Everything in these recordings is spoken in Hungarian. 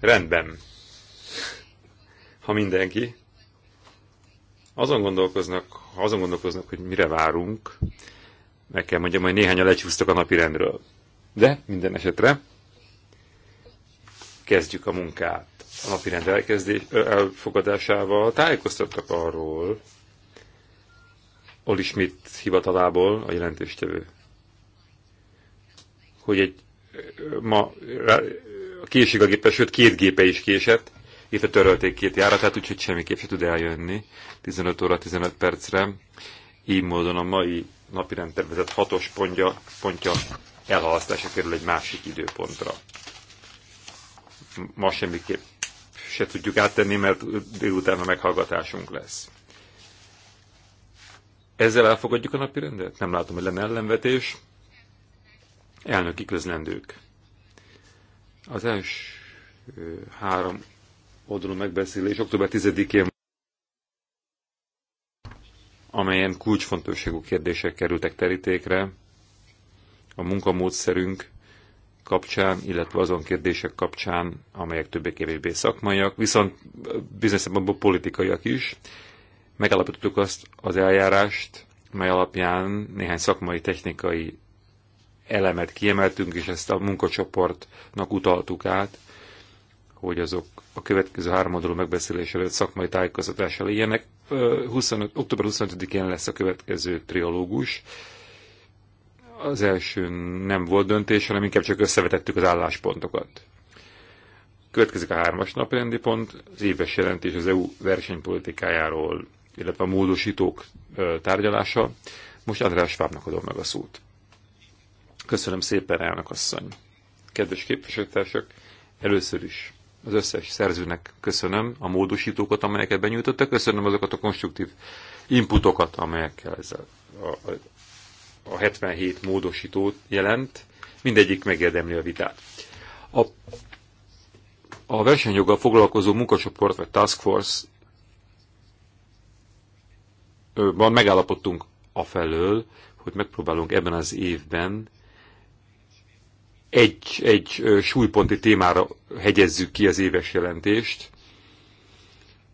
Rendben. Ha mindenki. Azon gondolkoznak, ha azon gondolkoznak, hogy mire várunk, meg kell mondjam, hogy néhányan lecsúsztak a napi rendről. De minden esetre kezdjük a munkát a napi rend elfogadásával. Tájékoztattak arról, Oli Schmidt hivatalából, a jelentéstevő, hogy egy ma a késik a gépe, sőt két gépe is késett, itt törölték két járatát, úgyhogy semmiképp se tud eljönni 15 óra 15 percre. Így módon a mai napi rendtervezett hatos pontja, pontja elhalasztása kerül egy másik időpontra. Ma semmiképp se tudjuk áttenni, mert délután a meghallgatásunk lesz. Ezzel elfogadjuk a napi rendet? Nem látom, hogy lenne ellenvetés. Elnöki közlendők. Az első három oldalú megbeszélés október 10-én, amelyen kulcsfontosságú kérdések kerültek terítékre, a munkamódszerünk kapcsán, illetve azon kérdések kapcsán, amelyek többé-kevésbé szakmaiak, viszont bizonyos politikaiak is. Megállapítottuk azt az eljárást, mely alapján néhány szakmai, technikai elemet kiemeltünk, és ezt a munkacsoportnak utaltuk át, hogy azok a következő háromadalú megbeszélés előtt szakmai tájékoztatással ilyenek. 25, október 25-én lesz a következő triológus. Az első nem volt döntés, hanem inkább csak összevetettük az álláspontokat. Következik a hármas naprendi pont, az éves jelentés az EU versenypolitikájáról, illetve a módosítók tárgyalása. Most András Fábnak adom meg a szót. Köszönöm szépen, elnök asszony. Kedves képviselőtársak, először is az összes szerzőnek köszönöm a módosítókat, amelyeket benyújtottak, köszönöm azokat a konstruktív inputokat, amelyekkel ez a, a, a 77 módosítót jelent, mindegyik megérdemli a vitát. A, a versenyjoggal foglalkozó munkacsoport vagy task force van megállapodtunk afelől, hogy megpróbálunk ebben az évben egy, egy súlyponti témára hegyezzük ki az éves jelentést.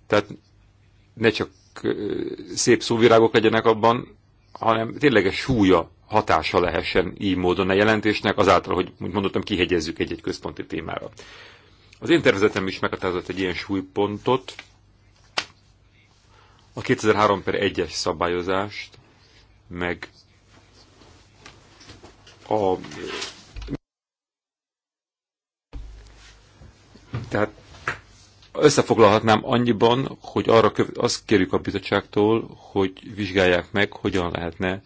Tehát ne csak szép szóvirágok legyenek abban, hanem tényleges súlya, hatása lehessen így módon a jelentésnek, azáltal, hogy, úgy mondottam, kihegyezzük egy-egy központi témára. Az én tervezetem is meghatározott egy ilyen súlypontot, a 2003 per 1-es szabályozást, meg a Tehát összefoglalhatnám annyiban, hogy arra köv- azt kérjük a bizottságtól, hogy vizsgálják meg, hogyan lehetne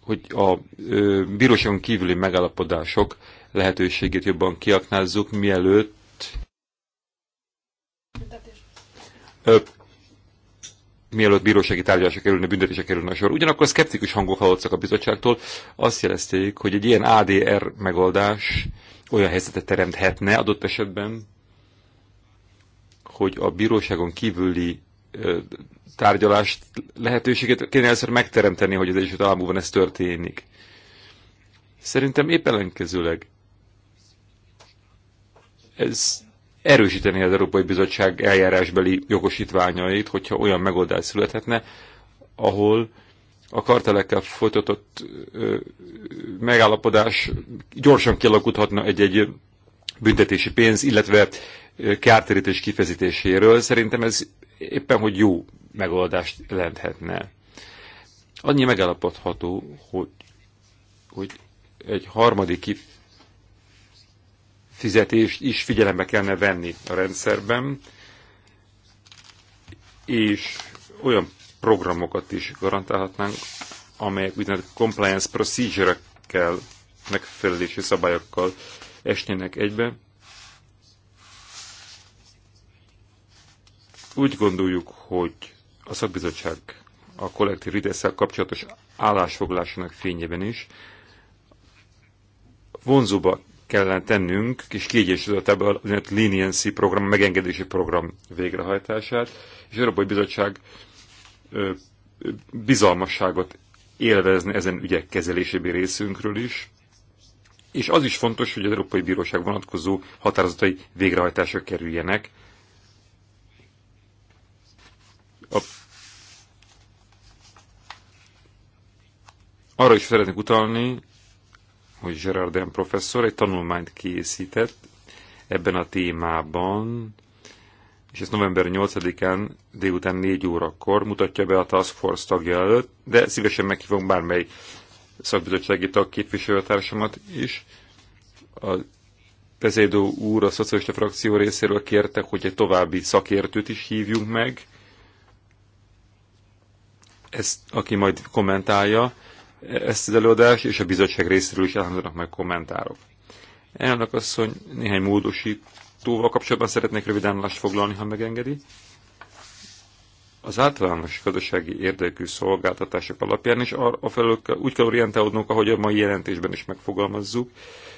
hogy a ö, bíróságon kívüli megállapodások lehetőségét jobban kiaknázzuk, mielőtt ö, mielőtt bírósági tárgyalásra kerülne, büntetése kerülne a sor. Ugyanakkor szkeptikus hangok hallottak a bizottságtól, azt jelezték, hogy egy ilyen ADR megoldás olyan helyzetet teremthetne adott esetben, hogy a bíróságon kívüli tárgyalást lehetőséget kéne először megteremteni, hogy az Egyesült Államokban ez történik. Szerintem épp ellenkezőleg ez erősíteni az Európai Bizottság eljárásbeli jogosítványait, hogyha olyan megoldás születhetne, ahol a kartelekkel folytatott megállapodás gyorsan kialakulhatna egy-egy büntetési pénz, illetve kártérítés kifezítéséről. Szerintem ez éppen, hogy jó megoldást jelenthetne. Annyi megállapodható, hogy, hogy egy harmadik fizetést is figyelembe kellene venni a rendszerben, és olyan programokat is garantálhatnánk, amelyek úgynevezett compliance procedure-ekkel, megfelelési szabályokkal esnének egybe. Úgy gondoljuk, hogy a szakbizottság a kollektív ridesszel kapcsolatos állásfoglalásának fényében is vonzóba kellene tennünk, és kiegyensúlyozatába a leniency program, megengedési program végrehajtását, és az Európai Bizottság bizalmasságot élvezni ezen ügyek kezelésében részünkről is, és az is fontos, hogy az Európai Bíróság vonatkozó határozatai végrehajtásra kerüljenek. A... Arra is szeretnék utalni, hogy Gerardin professzor egy tanulmányt készített ebben a témában, és ezt november 8-án délután 4 órakor mutatja be a Task Force tagja előtt, de szívesen meghívom bármely szakbizottsági tag képviselőtársamat is. A Pezédó úr a szocialista frakció részéről kérte, hogy egy további szakértőt is hívjunk meg, ezt, aki majd kommentálja ezt az előadást, és a bizottság részéről is elhangzanak meg kommentárok. Elnök asszony néhány módosít túlval kapcsolatban szeretnék röviden lást foglalni, ha megengedi. Az általános gazdasági érdekű szolgáltatások alapján is a úgy kell orientálódnunk, ahogy a mai jelentésben is megfogalmazzuk,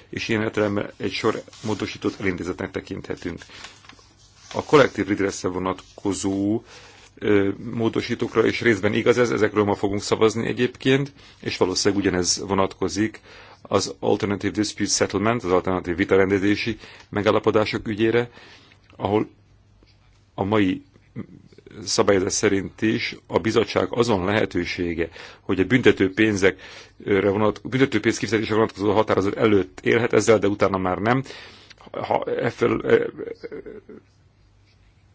és ilyen értelemben egy sor módosított elintézetnek tekinthetünk. A kollektív redresszel vonatkozó módosítókra, és részben igaz ez, ezekről ma fogunk szavazni egyébként, és valószínűleg ugyanez vonatkozik az Alternative Dispute Settlement, az alternatív vitarendezési megállapodások ügyére, ahol a mai szabályozás szerint is a bizottság azon lehetősége, hogy a büntető pénzekre vonat, büntető pénz kifizetése vonatkozó határozat előtt élhet ezzel, de utána már nem. Ha e, e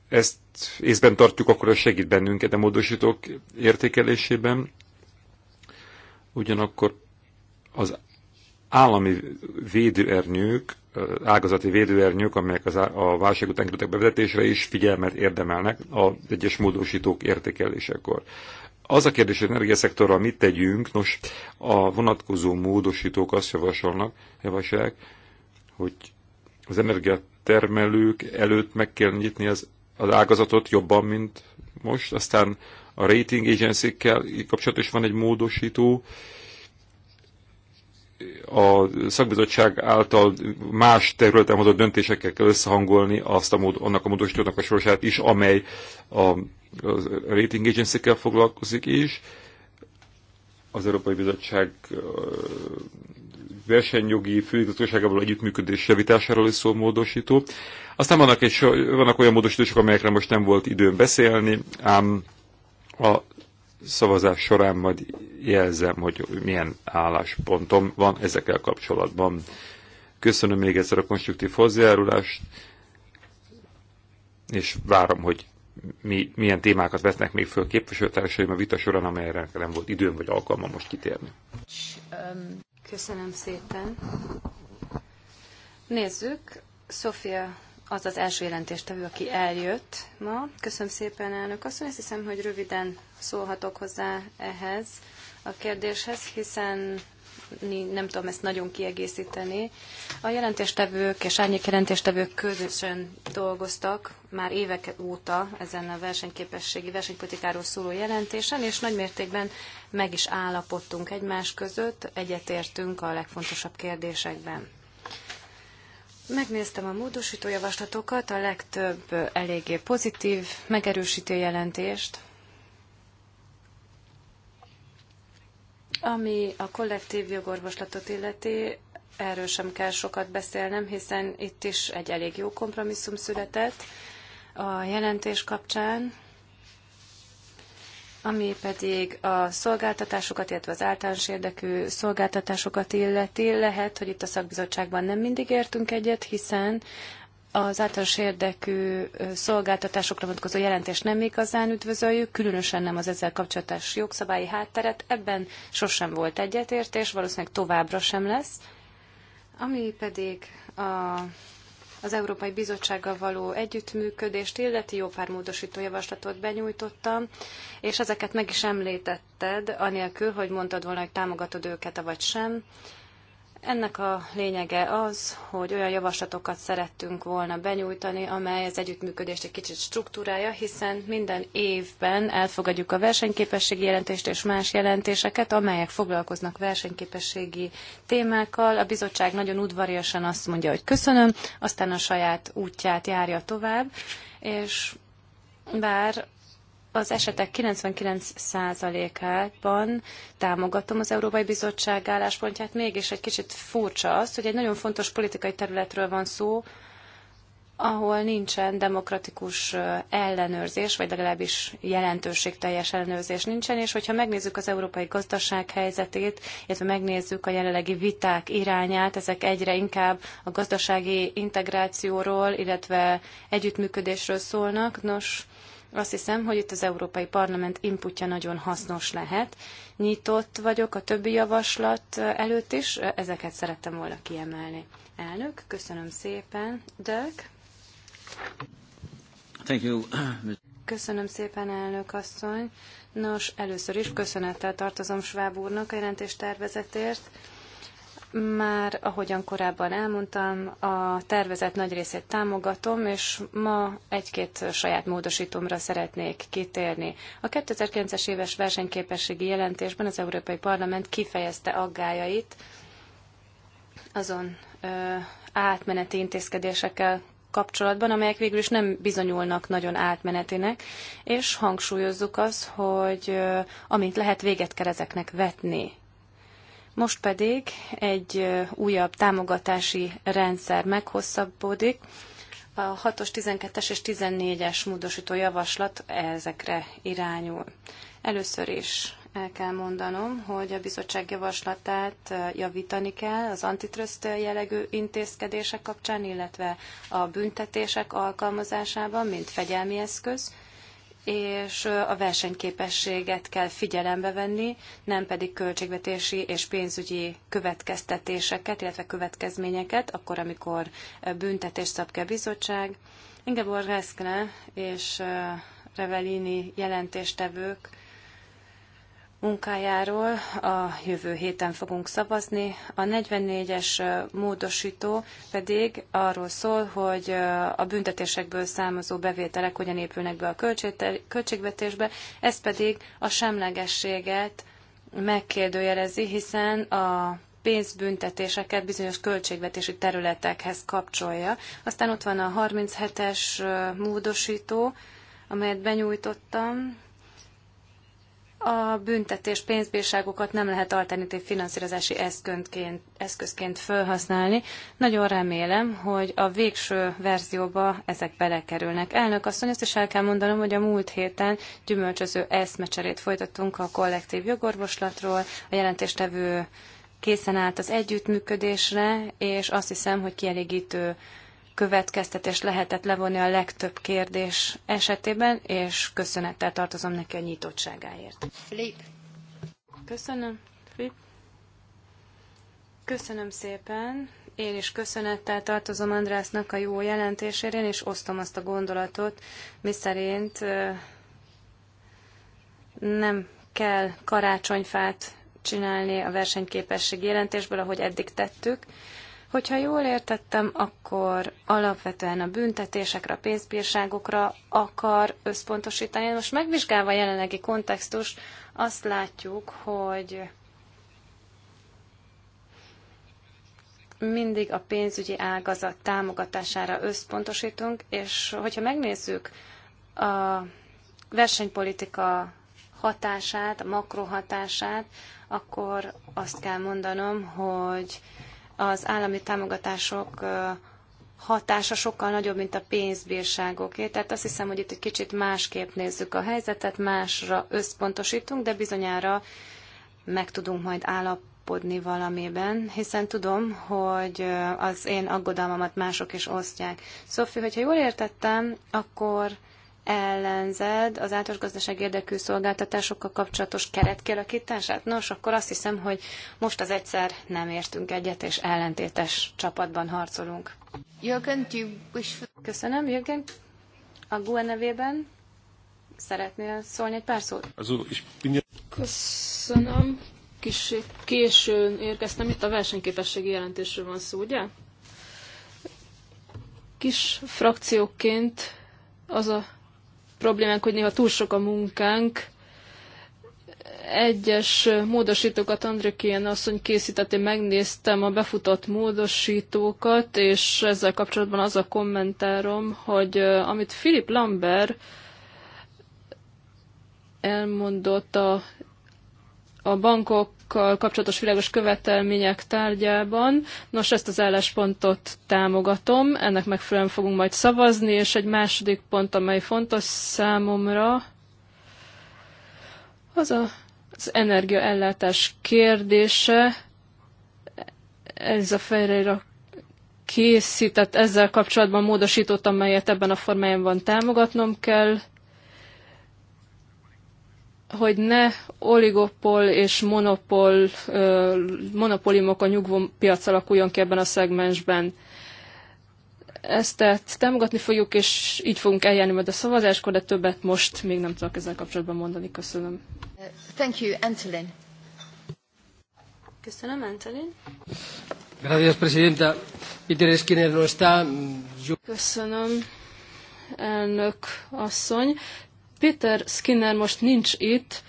ezt észben tartjuk, akkor ez segít bennünket a módosítók értékelésében. Ugyanakkor az állami védőernyők, ágazati védőernyők, amelyek az a válság után kerültek bevezetésre is figyelmet érdemelnek az egyes módosítók értékelésekor. Az a kérdés, hogy energiaszektorral mit tegyünk, nos, a vonatkozó módosítók azt javasolnak, javasolják, hogy az energiatermelők előtt meg kell nyitni az, az ágazatot jobban, mint most, aztán a rating agency kapcsolatos van egy módosító, a szakbizottság által más területen hozott döntésekkel kell összehangolni azt a mód, annak a módosítónak a sorsát is, amely a, a rating agency foglalkozik is. Az Európai Bizottság versenyjogi főigazgatóságával együttműködés javításáról is szól módosító. Aztán vannak, egy, vannak olyan módosítások, amelyekre most nem volt időm beszélni, ám a szavazás során majd jelzem, hogy milyen álláspontom van ezekkel kapcsolatban. Köszönöm még egyszer a konstruktív hozzájárulást, és várom, hogy mi, milyen témákat vesznek még föl képviselőtársaim a vita során, amelyre nem volt időm vagy alkalmam most kitérni. Köszönöm szépen. Nézzük, Sofia az az első jelentéstevő, aki eljött ma. Köszönöm szépen, elnök asszony. Azt hiszem, hogy röviden szólhatok hozzá ehhez a kérdéshez, hiszen nem tudom ezt nagyon kiegészíteni. A jelentéstevők és árnyék jelentéstevők közösen dolgoztak már évek óta ezen a versenyképességi versenypolitikáról szóló jelentésen, és nagymértékben meg is állapodtunk egymás között, egyetértünk a legfontosabb kérdésekben. Megnéztem a módosító javaslatokat, a legtöbb eléggé pozitív, megerősítő jelentést, Ami a kollektív jogorvoslatot illeti, erről sem kell sokat beszélnem, hiszen itt is egy elég jó kompromisszum született a jelentés kapcsán ami pedig a szolgáltatásokat, illetve az általános érdekű szolgáltatásokat illeti. Lehet, hogy itt a szakbizottságban nem mindig értünk egyet, hiszen az általános érdekű szolgáltatásokra vonatkozó jelentést nem igazán üdvözöljük, különösen nem az ezzel kapcsolatos jogszabályi hátteret. Ebben sosem volt egyetértés, valószínűleg továbbra sem lesz. Ami pedig a az Európai Bizottsággal való együttműködést illeti jó pár módosító javaslatot benyújtottam, és ezeket meg is említetted, anélkül, hogy mondtad volna, hogy támogatod őket, vagy sem. Ennek a lényege az, hogy olyan javaslatokat szerettünk volna benyújtani, amely az együttműködést egy kicsit struktúrája, hiszen minden évben elfogadjuk a versenyképességi jelentést és más jelentéseket, amelyek foglalkoznak versenyképességi témákkal. A bizottság nagyon udvariasan azt mondja, hogy köszönöm, aztán a saját útját járja tovább, és bár az esetek 99%-ában támogatom az Európai Bizottság álláspontját, mégis egy kicsit furcsa az, hogy egy nagyon fontos politikai területről van szó, ahol nincsen demokratikus ellenőrzés, vagy legalábbis jelentőségteljes ellenőrzés nincsen, és hogyha megnézzük az európai gazdaság helyzetét, illetve megnézzük a jelenlegi viták irányát, ezek egyre inkább a gazdasági integrációról, illetve együttműködésről szólnak. Nos, azt hiszem, hogy itt az Európai Parlament inputja nagyon hasznos lehet. Nyitott vagyok a többi javaslat előtt is, ezeket szerettem volna kiemelni. Elnök, köszönöm szépen. Dirk? Thank you. Köszönöm szépen, elnök asszony. Nos, először is köszönettel tartozom Schwab úrnak a jelentéstervezetért. tervezetért már, ahogyan korábban elmondtam, a tervezet nagy részét támogatom, és ma egy-két saját módosítomra szeretnék kitérni. A 2009-es éves versenyképességi jelentésben az Európai Parlament kifejezte aggájait azon ö, átmeneti intézkedésekkel kapcsolatban, amelyek végül is nem bizonyulnak nagyon átmenetinek, és hangsúlyozzuk az, hogy ö, amint lehet véget kell ezeknek vetni most pedig egy újabb támogatási rendszer meghosszabbodik. A 6-os, 12-es és 14-es módosító javaslat ezekre irányul. Először is el kell mondanom, hogy a bizottság javaslatát javítani kell az antitrust jellegű intézkedések kapcsán, illetve a büntetések alkalmazásában, mint fegyelmi eszköz és a versenyképességet kell figyelembe venni, nem pedig költségvetési és pénzügyi következtetéseket, illetve következményeket, akkor, amikor büntetést szab kell bizottság. Ingeborg Reszkne és Revelini jelentéstevők munkájáról a jövő héten fogunk szavazni. A 44-es módosító pedig arról szól, hogy a büntetésekből származó bevételek hogyan épülnek be a költségvetésbe, ez pedig a semlegességet megkérdőjelezi, hiszen a pénzbüntetéseket bizonyos költségvetési területekhez kapcsolja. Aztán ott van a 37-es módosító, amelyet benyújtottam, a büntetés pénzbírságokat nem lehet alternatív finanszírozási eszközként, eszközként felhasználni. Nagyon remélem, hogy a végső verzióba ezek belekerülnek. Elnök asszony, azt is el kell mondanom, hogy a múlt héten gyümölcsöző eszmecserét folytattunk a kollektív jogorvoslatról, a jelentéstevő készen állt az együttműködésre, és azt hiszem, hogy kielégítő következtetés lehetett levonni a legtöbb kérdés esetében, és köszönettel tartozom neki a nyitottságáért. Flip. Köszönöm. Flip. Köszönöm szépen. Én is köszönettel tartozom Andrásznak a jó jelentésére, és osztom azt a gondolatot, miszerint nem kell karácsonyfát csinálni a versenyképesség jelentésből, ahogy eddig tettük, Hogyha jól értettem, akkor alapvetően a büntetésekre, a pénzbírságokra akar összpontosítani. Most megvizsgálva a jelenlegi kontextus, azt látjuk, hogy mindig a pénzügyi ágazat támogatására összpontosítunk, és hogyha megnézzük a versenypolitika hatását, a makrohatását, akkor azt kell mondanom, hogy az állami támogatások hatása sokkal nagyobb, mint a pénzbírságoké. Tehát azt hiszem, hogy itt egy kicsit másképp nézzük a helyzetet, másra összpontosítunk, de bizonyára meg tudunk majd állapodni valamiben, hiszen tudom, hogy az én aggodalmamat mások is osztják. Szofi, hogyha jól értettem, akkor ellenzed az általános gazdaság érdekű szolgáltatásokkal kapcsolatos keretkialakítását? Nos, akkor azt hiszem, hogy most az egyszer nem értünk egyet, és ellentétes csapatban harcolunk. Jürgen, Köszönöm, Jürgen. A GUE nevében szeretnél szólni egy pár szót? Köszönöm. Kis későn érkeztem, itt a versenyképességi jelentésről van szó, ugye? Kis frakcióként az a problémánk, hogy néha túl sok a munkánk. Egyes módosítókat Andrikén asszony készített, én megnéztem a befutott módosítókat, és ezzel kapcsolatban az a kommentárom, hogy amit Philip Lambert elmondott a, a bankok jogokkal kapcsolatos világos követelmények tárgyában. Nos, ezt az álláspontot támogatom, ennek megfelelően fogunk majd szavazni, és egy második pont, amely fontos számomra, az a, az energiaellátás kérdése. Ez a fejreira készített ezzel kapcsolatban módosítottam, amelyet ebben a formájában támogatnom kell hogy ne oligopol és monopol, a nyugvó piac alakuljon ki ebben a szegmensben. Ezt tehát támogatni fogjuk, és így fogunk eljárni majd a szavazáskor, de többet most még nem tudok ezzel kapcsolatban mondani. Köszönöm. Thank you, Antolin. Köszönöm, Antolin. Gracias, Presidenta. Peter Skinner no está. Köszönöm, elnök asszony. Peter Skinner most nincs itt,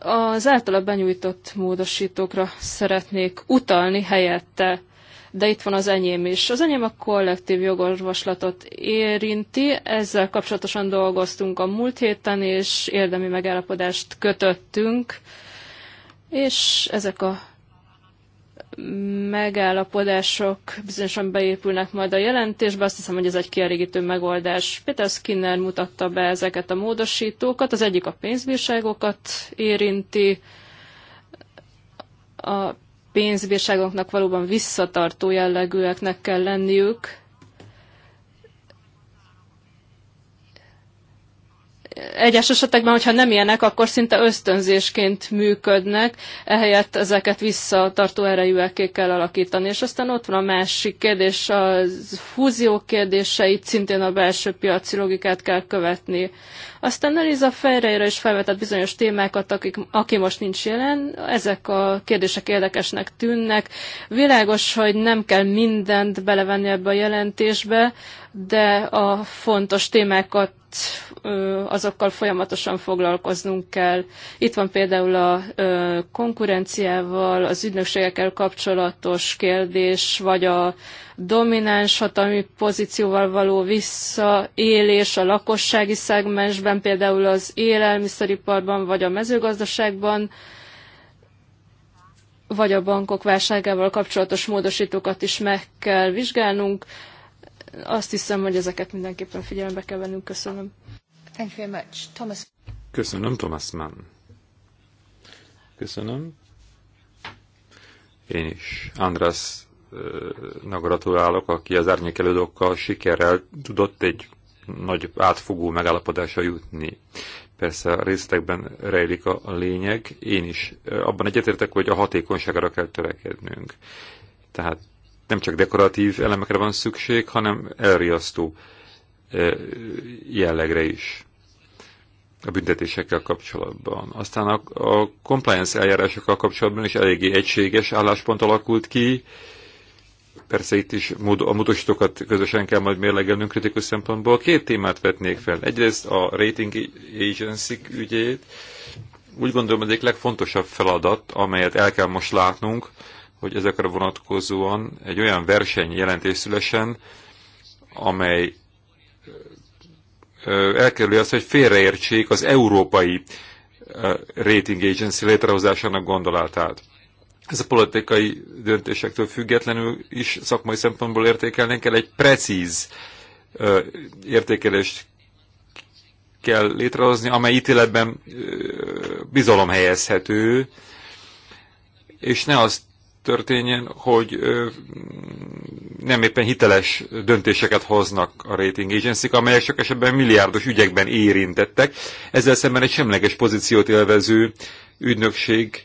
az általa benyújtott módosítókra szeretnék utalni helyette, de itt van az enyém is. Az enyém a kollektív jogorvoslatot érinti, ezzel kapcsolatosan dolgoztunk a múlt héten, és érdemi megállapodást kötöttünk, és ezek a megállapodások bizonyosan beépülnek majd a jelentésbe. Azt hiszem, hogy ez egy kielégítő megoldás. Peter Skinner mutatta be ezeket a módosítókat. Az egyik a pénzbírságokat érinti. A pénzbírságoknak valóban visszatartó jellegűeknek kell lenniük, egyes esetekben, hogyha nem ilyenek, akkor szinte ösztönzésként működnek, ehelyett ezeket visszatartó erejűekké kell alakítani. És aztán ott van a másik kérdés, a fúzió kérdése, itt szintén a belső piaci logikát kell követni. Aztán Eliza Ferreira is felvetett bizonyos témákat, akik, aki most nincs jelen, ezek a kérdések érdekesnek tűnnek. Világos, hogy nem kell mindent belevenni ebbe a jelentésbe, de a fontos témákat azokkal folyamatosan foglalkoznunk kell. Itt van például a konkurenciával, az ügynökségekkel kapcsolatos kérdés, vagy a domináns hatalmi pozícióval való visszaélés a lakossági szegmensben, például az élelmiszeriparban, vagy a mezőgazdaságban, vagy a bankok válságával kapcsolatos módosítókat is meg kell vizsgálnunk azt hiszem, hogy ezeket mindenképpen figyelembe kell vennünk. Köszönöm. Thank you very much. Thomas. Köszönöm, Thomas Mann. Köszönöm. Én is Andrásnak gratulálok, aki az árnyékelődókkal sikerrel tudott egy nagy átfogó megállapodásra jutni. Persze a részletekben rejlik a, a lényeg. Én is abban egyetértek, hogy a hatékonyságra kell törekednünk. Tehát nem csak dekoratív elemekre van szükség, hanem elriasztó jellegre is a büntetésekkel kapcsolatban. Aztán a, a compliance eljárásokkal kapcsolatban is eléggé egységes álláspont alakult ki. Persze itt is a módosítókat közösen kell majd mérlegelnünk kritikus szempontból. Két témát vetnék fel. Egyrészt a rating agency ügyét. Úgy gondolom, az egyik legfontosabb feladat, amelyet el kell most látnunk, hogy ezekre vonatkozóan egy olyan verseny jelentés szülesen, amely elkerülje azt, hogy félreértsék az európai rating agency létrehozásának gondolatát. Ez a politikai döntésektől függetlenül is szakmai szempontból értékelni kell, egy precíz értékelést kell létrehozni, amely ítéletben bizalom helyezhető, és ne az történjen, hogy nem éppen hiteles döntéseket hoznak a rating agency amelyek sok esetben milliárdos ügyekben érintettek. Ezzel szemben egy semleges pozíciót élvező ügynökség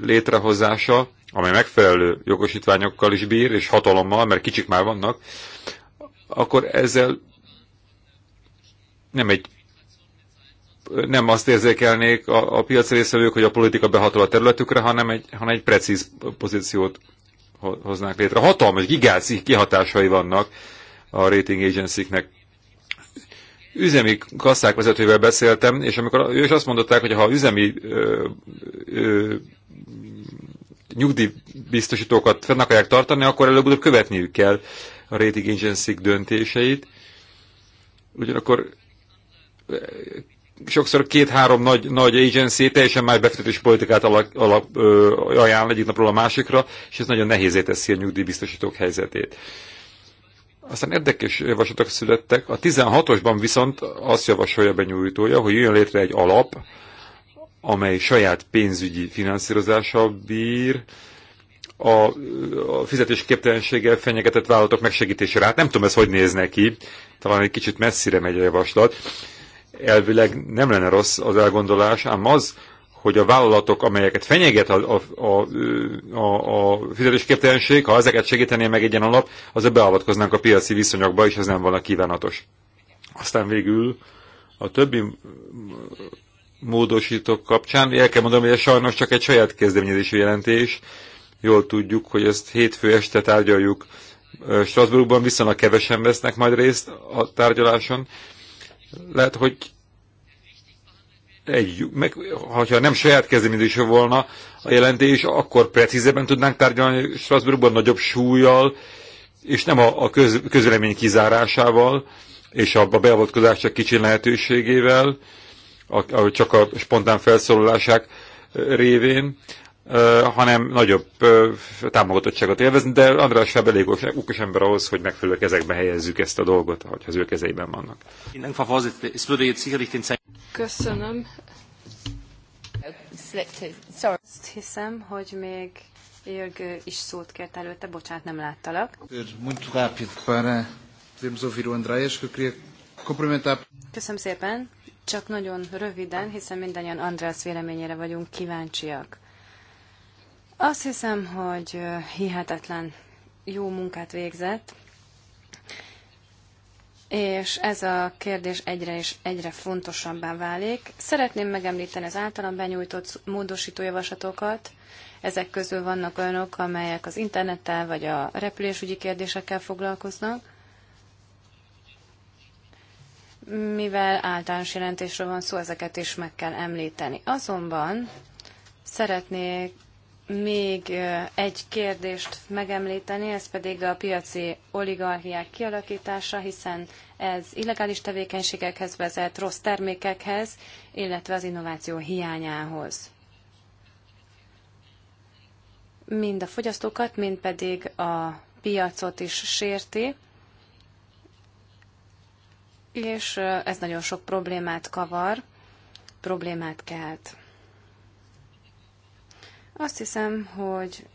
létrehozása, amely megfelelő jogosítványokkal is bír, és hatalommal, mert kicsik már vannak, akkor ezzel nem egy nem azt érzékelnék a, a piac részvevők, hogy a politika behatol a területükre, hanem egy, hanem egy precíz pozíciót hoznánk létre. Hatalmas, gigászi kihatásai vannak a rating agencyknek. Üzemi kasszák vezetővel beszéltem, és amikor ő is azt mondották, hogy ha üzemi ö, ö, nyugdíjbiztosítókat fenn akarják tartani, akkor előbb-utóbb követniük kell a rating agency döntéseit. Ugyanakkor sokszor két-három nagy, nagy agency teljesen más befektetés politikát alak, alap, ö, ajánl egyik napról a másikra, és ez nagyon nehézé teszi a nyugdíjbiztosítók helyzetét. Aztán érdekes javaslatok születtek. A 16-osban viszont azt javasolja benyújtója, hogy jön létre egy alap, amely saját pénzügyi finanszírozással bír, a, a fizetésképtelenséggel fenyegetett vállalatok megsegítésére. Hát nem tudom, ez hogy néz neki, talán egy kicsit messzire megy a javaslat elvileg nem lenne rossz az elgondolás, ám az, hogy a vállalatok, amelyeket fenyeget a, a, a, a, a fizetésképtelenség, ha ezeket segítené meg egy ilyen alap, az beavatkoznánk a piaci viszonyokba, és ez nem volna kívánatos. Aztán végül a többi módosítók kapcsán, el kell mondom, hogy ez sajnos csak egy saját kezdeményezési jelentés, jól tudjuk, hogy ezt hétfő este tárgyaljuk Strasbourgban, viszonylag kevesen vesznek majd részt a tárgyaláson, lehet, hogy egy, meg, ha nem saját kezdeményezése volna a jelentés, akkor precízebben tudnánk tárgyalni Strasbourgban nagyobb súlyjal, és nem a, a köz, közvélemény kizárásával, és a, a beavatkozás csak kicsi lehetőségével, a, a, csak a spontán felszólalásák révén, hanem nagyobb támogatottságot élvezni, de András Fáb elég okos ember ahhoz, hogy megfelelő kezekbe helyezzük ezt a dolgot, hogy az ő kezeiben vannak. Köszönöm. Azt hiszem, hogy még Jörg is szót kért előtte, bocsánat, nem láttalak. para Köszönöm szépen, csak nagyon röviden, hiszen mindannyian András véleményére vagyunk kíváncsiak. Azt hiszem, hogy hihetetlen jó munkát végzett, és ez a kérdés egyre és egyre fontosabbá válik. Szeretném megemlíteni az általam benyújtott módosító javaslatokat. Ezek közül vannak olyanok, amelyek az internettel vagy a repülésügyi kérdésekkel foglalkoznak. Mivel általános jelentésről van szó, ezeket is meg kell említeni. Azonban szeretnék még egy kérdést megemlíteni, ez pedig a piaci oligarchiák kialakítása, hiszen ez illegális tevékenységekhez vezet, rossz termékekhez, illetve az innováció hiányához. Mind a fogyasztókat, mind pedig a piacot is sérti, és ez nagyon sok problémát kavar, problémát kelt. Azt hiszem, hogy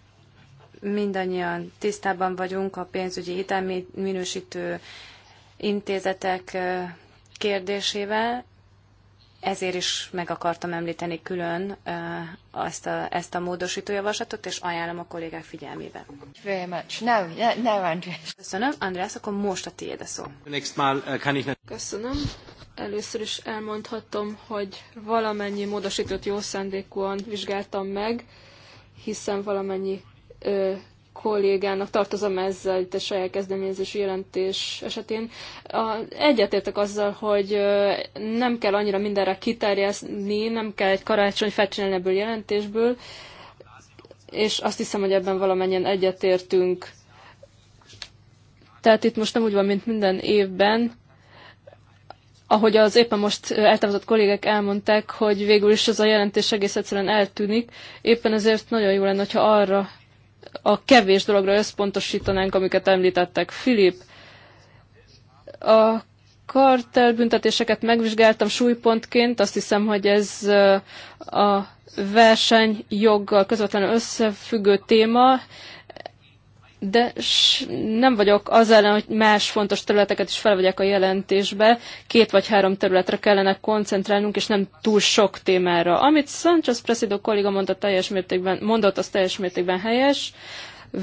mindannyian tisztában vagyunk a pénzügyi hitelminősítő intézetek kérdésével, ezért is meg akartam említeni külön ezt a, ezt a módosító javaslatot, és ajánlom a kollégák figyelmébe. Very much. No, no, András. Köszönöm. András, akkor most a tiéd a szó. Köszönöm. Először is elmondhatom, hogy valamennyi módosítót jó szándékúan vizsgáltam meg, hiszen valamennyi ö, kollégának tartozom ezzel itt a saját kezdeményezésű jelentés esetén. A, egyetértek azzal, hogy ö, nem kell annyira mindenre kiterjeszni, nem kell egy karácsony felcsinálni ebből jelentésből, és azt hiszem, hogy ebben valamennyien egyetértünk. Tehát itt most nem úgy van, mint minden évben, ahogy az éppen most eltávozott kollégek elmondták, hogy végül is ez a jelentés egész egyszerűen eltűnik. Éppen ezért nagyon jó lenne, hogyha arra a kevés dologra összpontosítanánk, amiket említettek. Filip, a kartelbüntetéseket megvizsgáltam súlypontként, azt hiszem, hogy ez a versenyjoggal közvetlenül összefüggő téma, de nem vagyok az ellen, hogy más fontos területeket is felvegyek a jelentésbe. Két vagy három területre kellene koncentrálnunk, és nem túl sok témára. Amit Sanchez Presido kolléga mondta, teljes mértékben, mondott, az teljes mértékben helyes.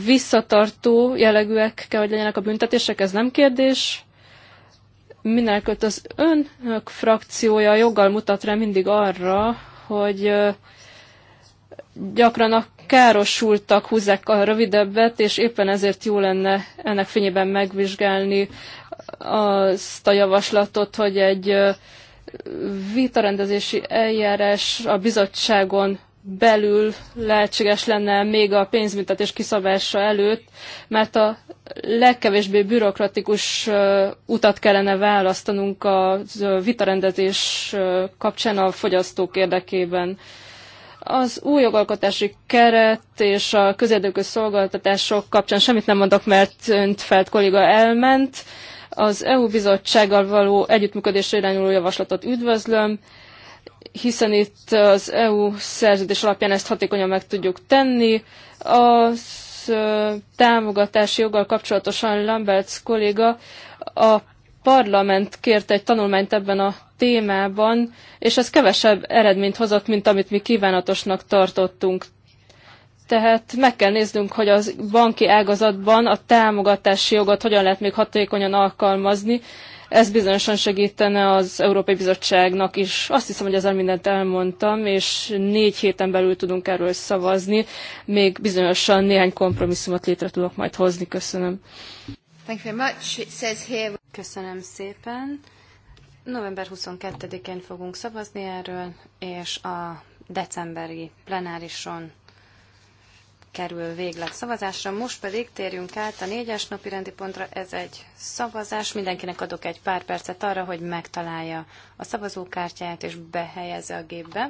Visszatartó jellegűek kell, hogy legyenek a büntetések, ez nem kérdés. Mindenekült az önök frakciója joggal mutat rá mindig arra, hogy gyakran a károsultak húzzák a rövidebbet, és éppen ezért jó lenne ennek fényében megvizsgálni azt a javaslatot, hogy egy vitarendezési eljárás a bizottságon belül lehetséges lenne még a pénzbüntetés kiszabása előtt, mert a legkevésbé bürokratikus utat kellene választanunk a vitarendezés kapcsán a fogyasztók érdekében. Az új jogalkotási keret és a közérdekű szolgáltatások kapcsán semmit nem mondok, mert Öntfeld kolléga elment. Az EU bizottsággal való együttműködésre irányuló javaslatot üdvözlöm, hiszen itt az EU szerződés alapján ezt hatékonyan meg tudjuk tenni. Az támogatási joggal kapcsolatosan Lamberts kolléga a parlament kért egy tanulmányt ebben a témában, és ez kevesebb eredményt hozott, mint amit mi kívánatosnak tartottunk. Tehát meg kell néznünk, hogy az banki ágazatban a támogatási jogot hogyan lehet még hatékonyan alkalmazni. Ez bizonyosan segítene az Európai Bizottságnak is. Azt hiszem, hogy ezzel mindent elmondtam, és négy héten belül tudunk erről szavazni. Még bizonyosan néhány kompromisszumot létre tudok majd hozni. Köszönöm. Thank you very much. It says here... Köszönöm szépen. November 22-én fogunk szavazni erről, és a decemberi plenárison kerül végleg szavazásra. Most pedig térjünk át a négyes napi rendi pontra. Ez egy szavazás. Mindenkinek adok egy pár percet arra, hogy megtalálja a szavazókártyáját és behelyezze a gépbe.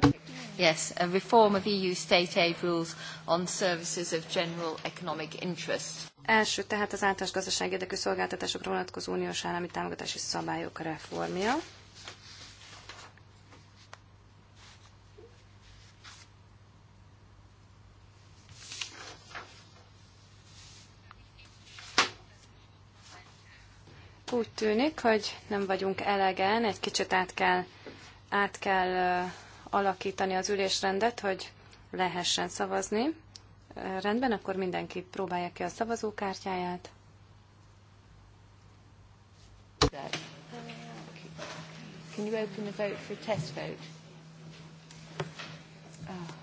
Yes, a reform of EU state aid rules on services of general economic interest. Első tehát az általános gazdasági érdekű szolgáltatásokra vonatkozó uniós állami támogatási szabályok reformja. úgy tűnik, hogy nem vagyunk elegen, egy kicsit át kell, át kell alakítani az ülésrendet, hogy lehessen szavazni. Rendben, akkor mindenki próbálja ki a szavazókártyáját. Can you open the vote for a test vote? Oh.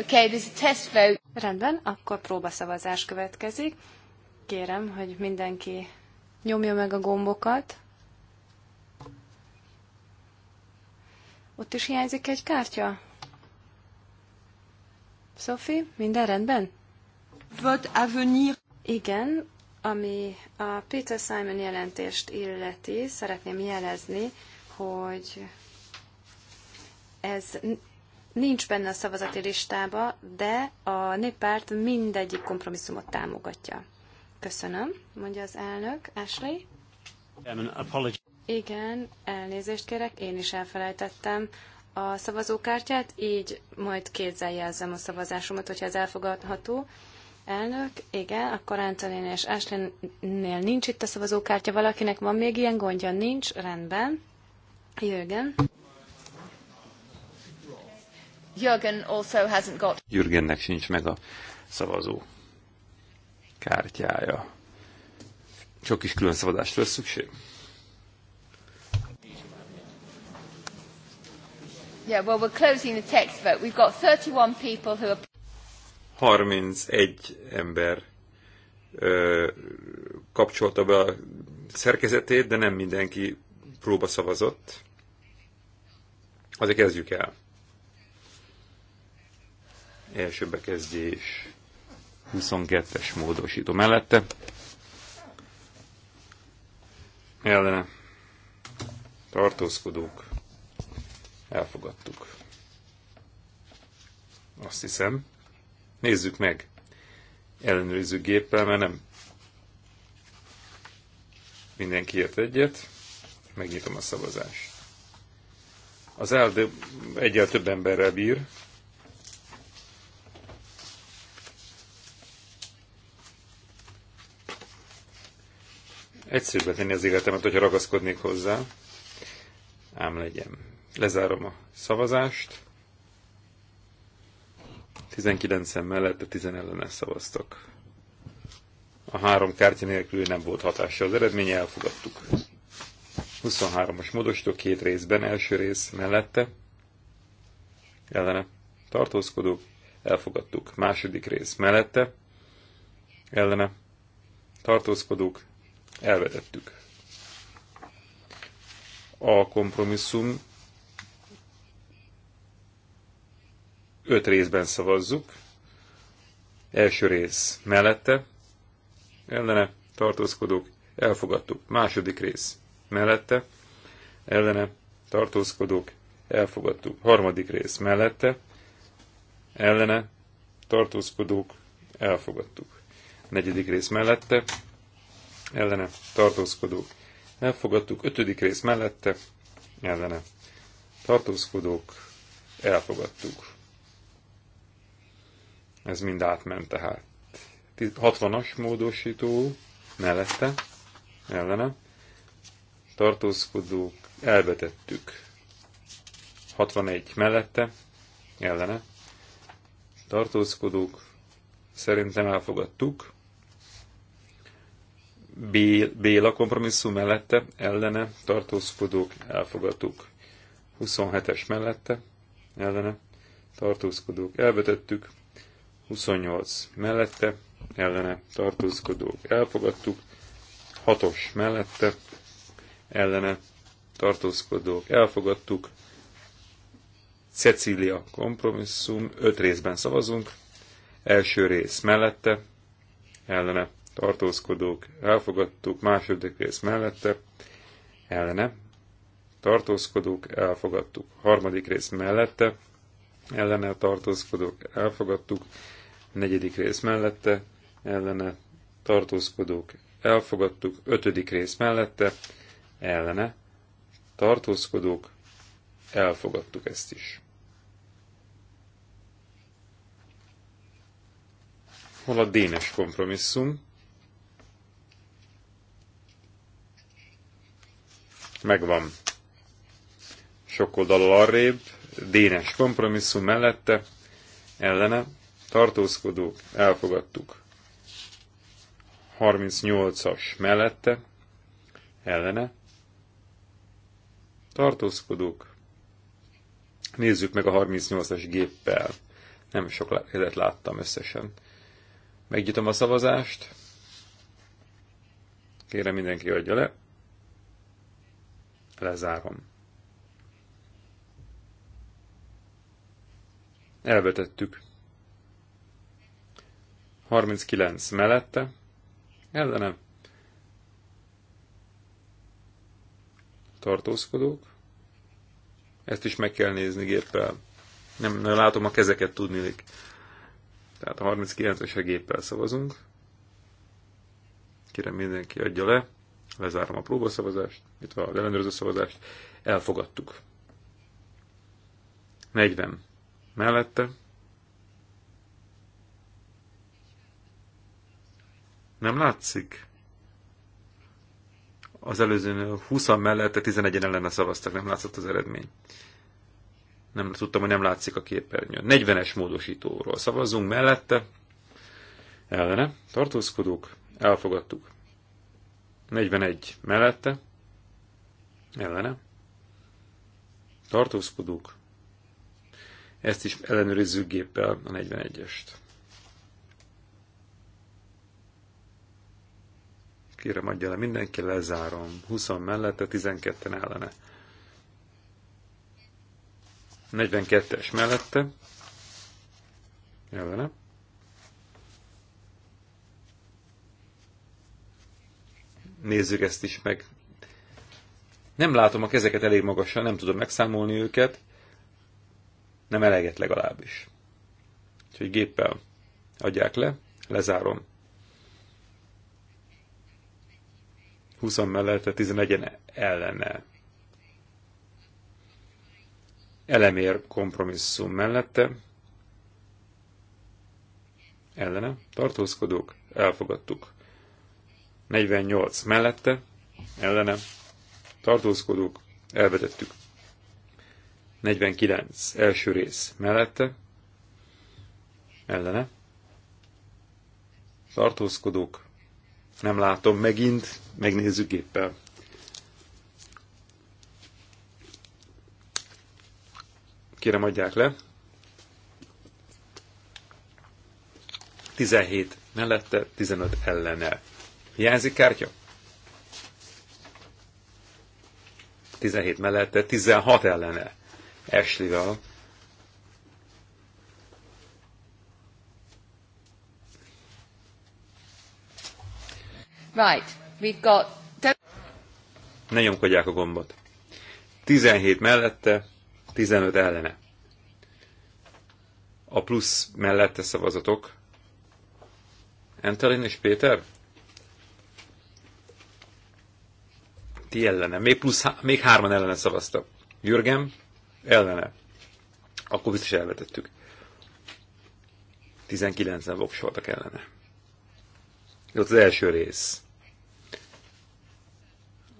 Okay, there's a test vote. Rendben, akkor próbaszavazás következik. Kérem, hogy mindenki nyomja meg a gombokat. Ott is hiányzik egy kártya. Sophie, minden rendben? Vote avenir. Igen, ami a Peter Simon jelentést illeti, szeretném jelezni, hogy ez nincs benne a szavazati listába, de a néppárt mindegyik kompromisszumot támogatja. Köszönöm, mondja az elnök. Ashley? Igen, elnézést kérek, én is elfelejtettem a szavazókártyát, így majd kézzel jelzem a szavazásomat, hogyha ez elfogadható. Elnök, igen, akkor Antonin és Ashley-nél nincs itt a szavazókártya, valakinek van még ilyen gondja? Nincs, rendben. Jürgen. Jürgen also hasn't got... Jürgennek sincs meg a szavazó kártyája. Sok kis külön szavazást lesz szükség. Yeah, well, we're closing the text vote. We've got 31 people who are... 31 ember ö, kapcsolta be a szerkezetét, de nem mindenki próba szavazott. Azért kezdjük el. Első bekezdés 22-es módosító mellette. Ellene tartózkodók elfogadtuk. Azt hiszem. Nézzük meg. Ellenőrző géppel, mert nem mindenki ért egyet. Megnyitom a szavazást. Az ELDE egyel több emberrel bír, egyszerűbbé tenni az életemet, hogyha ragaszkodnék hozzá. Ám legyen. Lezárom a szavazást. 19-en mellett, a 10 ellenen szavaztak. A három kártya nélkül nem volt hatása az eredménye, elfogadtuk. 23-as módosító két részben, első rész mellette, ellene tartózkodók, elfogadtuk. Második rész mellette, ellene tartózkodók, elvetettük. A kompromisszum öt részben szavazzuk. Első rész mellette, ellene tartózkodók, elfogadtuk. Második rész mellette, ellene tartózkodók, elfogadtuk. Harmadik rész mellette, ellene tartózkodók, elfogadtuk. Negyedik rész mellette, ellene tartózkodók elfogadtuk, ötödik rész mellette ellene tartózkodók elfogadtuk. Ez mind átment tehát. 60-as módosító mellette ellene tartózkodók elvetettük. 61 mellette ellene tartózkodók szerintem elfogadtuk. Béla kompromisszum mellette, ellene, tartózkodók, elfogadtuk. 27-es mellette, ellene, tartózkodók, elvetettük. 28 mellette, ellene, tartózkodók, elfogadtuk. 6-os mellette, ellene, tartózkodók, elfogadtuk. Cecília kompromisszum, öt részben szavazunk. Első rész mellette, ellene tartózkodók, elfogadtuk, második rész mellette, ellene, tartózkodók, elfogadtuk, harmadik rész mellette, ellene tartózkodók, elfogadtuk, negyedik rész mellette, ellene tartózkodók, elfogadtuk, ötödik rész mellette, ellene tartózkodók, elfogadtuk ezt is. Hol a dénes kompromisszum? megvan. Sok oldalról arrébb, dénes kompromisszum mellette, ellene, tartózkodó, elfogadtuk. 38-as mellette, ellene, tartózkodók, nézzük meg a 38-as géppel. Nem sok élet láttam összesen. Megnyitom a szavazást. Kérem mindenki adja le. Lezárom. Elvetettük. 39 mellette. Ellene. Tartózkodók. Ezt is meg kell nézni géppel. Nem, nem látom a kezeket tudni. Tehát a 39-es a géppel szavazunk. Kérem mindenki adja le. Lezárom a próbaszavazást, itt van az ellenőrző szavazást, elfogadtuk. 40 mellette. Nem látszik? Az előzőnél 20 mellette 11-en ellene szavaztak, nem látszott az eredmény. Nem tudtam, hogy nem látszik a képernyőn. 40-es módosítóról szavazzunk mellette. Ellene. Tartózkodók. Elfogadtuk. 41 mellette, ellene, tartózkodók, ezt is ellenőrizzük géppel a 41-est. Kérem, adja le mindenki, lezárom. 20 mellette, 12-en ellene. 42-es mellette, ellene, nézzük ezt is meg. Nem látom a kezeket elég magasan, nem tudom megszámolni őket. Nem eleget legalábbis. Úgyhogy géppel adják le, lezárom. 20 mellette, 11 ellene. Elemér kompromisszum mellette. Ellene. Tartózkodók. Elfogadtuk. 48 mellette, ellene, tartózkodók, elvetettük. 49 első rész mellette, ellene, tartózkodók, nem látom megint, megnézzük géppel. Kérem, adják le. 17 mellette, 15 ellene. Hiányzik kártya? 17 mellette, 16 ellene. Ashley-vel. Right, we've got... Ne nyomkodják a gombot. 17 mellette, 15 ellene. A plusz mellette szavazatok. Entelin és Péter? ti ellene. Még, plusz, még hárman ellene szavaztak. Jürgen ellene. Akkor biztos elvetettük. 19-en voksoltak ellene. Ez az első rész.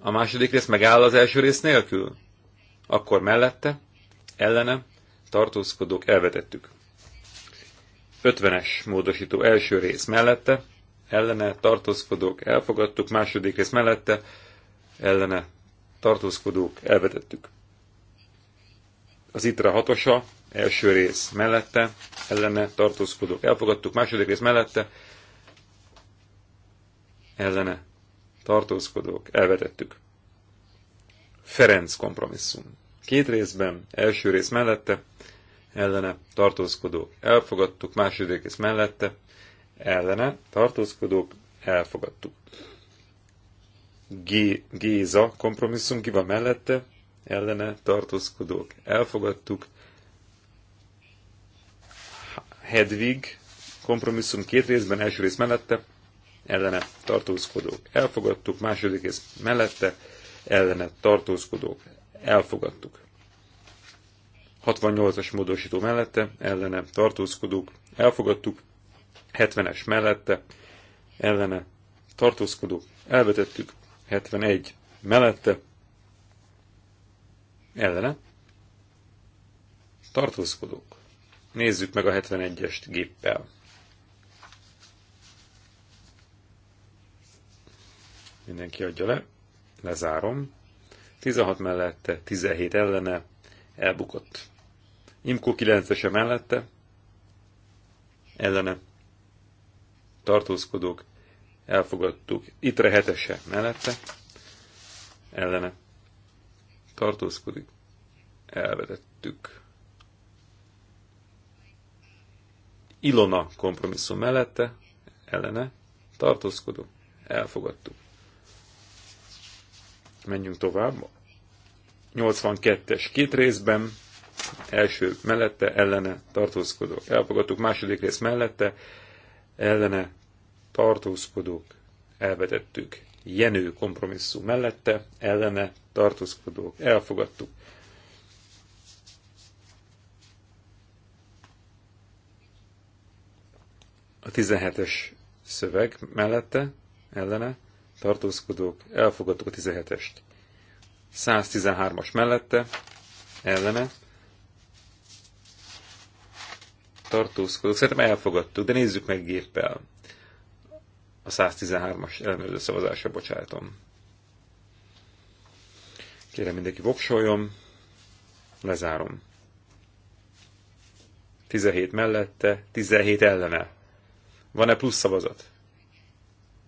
A második rész megáll az első rész nélkül? Akkor mellette, ellene, tartózkodók elvetettük. 50-es módosító első rész mellette, ellene, tartózkodók elfogadtuk, második rész mellette, ellene tartózkodók elvetettük. Az itra hatosa, első rész mellette, ellene tartózkodók elfogadtuk, második rész mellette, ellene tartózkodók elvetettük. Ferenc kompromisszum. Két részben, első rész mellette, ellene tartózkodók elfogadtuk, második rész mellette, ellene tartózkodók elfogadtuk. G, Géza kompromisszum ki van mellette, ellene tartózkodók. Elfogadtuk. Hedvig kompromisszum két részben, első rész mellette, ellene tartózkodók. Elfogadtuk. Második rész mellette, ellene tartózkodók. Elfogadtuk. 68-as módosító mellette, ellene tartózkodók. Elfogadtuk. 70-es mellette, ellene tartózkodók. Elvetettük. 71 mellette ellene tartózkodók. Nézzük meg a 71-est géppel. Mindenki adja le. Lezárom. 16 mellette, 17 ellene, elbukott. Imko 9-ese mellette, ellene, tartózkodók, elfogadtuk. Itre hetese mellette, ellene tartózkodik, elvetettük. Ilona kompromisszum mellette, ellene tartózkodó, elfogadtuk. Menjünk tovább. 82-es két részben, első mellette, ellene tartózkodó, elfogadtuk, második rész mellette, ellene tartózkodók elvetettük. Jenő kompromisszum mellette, ellene tartózkodók elfogadtuk. A 17-es szöveg mellette, ellene tartózkodók elfogadtuk a 17-est. 113-as mellette, ellene tartózkodók. Szerintem elfogadtuk, de nézzük meg géppel a 113-as ellenőrző szavazásra bocsájtom. Kérem mindenki voksoljon, lezárom. 17 mellette, 17 ellene. Van-e plusz szavazat?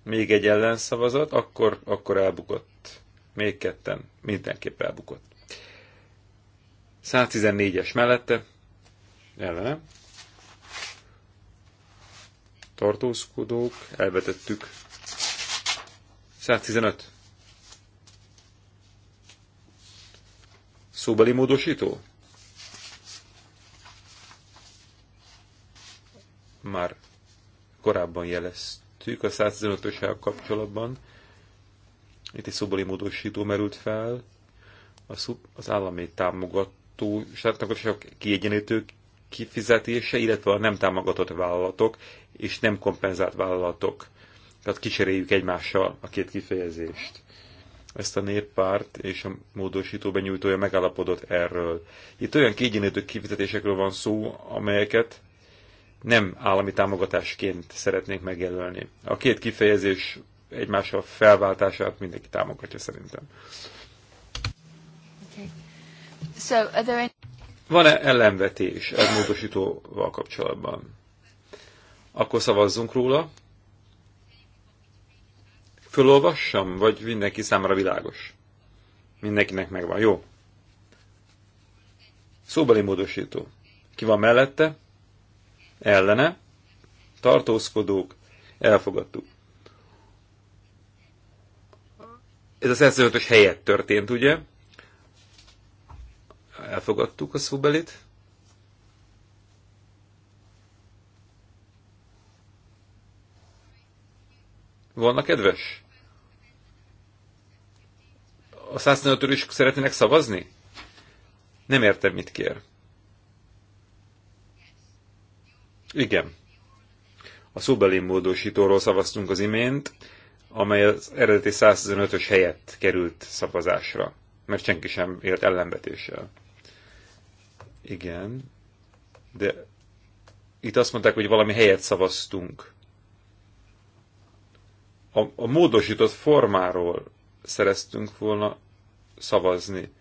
Még egy ellenszavazat, akkor, akkor elbukott. Még ketten, mindenképp elbukott. 114-es mellette, ellene, tartózkodók, elvetettük. 115. Szóbeli módosító? Már korábban jeleztük a 115-ös kapcsolatban. Itt egy szóbeli módosító merült fel. A az állami támogató, a kiegyenítő kifizetése, illetve a nem támogatott vállalatok és nem kompenzált vállalatok. Tehát kicseréljük egymással a két kifejezést. Ezt a néppárt és a módosító benyújtója megállapodott erről. Itt olyan kiegyenlítő kifizetésekről van szó, amelyeket nem állami támogatásként szeretnénk megjelölni. A két kifejezés egymással felváltását mindenki támogatja szerintem. Okay. So, any... Van-e ellenvetés a módosítóval kapcsolatban? Akkor szavazzunk róla. Fölolvassam, vagy mindenki számára világos? Mindenkinek megvan. Jó. Szóbeli módosító. Ki van mellette? Ellene? Tartózkodók? Elfogadtuk. Ez a 105-ös helyett történt, ugye? Elfogadtuk a szóbelit. volna kedves? A 145 is szeretnének szavazni? Nem értem, mit kér. Igen. A szóbeli módosítóról szavaztunk az imént, amely az eredeti 115-ös helyett került szavazásra, mert senki sem élt ellenvetéssel. Igen, de itt azt mondták, hogy valami helyet szavaztunk a, a módosított formáról szereztünk volna szavazni.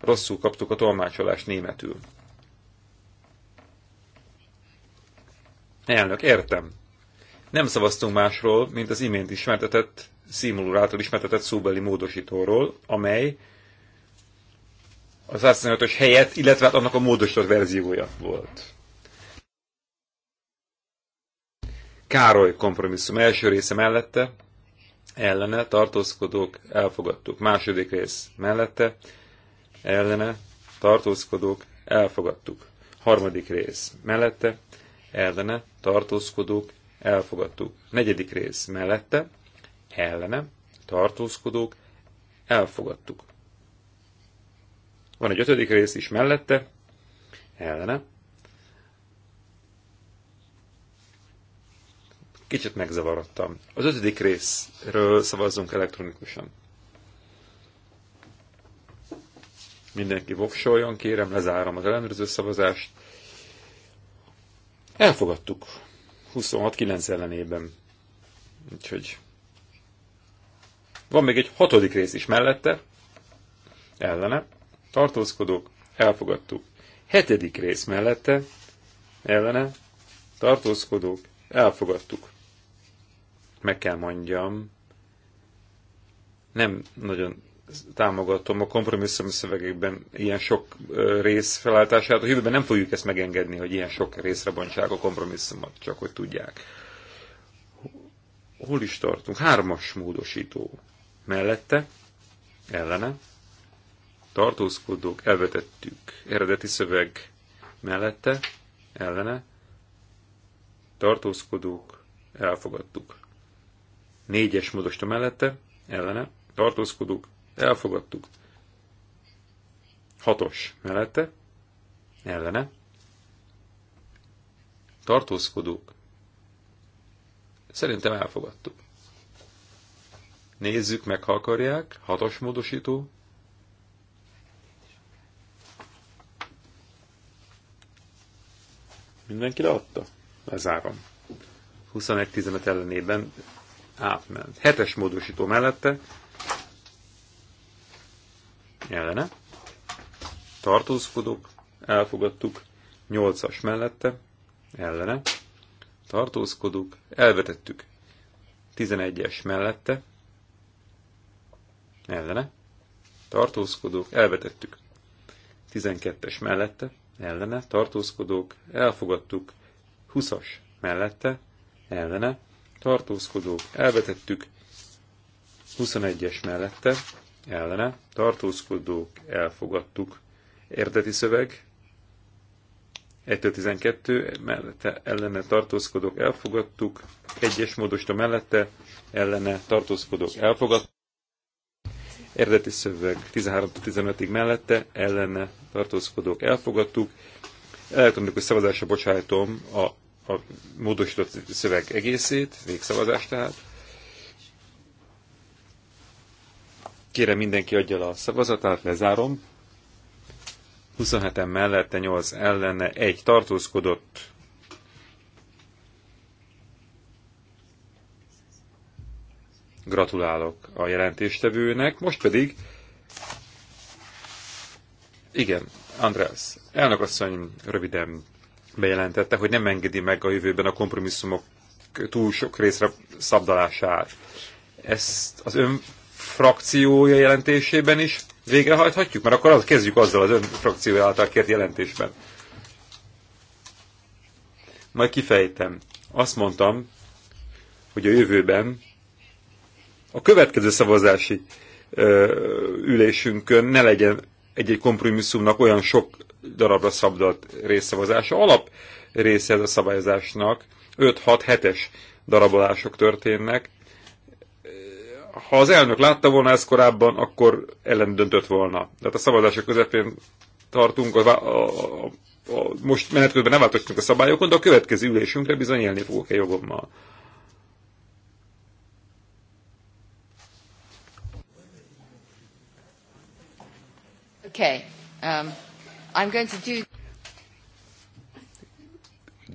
Rosszul kaptuk a tolmácsolást németül. Elnök, értem. Nem szavaztunk másról, mint az imént ismertetett, Szimul által ismertetett szóbeli módosítóról, amely az 125-ös helyett, illetve hát annak a módosított verziója volt. Károly kompromisszum első része mellette, ellene, tartózkodók, elfogadtuk. Második rész mellette, ellene, tartózkodók, elfogadtuk. Harmadik rész mellette, ellene, tartózkodók, elfogadtuk. Negyedik rész mellette, ellene, tartózkodók, elfogadtuk. Van egy ötödik rész is mellette, ellene, Kicsit megzavarodtam. Az ötödik részről szavazzunk elektronikusan. Mindenki voksoljon, kérem, lezárom az ellenőrző szavazást. Elfogadtuk. 26-9 ellenében. Úgyhogy van még egy hatodik rész is mellette. Ellene. Tartózkodók. Elfogadtuk. Hetedik rész mellette. Ellene. Tartózkodók. Elfogadtuk meg kell mondjam, nem nagyon támogatom a kompromisszum szövegekben ilyen sok rész felállítását. A jövőben nem fogjuk ezt megengedni, hogy ilyen sok részre bontsák a kompromisszumot, csak hogy tudják. Hol is tartunk? Hármas módosító. Mellette, ellene, tartózkodók, elvetettük. Eredeti szöveg mellette, ellene, tartózkodók, elfogadtuk. Négyes modosta mellette, ellene, tartózkodók, elfogadtuk. Hatos mellette, ellene, tartózkodók, szerintem elfogadtuk. Nézzük meg, ha akarják, hatos módosító, Mindenki leadta? Lezárom. 21-15 ellenében átment. Hetes módosító mellette ellene tartózkodok, elfogadtuk. Nyolcas mellette ellene tartózkodok, elvetettük. Tizenegyes mellette ellene tartózkodok, elvetettük. 12-es mellette, ellene, tartózkodok, elfogadtuk, 20-as mellette, ellene, tartózkodók, elvetettük 21-es mellette, ellene, tartózkodók, elfogadtuk, érdeti szöveg, 1-12 mellette ellene tartózkodók elfogadtuk, egyes módosta mellette ellene tartózkodók elfogadtuk, eredeti szöveg 13-15-ig mellette ellene tartózkodók elfogadtuk, elektronikus szavazásra bocsájtom a a módosított szöveg egészét, végszavazást tehát. Kérem mindenki adja le a szavazatát, lezárom. 27-en mellette, 8 ellene, 1 tartózkodott. Gratulálok a jelentéstevőnek. Most pedig, igen, András, elnök asszony, röviden bejelentette, hogy nem engedi meg a jövőben a kompromisszumok túl sok részre szabdalását. Ezt az ön frakciója jelentésében is végrehajthatjuk? Mert akkor az, kezdjük azzal az ön frakciója által kért jelentésben. Majd kifejtem. Azt mondtam, hogy a jövőben a következő szavazási ö, ülésünkön ne legyen egy-egy kompromisszumnak olyan sok darabra szabdalt részszavazása. Alap része ez a szabályozásnak. 5-6-7-es darabolások történnek. Ha az elnök látta volna ezt korábban, akkor ellen döntött volna. Tehát a szavazások közepén tartunk, a, a, a, a, most menet közben nem változtunk a szabályokon, de a következő ülésünkre bizony élni fogok-e jogommal. Okay. Um, I'm going to do...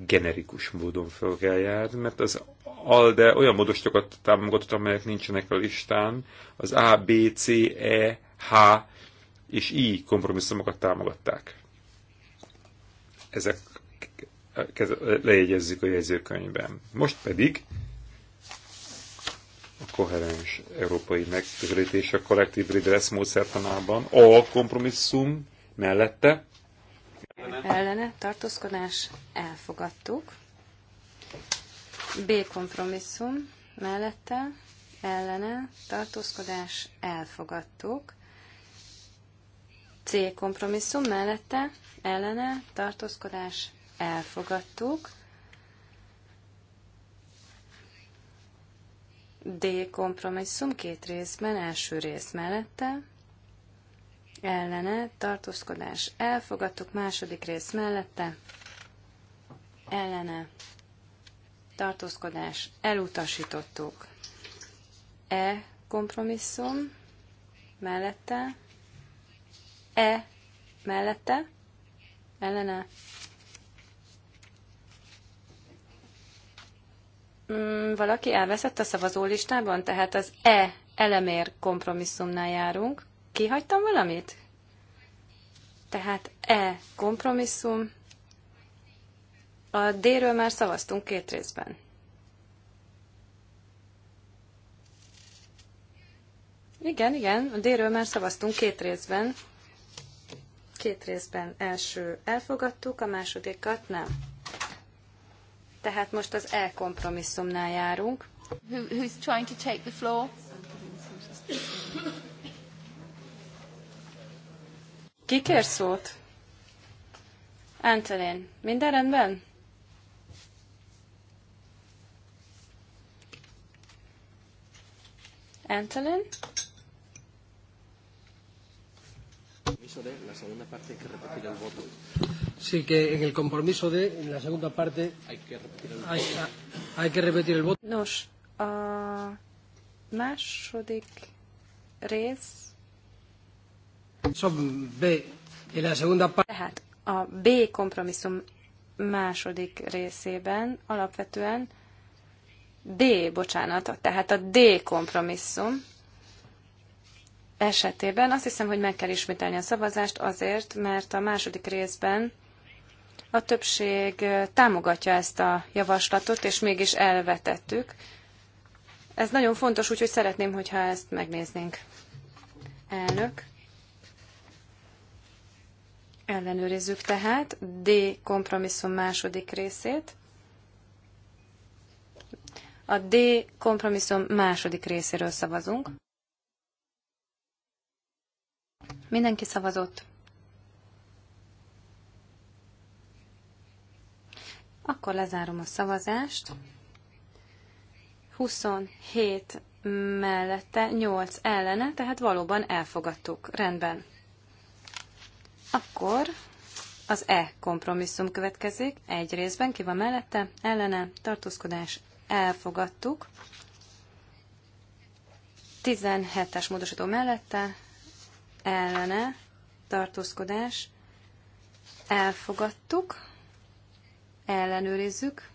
Generikus módon fel kell járni, mert az ALDE olyan módosítókat támogatott, amelyek nincsenek a listán. Az A, B, C, E, H és I kompromisszumokat támogatták. Ezek eh, lejegyezzük a jegyzőkönyvben. Most pedig a koherens európai megközelítés a kollektív redress módszertanában, a kompromisszum mellette. Ellene tartózkodás elfogadtuk. B kompromisszum mellette, ellene tartózkodás elfogadtuk. C kompromisszum mellette, ellene tartózkodás elfogadtuk. D kompromisszum két részben, első rész mellette, ellene, tartózkodás, elfogadtuk, második rész mellette, ellene, tartózkodás, elutasítottuk. E kompromisszum mellette, E mellette, ellene, Mm, valaki elveszett a szavazólistában, tehát az E elemér kompromisszumnál járunk. Kihagytam valamit? Tehát E kompromisszum. A D-ről már szavaztunk két részben. Igen, igen, a D-ről már szavaztunk két részben. Két részben első elfogadtuk, a másodikat nem. Tehát most az elkompromisszumnál járunk. Who, who's trying to take the floor? Ki kér szót? Antolin, minden rendben? Antolin? de la segunda parte hay que repetir el voto. Sí, que en el compromiso de, en la segunda parte, hay que repetir el voto. Hay, hay que repetir el voto. Nos, a második rész. Son B, en la segunda parte. Tehát a B kompromisszum második részében alapvetően D, bocsánat, tehát a D kompromisszum esetében azt hiszem, hogy meg kell ismételni a szavazást azért, mert a második részben a többség támogatja ezt a javaslatot, és mégis elvetettük. Ez nagyon fontos, úgyhogy szeretném, hogyha ezt megnéznénk. Elnök. Ellenőrizzük tehát D kompromisszum második részét. A D kompromisszum második részéről szavazunk. Mindenki szavazott. Akkor lezárom a szavazást. 27 mellette, 8 ellene, tehát valóban elfogadtuk. Rendben. Akkor az E kompromisszum következik. Egy részben ki van mellette, ellene, tartózkodás, elfogadtuk. 17-es módosító mellette, ellene tartózkodás elfogadtuk, ellenőrizzük.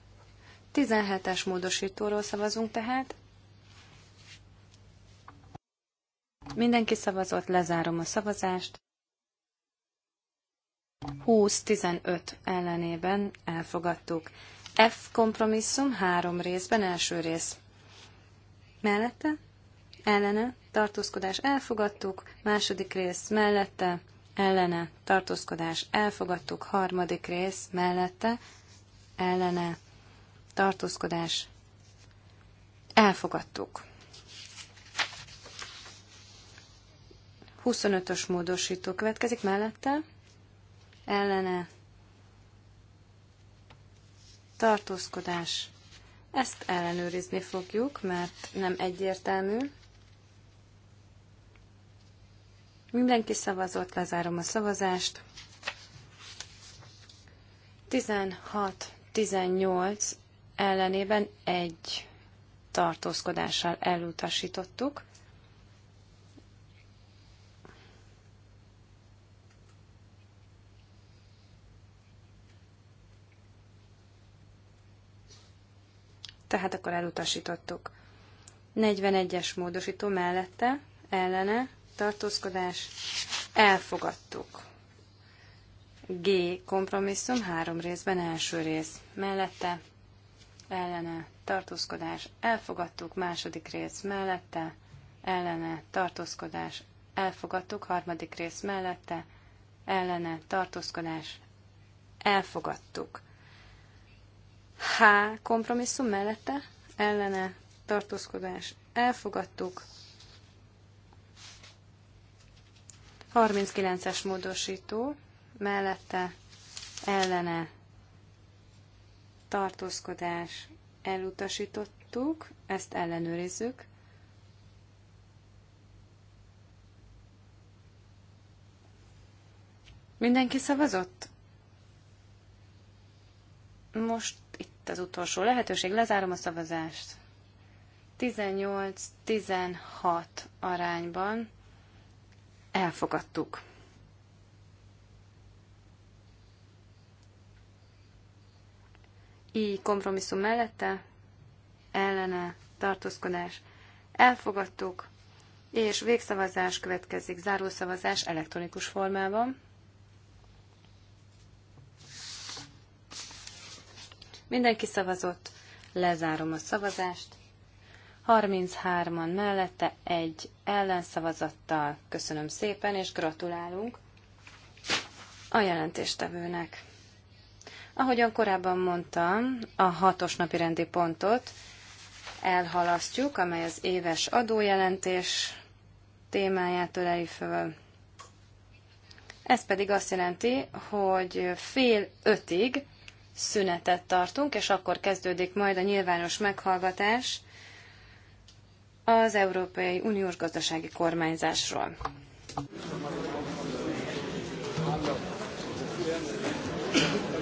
17-es módosítóról szavazunk tehát. Mindenki szavazott, lezárom a szavazást. 20-15 ellenében elfogadtuk. F kompromisszum három részben, első rész. Mellette, ellene, tartózkodás elfogadtuk, Második rész mellette, ellene, tartózkodás, elfogadtuk. Harmadik rész mellette, ellene, tartózkodás, elfogadtuk. 25-ös módosító következik mellette, ellene, tartózkodás. Ezt ellenőrizni fogjuk, mert nem egyértelmű. Mindenki szavazott, lezárom a szavazást. 16-18 ellenében egy tartózkodással elutasítottuk. Tehát akkor elutasítottuk. 41-es módosító mellette, ellene, tartózkodás, elfogadtuk. G. Kompromisszum három részben első rész. Mellette, ellene, tartózkodás, elfogadtuk. Második rész mellette, ellene, tartózkodás, elfogadtuk. Harmadik rész mellette, ellene, tartózkodás, elfogadtuk. H. Kompromisszum mellette, ellene, tartózkodás, elfogadtuk. 39-es módosító mellette ellene tartózkodás elutasítottuk, ezt ellenőrizzük. Mindenki szavazott? Most itt az utolsó lehetőség, lezárom a szavazást. 18-16 arányban elfogadtuk. Így kompromisszum mellette, ellene, tartózkodás, elfogadtuk, és végszavazás következik, zárószavazás elektronikus formában. Mindenki szavazott, lezárom a szavazást. 33-an mellette egy ellenszavazattal. Köszönöm szépen, és gratulálunk a jelentéstevőnek. Ahogyan korábban mondtam, a hatos napi rendi pontot elhalasztjuk, amely az éves adójelentés témáját öleli föl. Ez pedig azt jelenti, hogy fél ötig szünetet tartunk, és akkor kezdődik majd a nyilvános meghallgatás, az Európai Uniós gazdasági kormányzásról. Thank you.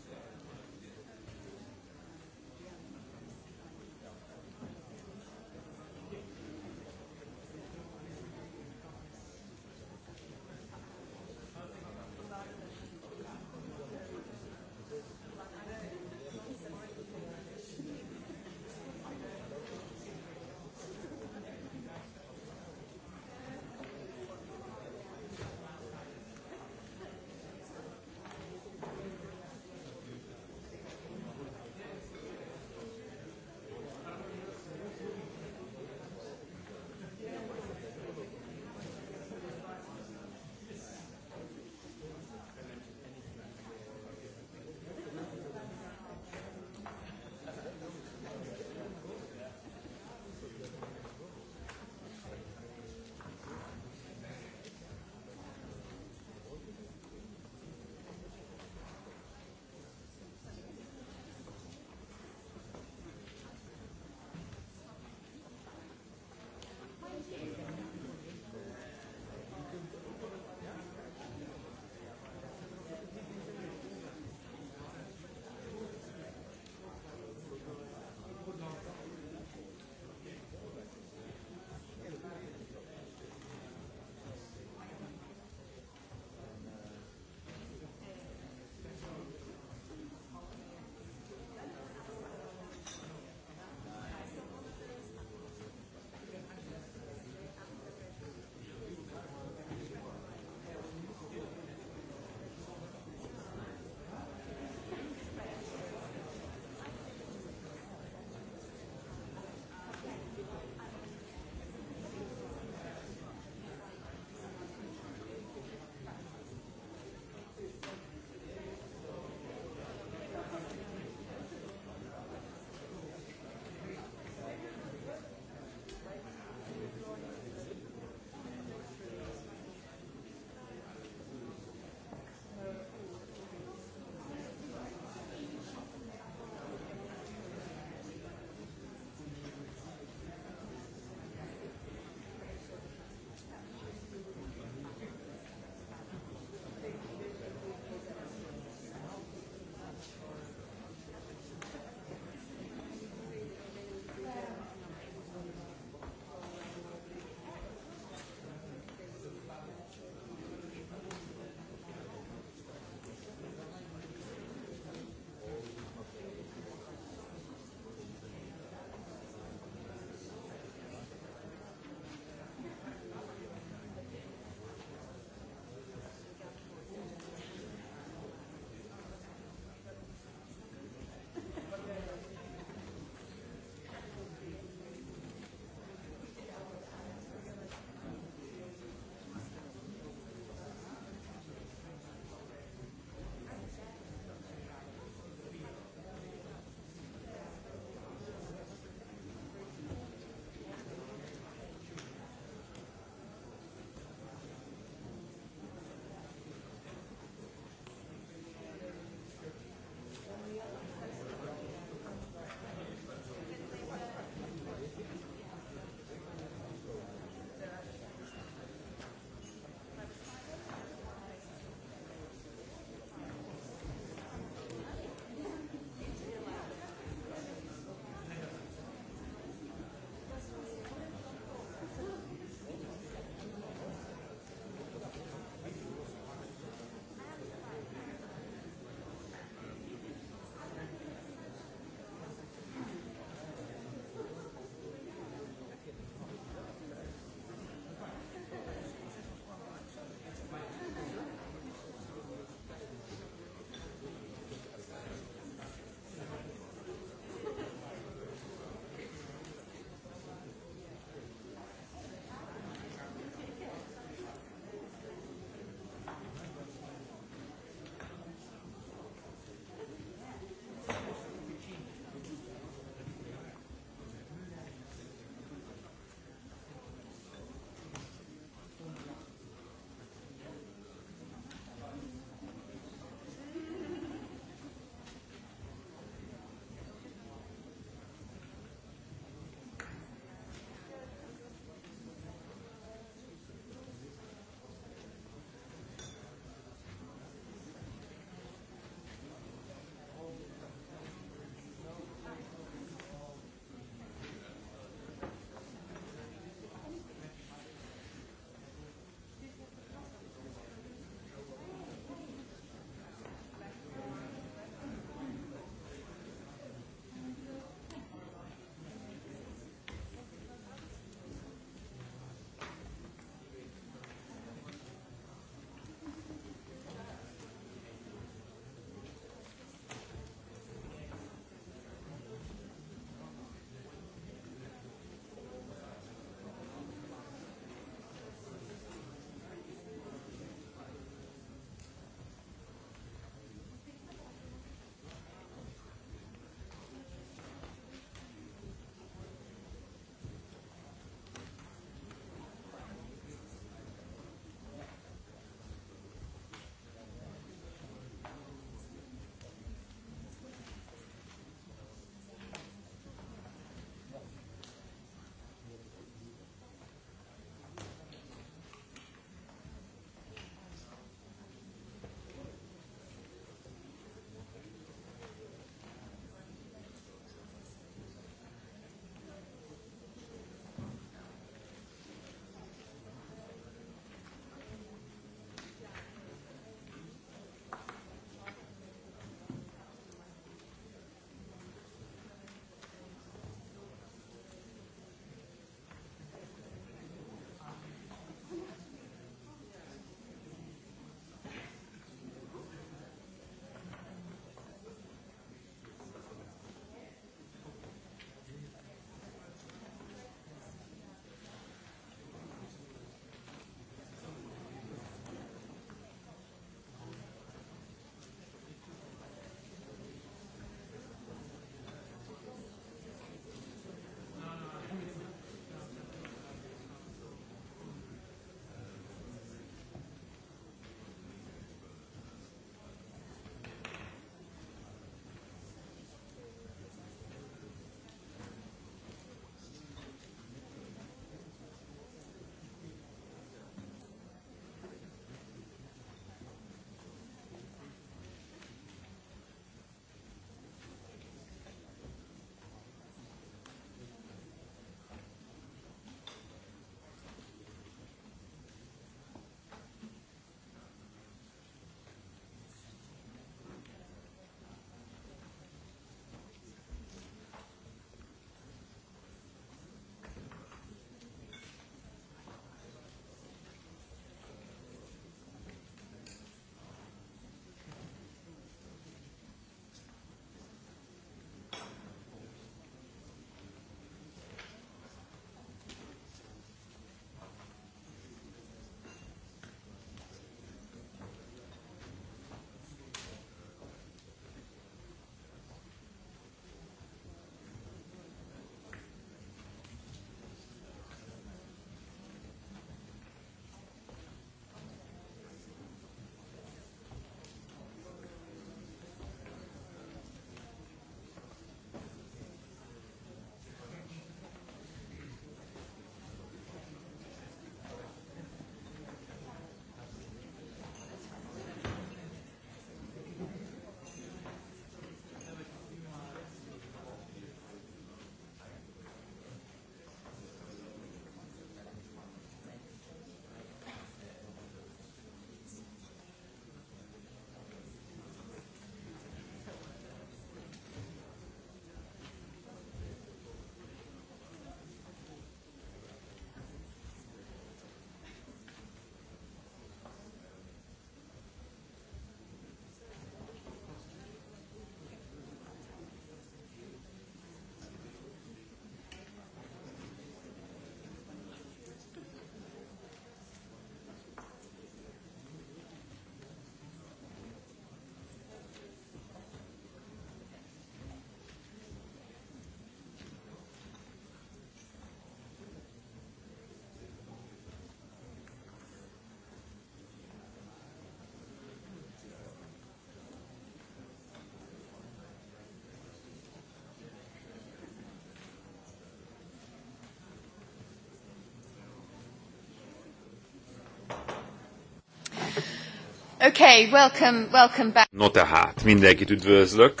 Okay, welcome, welcome back. No tehát, mindenkit üdvözlök.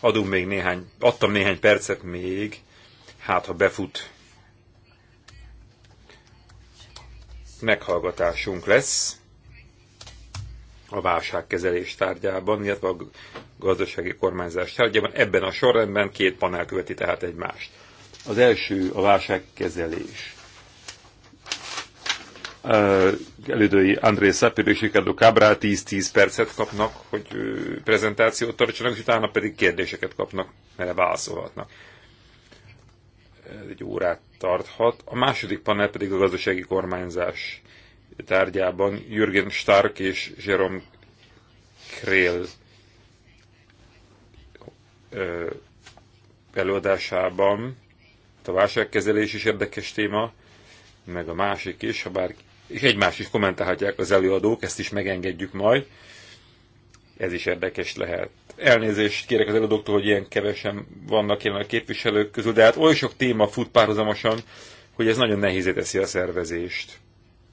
Adunk még néhány, adtam néhány percet még, hát ha befut. Meghallgatásunk lesz a válságkezelés tárgyában, illetve a gazdasági kormányzás tárgyában. Ebben a sorrendben két panel követi tehát egymást. Az első a válságkezelés elődői André Szapir és Ricardo Cabral 10-10 percet kapnak, hogy prezentációt tartsanak, és utána pedig kérdéseket kapnak, mert válaszolhatnak. Ez egy órát tarthat. A második panel pedig a gazdasági kormányzás tárgyában Jürgen Stark és Jerome Krél előadásában a válságkezelés is érdekes téma, meg a másik is, ha bárki és egymást is kommentálhatják az előadók, ezt is megengedjük majd. Ez is érdekes lehet. Elnézést kérek az előadóktól, hogy ilyen kevesen vannak jelen a képviselők közül, de hát oly sok téma fut párhuzamosan, hogy ez nagyon nehézé teszi a szervezést.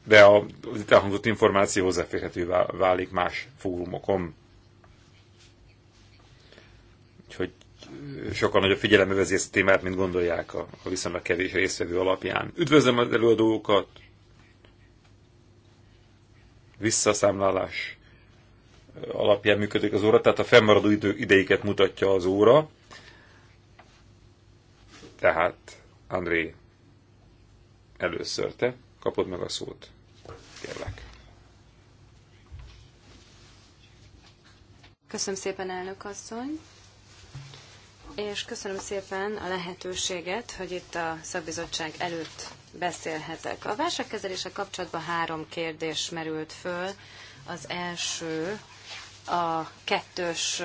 De a, az itt elhangzott információ hozzáférhető válik más fórumokon. Úgyhogy sokkal nagyobb figyelembe vezi ezt a témát, mint gondolják a, a viszonylag kevés résztvevő alapján. Üdvözlöm az előadókat, visszaszámlálás alapján működik az óra, tehát a fennmaradó idő, ideiket mutatja az óra. Tehát, André, először te kapod meg a szót. Kérlek. Köszönöm szépen, elnök asszony, és köszönöm szépen a lehetőséget, hogy itt a szakbizottság előtt beszélhetek. A válságkezelése kapcsolatban három kérdés merült föl. Az első a kettős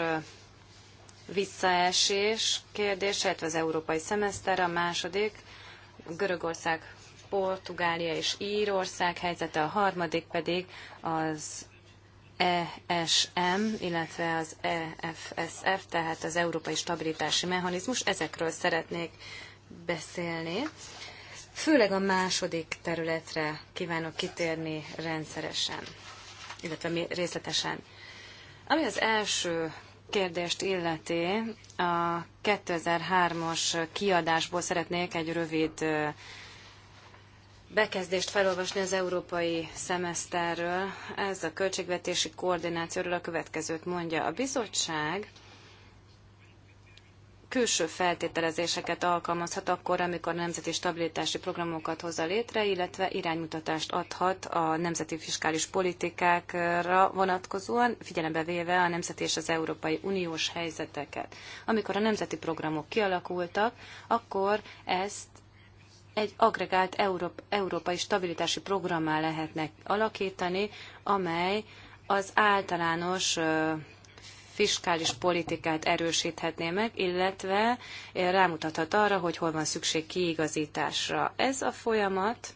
visszaesés kérdése, illetve az európai szemeszter, a második Görögország, Portugália és Írország helyzete, a harmadik pedig az ESM, illetve az EFSF, tehát az Európai Stabilitási Mechanizmus. Ezekről szeretnék beszélni. Főleg a második területre kívánok kitérni rendszeresen, illetve részletesen. Ami az első kérdést illeti, a 2003-as kiadásból szeretnék egy rövid bekezdést felolvasni az európai szemeszterről. Ez a költségvetési koordinációról a következőt mondja. A bizottság külső feltételezéseket alkalmazhat akkor, amikor nemzeti stabilitási programokat hozza létre, illetve iránymutatást adhat a nemzeti fiskális politikákra vonatkozóan, figyelembe véve a nemzeti és az Európai Uniós helyzeteket. Amikor a nemzeti programok kialakultak, akkor ezt egy agregált európa európai stabilitási programmá lehetnek alakítani, amely az általános fiskális politikát erősíthetné meg, illetve eh, rámutathat arra, hogy hol van szükség kiigazításra. Ez a folyamat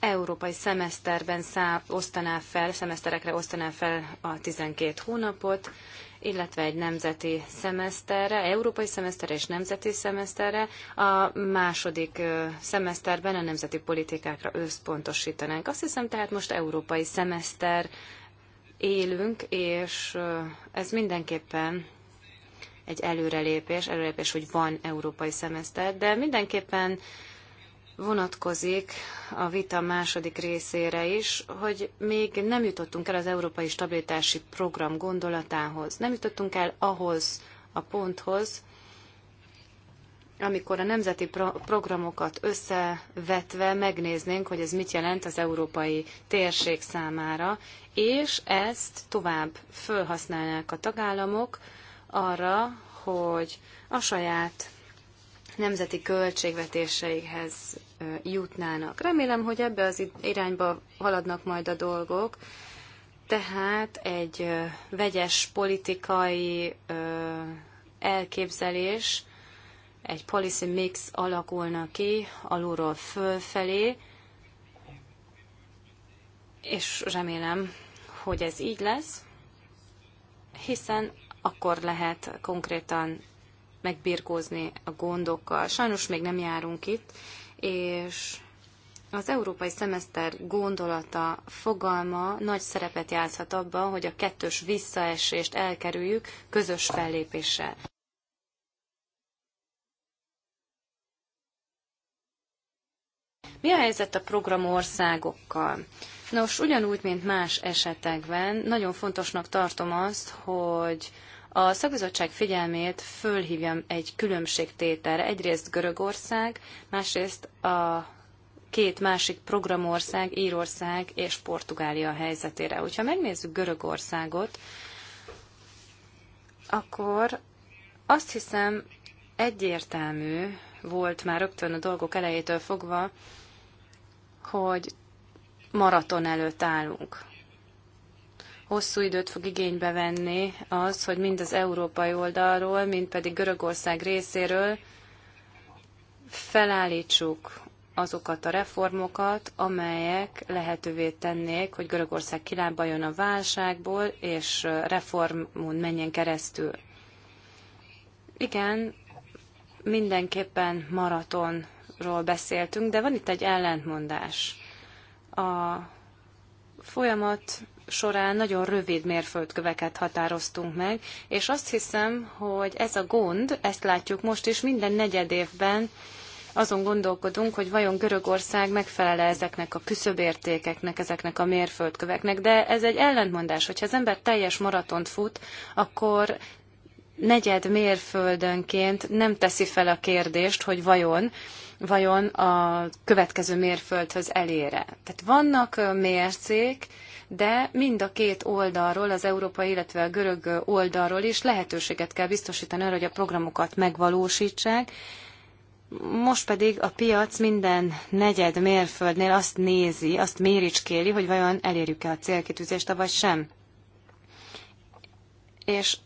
európai szemeszterben szá, osztaná fel, szemeszterekre osztaná fel a 12 hónapot, illetve egy nemzeti szemeszterre, európai szemeszterre és nemzeti szemeszterre. A második eh, szemeszterben a nemzeti politikákra összpontosítanánk. Azt hiszem tehát most európai szemeszter élünk, és ez mindenképpen egy előrelépés, előrelépés, hogy van európai szemeszter, de mindenképpen vonatkozik a vita második részére is, hogy még nem jutottunk el az Európai Stabilitási Program gondolatához. Nem jutottunk el ahhoz a ponthoz, amikor a nemzeti pro- programokat összevetve megnéznénk, hogy ez mit jelent az európai térség számára, és ezt tovább felhasználnák a tagállamok arra, hogy a saját nemzeti költségvetéseikhez jutnának. Remélem, hogy ebbe az irányba haladnak majd a dolgok, tehát egy vegyes politikai elképzelés, egy policy mix alakulna ki alulról fölfelé, és remélem, hogy ez így lesz, hiszen akkor lehet konkrétan megbirkózni a gondokkal. Sajnos még nem járunk itt, és az európai szemeszter gondolata, fogalma nagy szerepet játszhat abban, hogy a kettős visszaesést elkerüljük közös fellépéssel. Mi a helyzet a programországokkal? Nos, ugyanúgy, mint más esetekben, nagyon fontosnak tartom azt, hogy a szakbizottság figyelmét fölhívjam egy különbségtételre. Egyrészt Görögország, másrészt a két másik programország, Írország és Portugália helyzetére. Hogyha megnézzük Görögországot, akkor azt hiszem egyértelmű volt már rögtön a dolgok elejétől fogva, hogy maraton előtt állunk. Hosszú időt fog igénybe venni az, hogy mind az európai oldalról, mind pedig Görögország részéről felállítsuk azokat a reformokat, amelyek lehetővé tennék, hogy Görögország kilábaljon a válságból, és reformon menjen keresztül. Igen, mindenképpen maraton ról beszéltünk, de van itt egy ellentmondás. A folyamat során nagyon rövid mérföldköveket határoztunk meg, és azt hiszem, hogy ez a gond, ezt látjuk most is, minden negyed évben azon gondolkodunk, hogy vajon Görögország megfelele ezeknek a küszöbértékeknek, ezeknek a mérföldköveknek, de ez egy ellentmondás, hogyha az ember teljes maratont fut, akkor negyed mérföldönként nem teszi fel a kérdést, hogy vajon vajon a következő mérföldhöz elére. Tehát vannak mércék, de mind a két oldalról, az európai, illetve a görög oldalról is lehetőséget kell biztosítani arra, hogy a programokat megvalósítsák. Most pedig a piac minden negyed mérföldnél azt nézi, azt méricskéli, hogy vajon elérjük-e a célkitűzést, vagy sem. És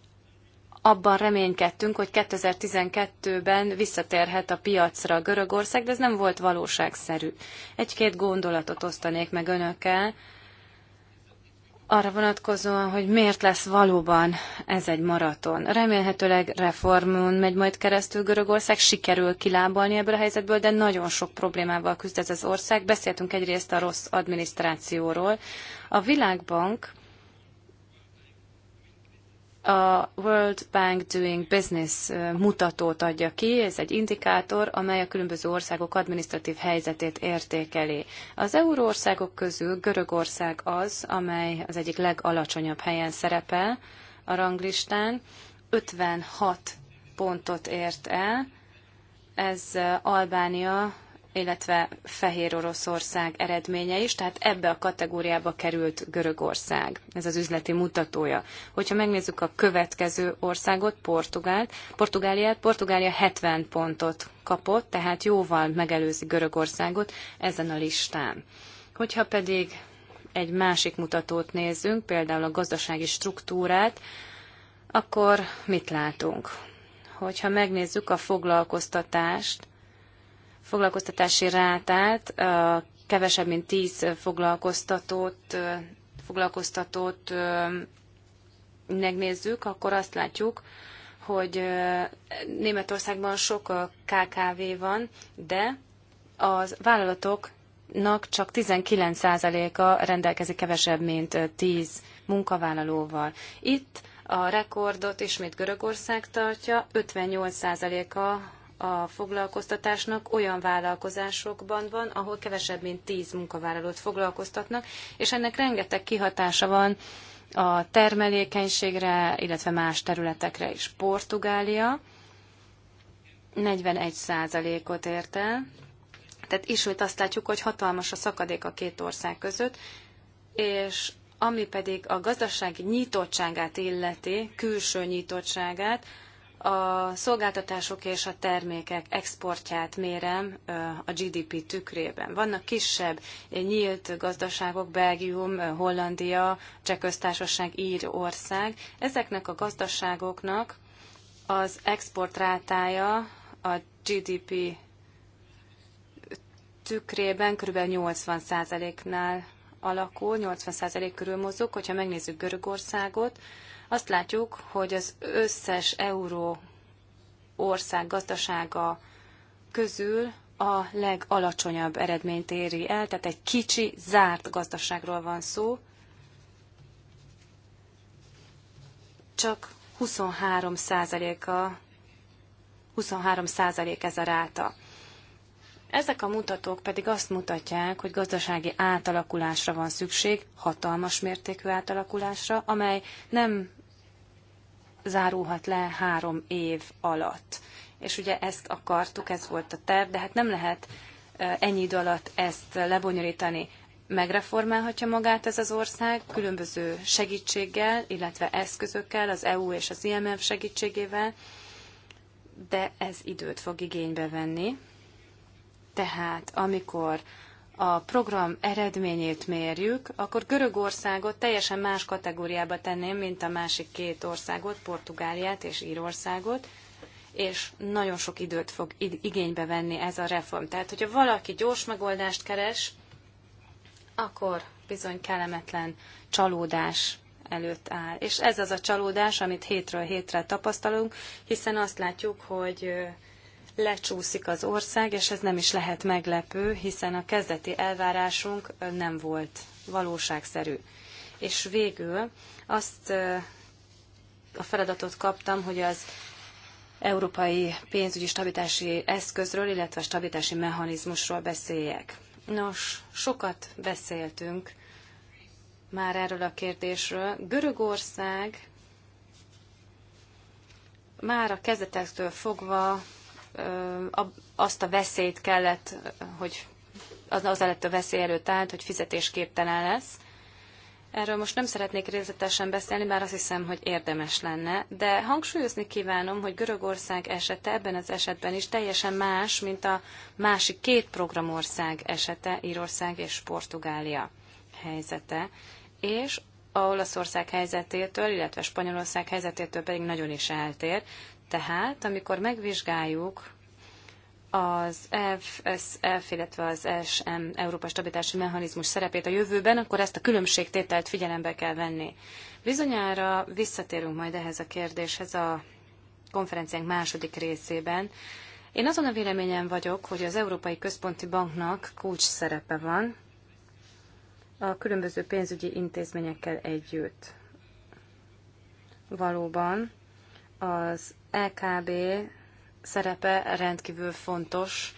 abban reménykedtünk, hogy 2012-ben visszatérhet a piacra Görögország, de ez nem volt valóságszerű. Egy-két gondolatot osztanék meg önökkel, arra vonatkozóan, hogy miért lesz valóban ez egy maraton. Remélhetőleg reformon megy majd keresztül Görögország, sikerül kilábalni ebből a helyzetből, de nagyon sok problémával küzd ez az ország. Beszéltünk egyrészt a rossz adminisztrációról. A Világbank a World Bank Doing Business mutatót adja ki, ez egy indikátor, amely a különböző országok adminisztratív helyzetét értékeli. Az euróországok közül Görögország az, amely az egyik legalacsonyabb helyen szerepel a ranglistán, 56 pontot ért el, ez Albánia illetve Fehér Oroszország eredménye is, tehát ebbe a kategóriába került Görögország, ez az üzleti mutatója. Hogyha megnézzük a következő országot, Portugált, Portugáliát, Portugália 70 pontot kapott, tehát jóval megelőzi Görögországot ezen a listán. Hogyha pedig egy másik mutatót nézzünk, például a gazdasági struktúrát, akkor mit látunk? Hogyha megnézzük a foglalkoztatást, foglalkoztatási rátát a kevesebb, mint 10 foglalkoztatót, foglalkoztatót megnézzük, akkor azt látjuk, hogy Németországban sok KKV van, de az vállalatoknak csak 19%-a rendelkezik kevesebb, mint 10 munkavállalóval. Itt a rekordot ismét Görögország tartja, 58%-a a foglalkoztatásnak olyan vállalkozásokban van, ahol kevesebb, mint 10 munkavállalót foglalkoztatnak, és ennek rengeteg kihatása van a termelékenységre, illetve más területekre is. Portugália 41%-ot ért el, tehát ismét azt látjuk, hogy hatalmas a szakadék a két ország között, és ami pedig a gazdaság nyitottságát illeti, külső nyitottságát, a szolgáltatások és a termékek exportját mérem a GDP tükrében. Vannak kisebb nyílt gazdaságok, Belgium, Hollandia, Csehköztársaság, ország. Ezeknek a gazdaságoknak az exportrátája a GDP tükrében kb. 80%-nál alakul, 80% körül mozog. Hogyha megnézzük Görögországot, azt látjuk, hogy az összes euró ország gazdasága közül a legalacsonyabb eredményt éri el, tehát egy kicsi, zárt gazdaságról van szó. Csak 23 százaléka, 23 százalék ez a ráta. Ezek a mutatók pedig azt mutatják, hogy gazdasági átalakulásra van szükség, hatalmas mértékű átalakulásra, amely nem zárulhat le három év alatt. És ugye ezt akartuk, ez volt a terv, de hát nem lehet ennyi idő alatt ezt lebonyolítani. Megreformálhatja magát ez az ország különböző segítséggel, illetve eszközökkel, az EU és az IMF segítségével, de ez időt fog igénybe venni. Tehát amikor a program eredményét mérjük, akkor Görögországot teljesen más kategóriába tenném, mint a másik két országot, Portugáliát és Írországot, és nagyon sok időt fog igénybe venni ez a reform. Tehát, hogyha valaki gyors megoldást keres, akkor bizony kellemetlen csalódás előtt áll. És ez az a csalódás, amit hétről hétre tapasztalunk, hiszen azt látjuk, hogy lecsúszik az ország, és ez nem is lehet meglepő, hiszen a kezdeti elvárásunk nem volt valóságszerű. És végül azt a feladatot kaptam, hogy az európai pénzügyi stabilitási eszközről, illetve a stabilitási mechanizmusról beszéljek. Nos, sokat beszéltünk már erről a kérdésről. Görögország már a kezdetektől fogva azt a veszélyt kellett, hogy az, az előtt a veszély előtt állt, hogy fizetésképtelen lesz. Erről most nem szeretnék részletesen beszélni, bár azt hiszem, hogy érdemes lenne, de hangsúlyozni kívánom, hogy Görögország esete ebben az esetben is teljesen más, mint a másik két programország esete, Írország és Portugália helyzete, és a Olaszország helyzetétől, illetve Spanyolország helyzetétől pedig nagyon is eltér. Tehát, amikor megvizsgáljuk az FSF, illetve az SM Európa Stabilitási Mechanizmus szerepét a jövőben, akkor ezt a különbségtételt figyelembe kell venni. Bizonyára visszatérünk majd ehhez a kérdéshez a konferenciánk második részében. Én azon a véleményen vagyok, hogy az Európai Központi Banknak kulcs szerepe van a különböző pénzügyi intézményekkel együtt. Valóban az LKB e szerepe rendkívül fontos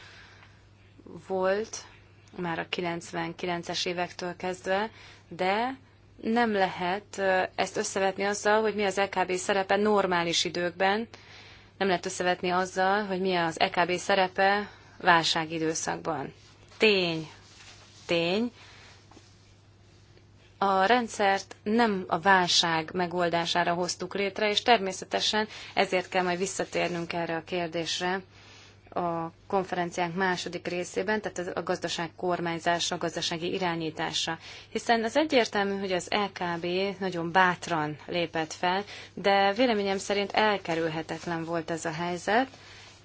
volt, már a 99-es évektől kezdve, de nem lehet ezt összevetni azzal, hogy mi az EKB szerepe normális időkben, nem lehet összevetni azzal, hogy mi az EKB szerepe válságidőszakban. Tény, tény, a rendszert nem a válság megoldására hoztuk létre, és természetesen ezért kell majd visszatérnünk erre a kérdésre a konferenciánk második részében, tehát a gazdaság kormányzása, a gazdasági irányítása. Hiszen az egyértelmű, hogy az LKB nagyon bátran lépett fel, de véleményem szerint elkerülhetetlen volt ez a helyzet,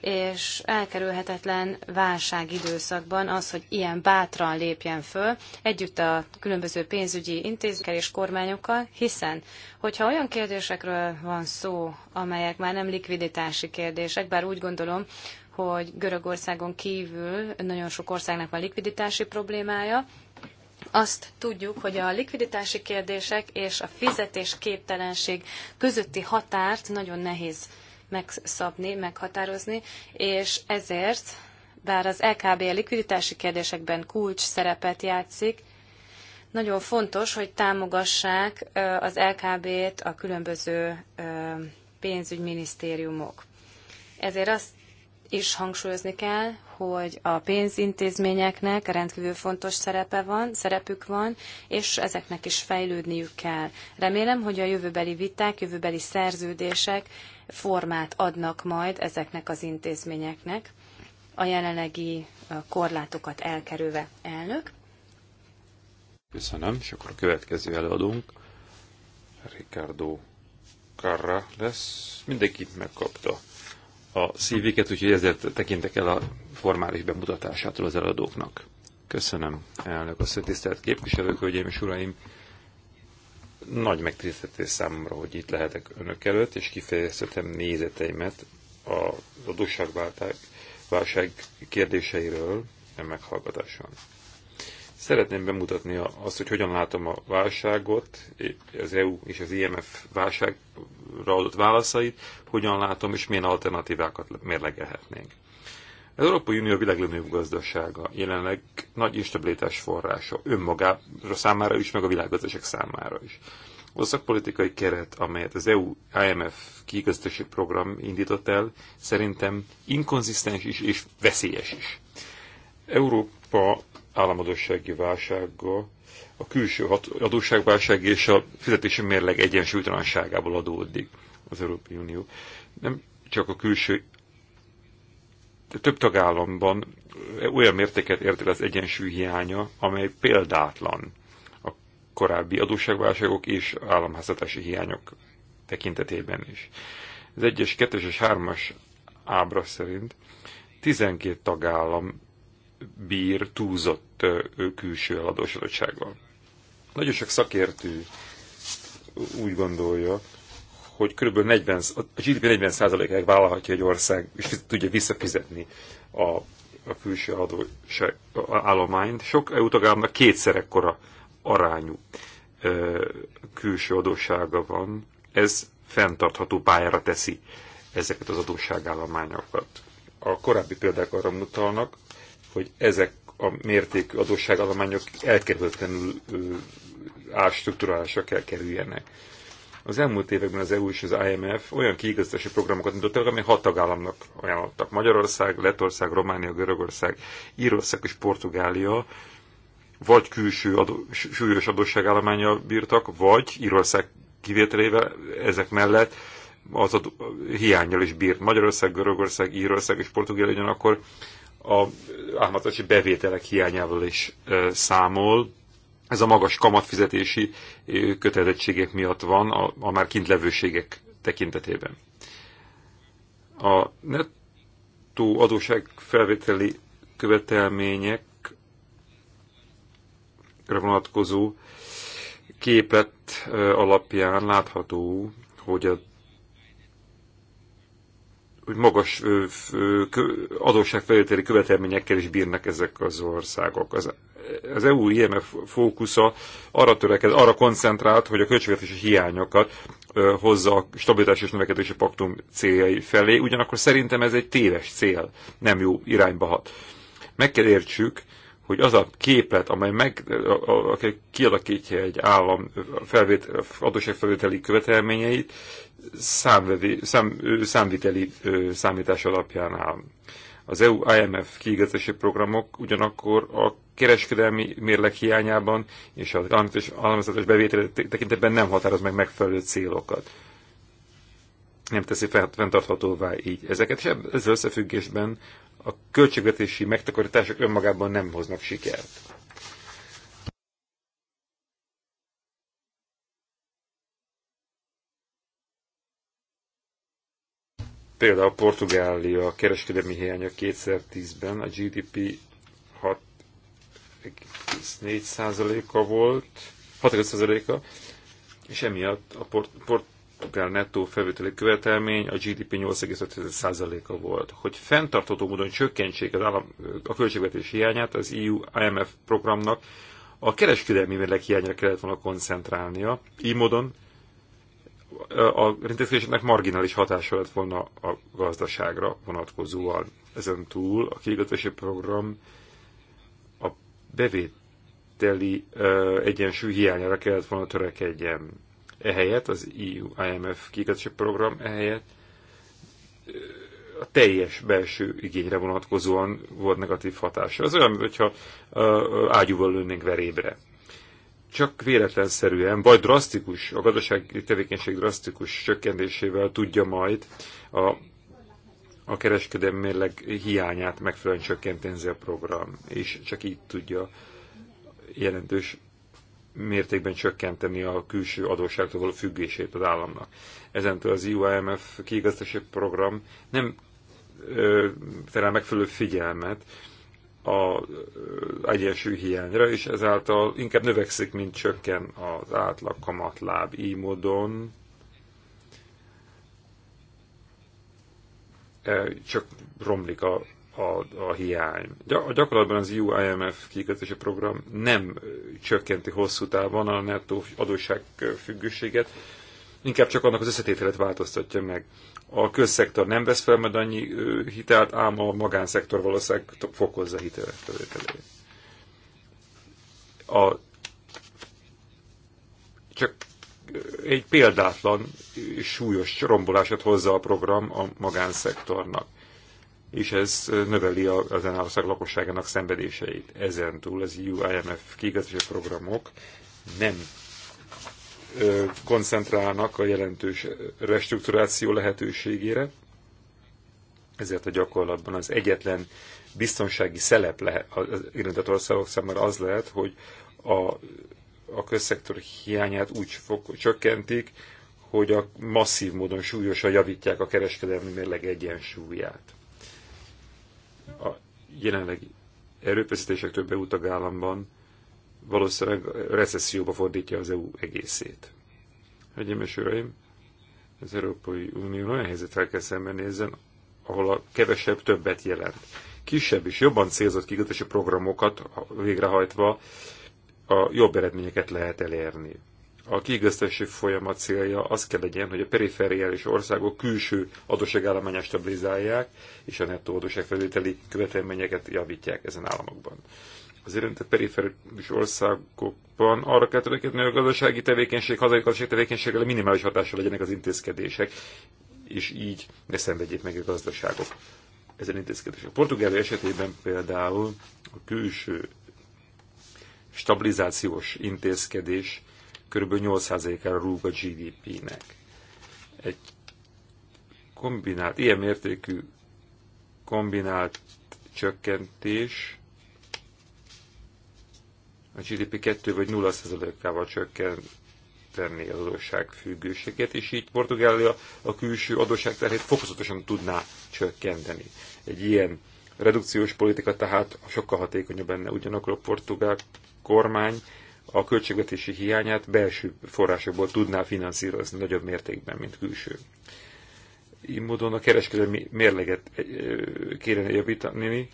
és elkerülhetetlen válságidőszakban az, hogy ilyen bátran lépjen föl együtt a különböző pénzügyi intézményekkel és kormányokkal, hiszen hogyha olyan kérdésekről van szó, amelyek már nem likviditási kérdések, bár úgy gondolom, hogy Görögországon kívül nagyon sok országnak van likviditási problémája, azt tudjuk, hogy a likviditási kérdések és a fizetésképtelenség közötti határt nagyon nehéz megszabni, meghatározni, és ezért, bár az LKB a likviditási kérdésekben kulcs szerepet játszik, nagyon fontos, hogy támogassák az LKB-t a különböző pénzügyminisztériumok. Ezért azt is hangsúlyozni kell, hogy a pénzintézményeknek rendkívül fontos szerepe van, szerepük van, és ezeknek is fejlődniük kell. Remélem, hogy a jövőbeli viták, jövőbeli szerződések formát adnak majd ezeknek az intézményeknek, a jelenlegi korlátokat elkerülve. Elnök. Köszönöm, és akkor a következő előadónk Ricardo Carra lesz. Mindenkit megkapta a szívüket, úgyhogy ezért tekintek el a formális bemutatásától az eladóknak. Köszönöm, elnök a tisztelt képviselők, hölgyeim és uraim! Nagy megtiszteltetés számomra, hogy itt lehetek önök előtt, és kifejezhetem nézeteimet a adósságválság kérdéseiről, nem meghallgatáson. Szeretném bemutatni azt, hogy hogyan látom a válságot, az EU és az IMF válságra adott válaszait, hogyan látom és milyen alternatívákat mérlegelhetnénk. Az Európai Unió világ gazdasága jelenleg nagy instabilitás forrása önmagára számára is, meg a világgazdaság számára is. Az a szakpolitikai keret, amelyet az EU IMF kiigazítási program indított el, szerintem inkonzisztens is és veszélyes is. Európa államadósági válsággal, a külső adósságválság és a fizetési mérleg egyensúlytalanságából adódik az Európai Unió. Nem csak a külső, de több tagállamban olyan mértéket ért el az egyensúly hiánya, amely példátlan a korábbi adósságválságok és államháztatási hiányok tekintetében is. Az egyes kettes és hármas ábra szerint 12 tagállam bír túlzott külső eladósodottsággal. Nagyon sok szakértő úgy gondolja, hogy kb. 40, a GDP 40%-ig vállalhatja egy ország, és tudja visszafizetni a, a külső adóság állományt. Sok EU tagállamnak kétszer ekkora arányú ö, külső adóssága van. Ez fenntartható pályára teszi ezeket az adósságállományokat. A korábbi példák arra mutalnak, hogy ezek a mértékű adósságállományok elkerülhetetlenül árstruktúrálásra kell kerüljenek. Az elmúlt években az EU és az IMF olyan kiigazítási programokat indítottak, amely hat tagállamnak ajánlottak. Magyarország, Lettország, Románia, Görögország, Írország és Portugália vagy külső adó, súlyos adósságállományjal bírtak, vagy Írország kivételével ezek mellett az adó, hiányjal is bírt Magyarország, Görögország, Írország és Portugália ugyanakkor a álmatatási bevételek hiányával is számol. Ez a magas kamatfizetési kötelezettségek miatt van, a, a már kint levőségek tekintetében. A nettó felvételi követelmények vonatkozó képlet alapján látható, hogy a hogy magas adósságfelvételi követelményekkel is bírnak ezek az országok. Az, az EU IMF fókusza arra töreked, arra koncentrált, hogy a költségvetési hiányokat hozza a stabilitás és növekedési paktum céljai felé, ugyanakkor szerintem ez egy téves cél, nem jó irányba hat. Meg kell értsük, hogy az a képlet, amely meg, a, a, a, kialakítja egy állam felvét, adósságfelvételi követelményeit, számvevi, szám, számviteli ö, számítás alapján áll. Az EU IMF kiigazási programok ugyanakkor a kereskedelmi mérleg hiányában és az államvezetés bevétel tekintetben nem határoz meg megfelelő célokat. Nem teszi fenntarthatóvá így ezeket, és ezzel összefüggésben a költségvetési megtakarítások önmagában nem hoznak sikert. Például a Portugália kereskedelmi hiánya 2010-ben a GDP 6,4%-a volt, 6,5%-a, és emiatt a port, port, kell nettó felvételi követelmény a GDP 8,5%-a volt. Hogy fenntartható módon csökkentsék az állam, a költségvetés hiányát az EU IMF programnak, a kereskedelmi mérlek hiányra kellett volna koncentrálnia, így módon a intézkedéseknek marginális hatása lett volna a gazdaságra vonatkozóan. Ezen túl a kiigatási program a bevételi egyensúly hiányára kellett volna törekedjen ehelyett az EU IMF kiigazítási program ehelyett a teljes belső igényre vonatkozóan volt negatív hatása. Az olyan, mintha ágyúval lőnénk verébre. Csak véletlenszerűen, vagy drasztikus, a gazdasági tevékenység drasztikus csökkentésével tudja majd a, a kereskedelmi mérleg hiányát megfelelően csökkenteni a program, és csak így tudja jelentős mértékben csökkenteni a külső adósságtól való függését az államnak. Ezentől az IUMF kiigazdási program nem ö, terel megfelelő figyelmet az egyensúly hiányra, és ezáltal inkább növekszik, mint csökken az átlag kamatláb. Így módon csak romlik a a, a hiány. A gyakorlatban az EU IMF kikötési program nem csökkenti hosszú távon a nettó adósság függőséget, inkább csak annak az összetételet változtatja meg. A közszektor nem vesz fel majd annyi hitelt, ám a magánszektor valószínűleg fokozza hitelet A csak egy példátlan súlyos rombolását hozza a program a magánszektornak és ez növeli az ország lakosságának szenvedéseit. Ezen túl az EU-IMF kiigazítási programok nem koncentrálnak a jelentős restrukturáció lehetőségére, ezért a gyakorlatban az egyetlen biztonsági szelep lehet, az érintett országok számára az lehet, hogy a, a közszektor hiányát úgy fog, csökkentik, hogy a masszív módon súlyosan javítják a kereskedelmi mérleg egyensúlyát jelenleg erőfeszítések több EU tagállamban valószínűleg recesszióba fordítja az EU egészét. Hölgyeim és Uraim, az Európai Unió olyan helyzetvel kell szembenézzen, ahol a kevesebb többet jelent. Kisebb és jobban célzott kiigazítási programokat végrehajtva a jobb eredményeket lehet elérni a kiigazítási folyamat célja az kell legyen, hogy a perifériális országok külső adósságállományát stabilizálják, és a nettó adósságfelvételi követelményeket javítják ezen államokban. Az érintett perifériális országokban arra kell törekedni, hogy a gazdasági tevékenység, hazai gazdasági tevékenységgel minimális hatással legyenek az intézkedések, és így ne szenvedjék meg a gazdaságok ezen intézkedések. A Portugália esetében például a külső stabilizációs intézkedés kb. 8%-ára rúg a GDP-nek. Egy kombinált, ilyen mértékű kombinált csökkentés a GDP 2 vagy 0%-ával tenni az adósság függőséget, és így Portugália a külső terhét fokozatosan tudná csökkenteni. Egy ilyen redukciós politika tehát sokkal hatékonyabb benne. Ugyanakkor a portugál kormány a költségvetési hiányát belső forrásokból tudná finanszírozni nagyobb mértékben, mint külső. Így módon a kereskedelmi mérleget kéne javítani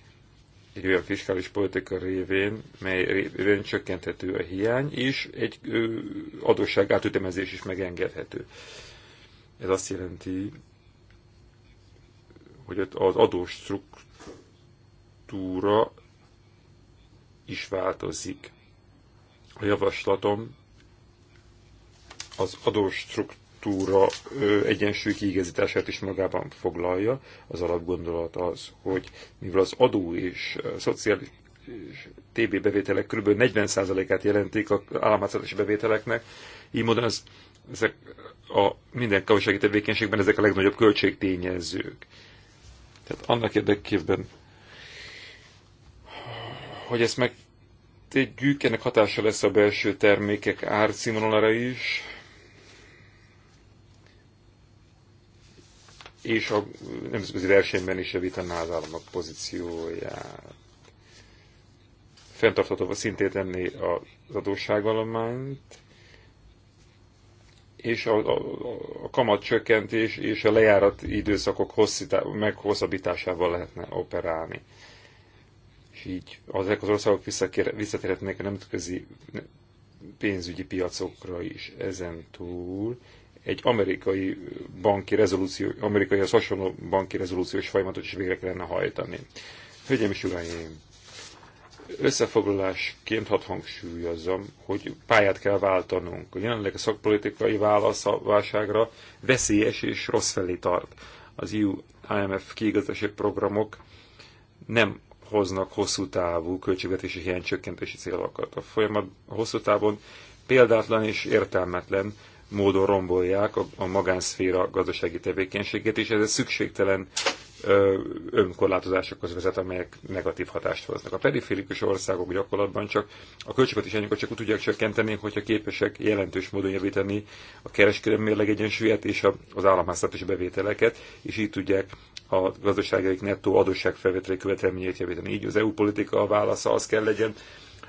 egy olyan fiskális politika révén, mely révén csökkenthető a hiány, és egy adósság átütemezés is megengedhető. Ez azt jelenti, hogy az adós struktúra is változik. A javaslatom az adóstruktúra egyensúly kiigazítását is magában foglalja. Az alapgondolat az, hogy mivel az adó és szociális TB bevételek kb. 40%-át jelentik a államháztartási bevételeknek, így módon az, ezek a minden kavasági tevékenységben ezek a legnagyobb költségtényezők. Tehát annak érdekében, hogy ezt meg tegyük, ennek hatása lesz a belső termékek árcímonalára is, és a nemzetközi versenyben is javítaná az államok pozícióját. a szintén tenni az adósságalományt, és a, a, a kamatcsökkentés és a lejárat időszakok hosszítá, meghosszabbításával lehetne operálni és így ezek az országok visszatérhetnek a nemzetközi pénzügyi piacokra is. Ezen túl egy amerikai banki rezolúció, amerikai hasonló banki rezolúciós folyamatot is végre kellene hajtani. Hölgyeim és uraim, összefoglalásként hadd hangsúlyozzam, hogy pályát kell váltanunk. A jelenleg a szakpolitikai válasz a válságra veszélyes és rossz felé tart. Az EU IMF kiigazdási programok nem hoznak hosszú távú költségvetési hiánycsökkentési célokat. A folyamat a hosszú távon példátlan és értelmetlen módon rombolják a, a magánszféra gazdasági tevékenységét, és ez szükségtelen önkorlátozásokhoz vezet, amelyek negatív hatást hoznak. A periférikus országok gyakorlatban csak a költségvetési anyagokat csak úgy tudják csökkenteni, hogyha képesek jelentős módon javítani a kereskedelmi mérleg egyensúlyát és az államháztartási bevételeket, és így tudják a gazdaságaik nettó adósságfelvételi követelményét javítani. Így az EU politika a válasza az kell legyen,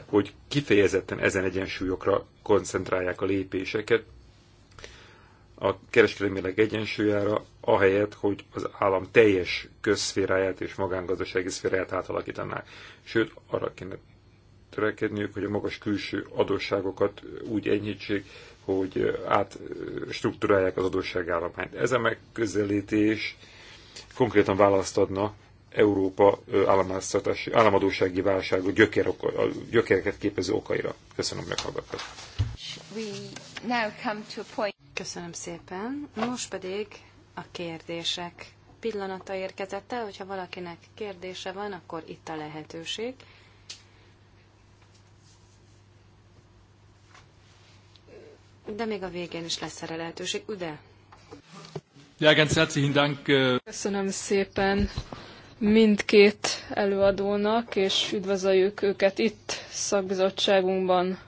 hogy kifejezetten ezen egyensúlyokra koncentrálják a lépéseket, a kereskedelmileg egyensúlyára, ahelyett, hogy az állam teljes közszféráját és magángazdasági szféráját átalakítanák. Sőt, arra kéne törekedniük, hogy a magas külső adósságokat úgy enyhítsék, hogy átstruktúrálják az adósságállományt. Ez a megközelítés konkrétan választ adna Európa államadósági válság, gyökér, gyökereket képező okaira. Köszönöm, meghallgattak. Köszönöm szépen. Most pedig a kérdések pillanata érkezett el, hogyha valakinek kérdése van, akkor itt a lehetőség. De még a végén is lesz erre lehetőség, ugye? Äh, Köszönöm szépen mindkét előadónak, és üdvözöljük őket itt szakbizottságunkban.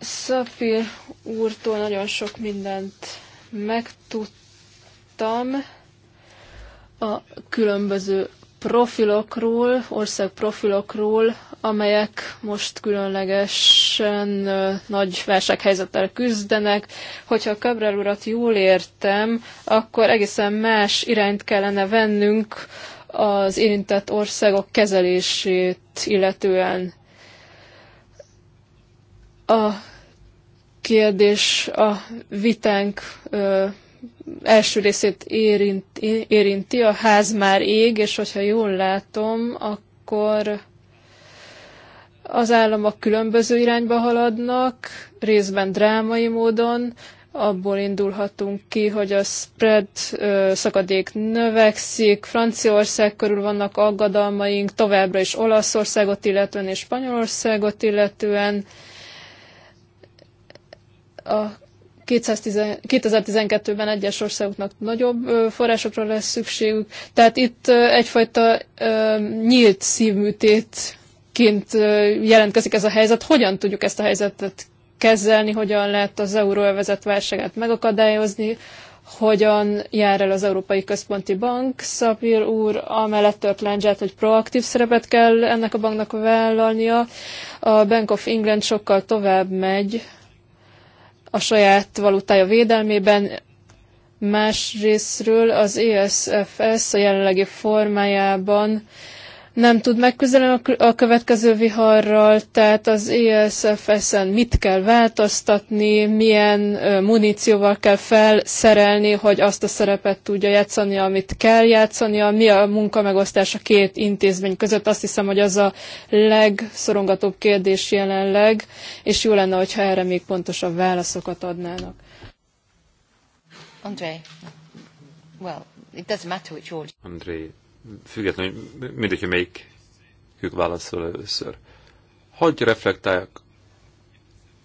Szafir úrtól nagyon sok mindent megtudtam a különböző profilokról, ország profilokról, amelyek most különlegesen nagy válsághelyzettel küzdenek. Hogyha a Cabral urat jól értem, akkor egészen más irányt kellene vennünk az érintett országok kezelését illetően. A kérdés a vitánk első részét érint, érinti, a ház már ég, és hogyha jól látom, akkor az államok különböző irányba haladnak, részben drámai módon, abból indulhatunk ki, hogy a spread ö, szakadék növekszik, Franciaország körül vannak aggadalmaink, továbbra is Olaszországot illetően és Spanyolországot illetően. A 2012-ben egyes országoknak nagyobb forrásokra lesz szükségük, tehát itt egyfajta nyílt szívműtétként jelentkezik ez a helyzet. Hogyan tudjuk ezt a helyzetet kezelni, hogyan lehet az euróövezet válságát megakadályozni, hogyan jár el az Európai Központi Bank. Szapír úr amellett tört lendzsát, hogy proaktív szerepet kell ennek a banknak vállalnia. A Bank of England sokkal tovább megy, a saját valutája védelmében, másrésztről az ESFS a jelenlegi formájában nem tud megküzdeni a következő viharral, tehát az ESFS-en mit kell változtatni, milyen munícióval kell felszerelni, hogy azt a szerepet tudja játszani, amit kell játszania, mi a munkamegosztás a két intézmény között. Azt hiszem, hogy az a legszorongatóbb kérdés jelenleg, és jó lenne, hogyha erre még pontosabb válaszokat adnának. André, well, it doesn't matter which order. André, függetlenül mindegy, hogy melyikük válaszol először. Hogy reflektálják,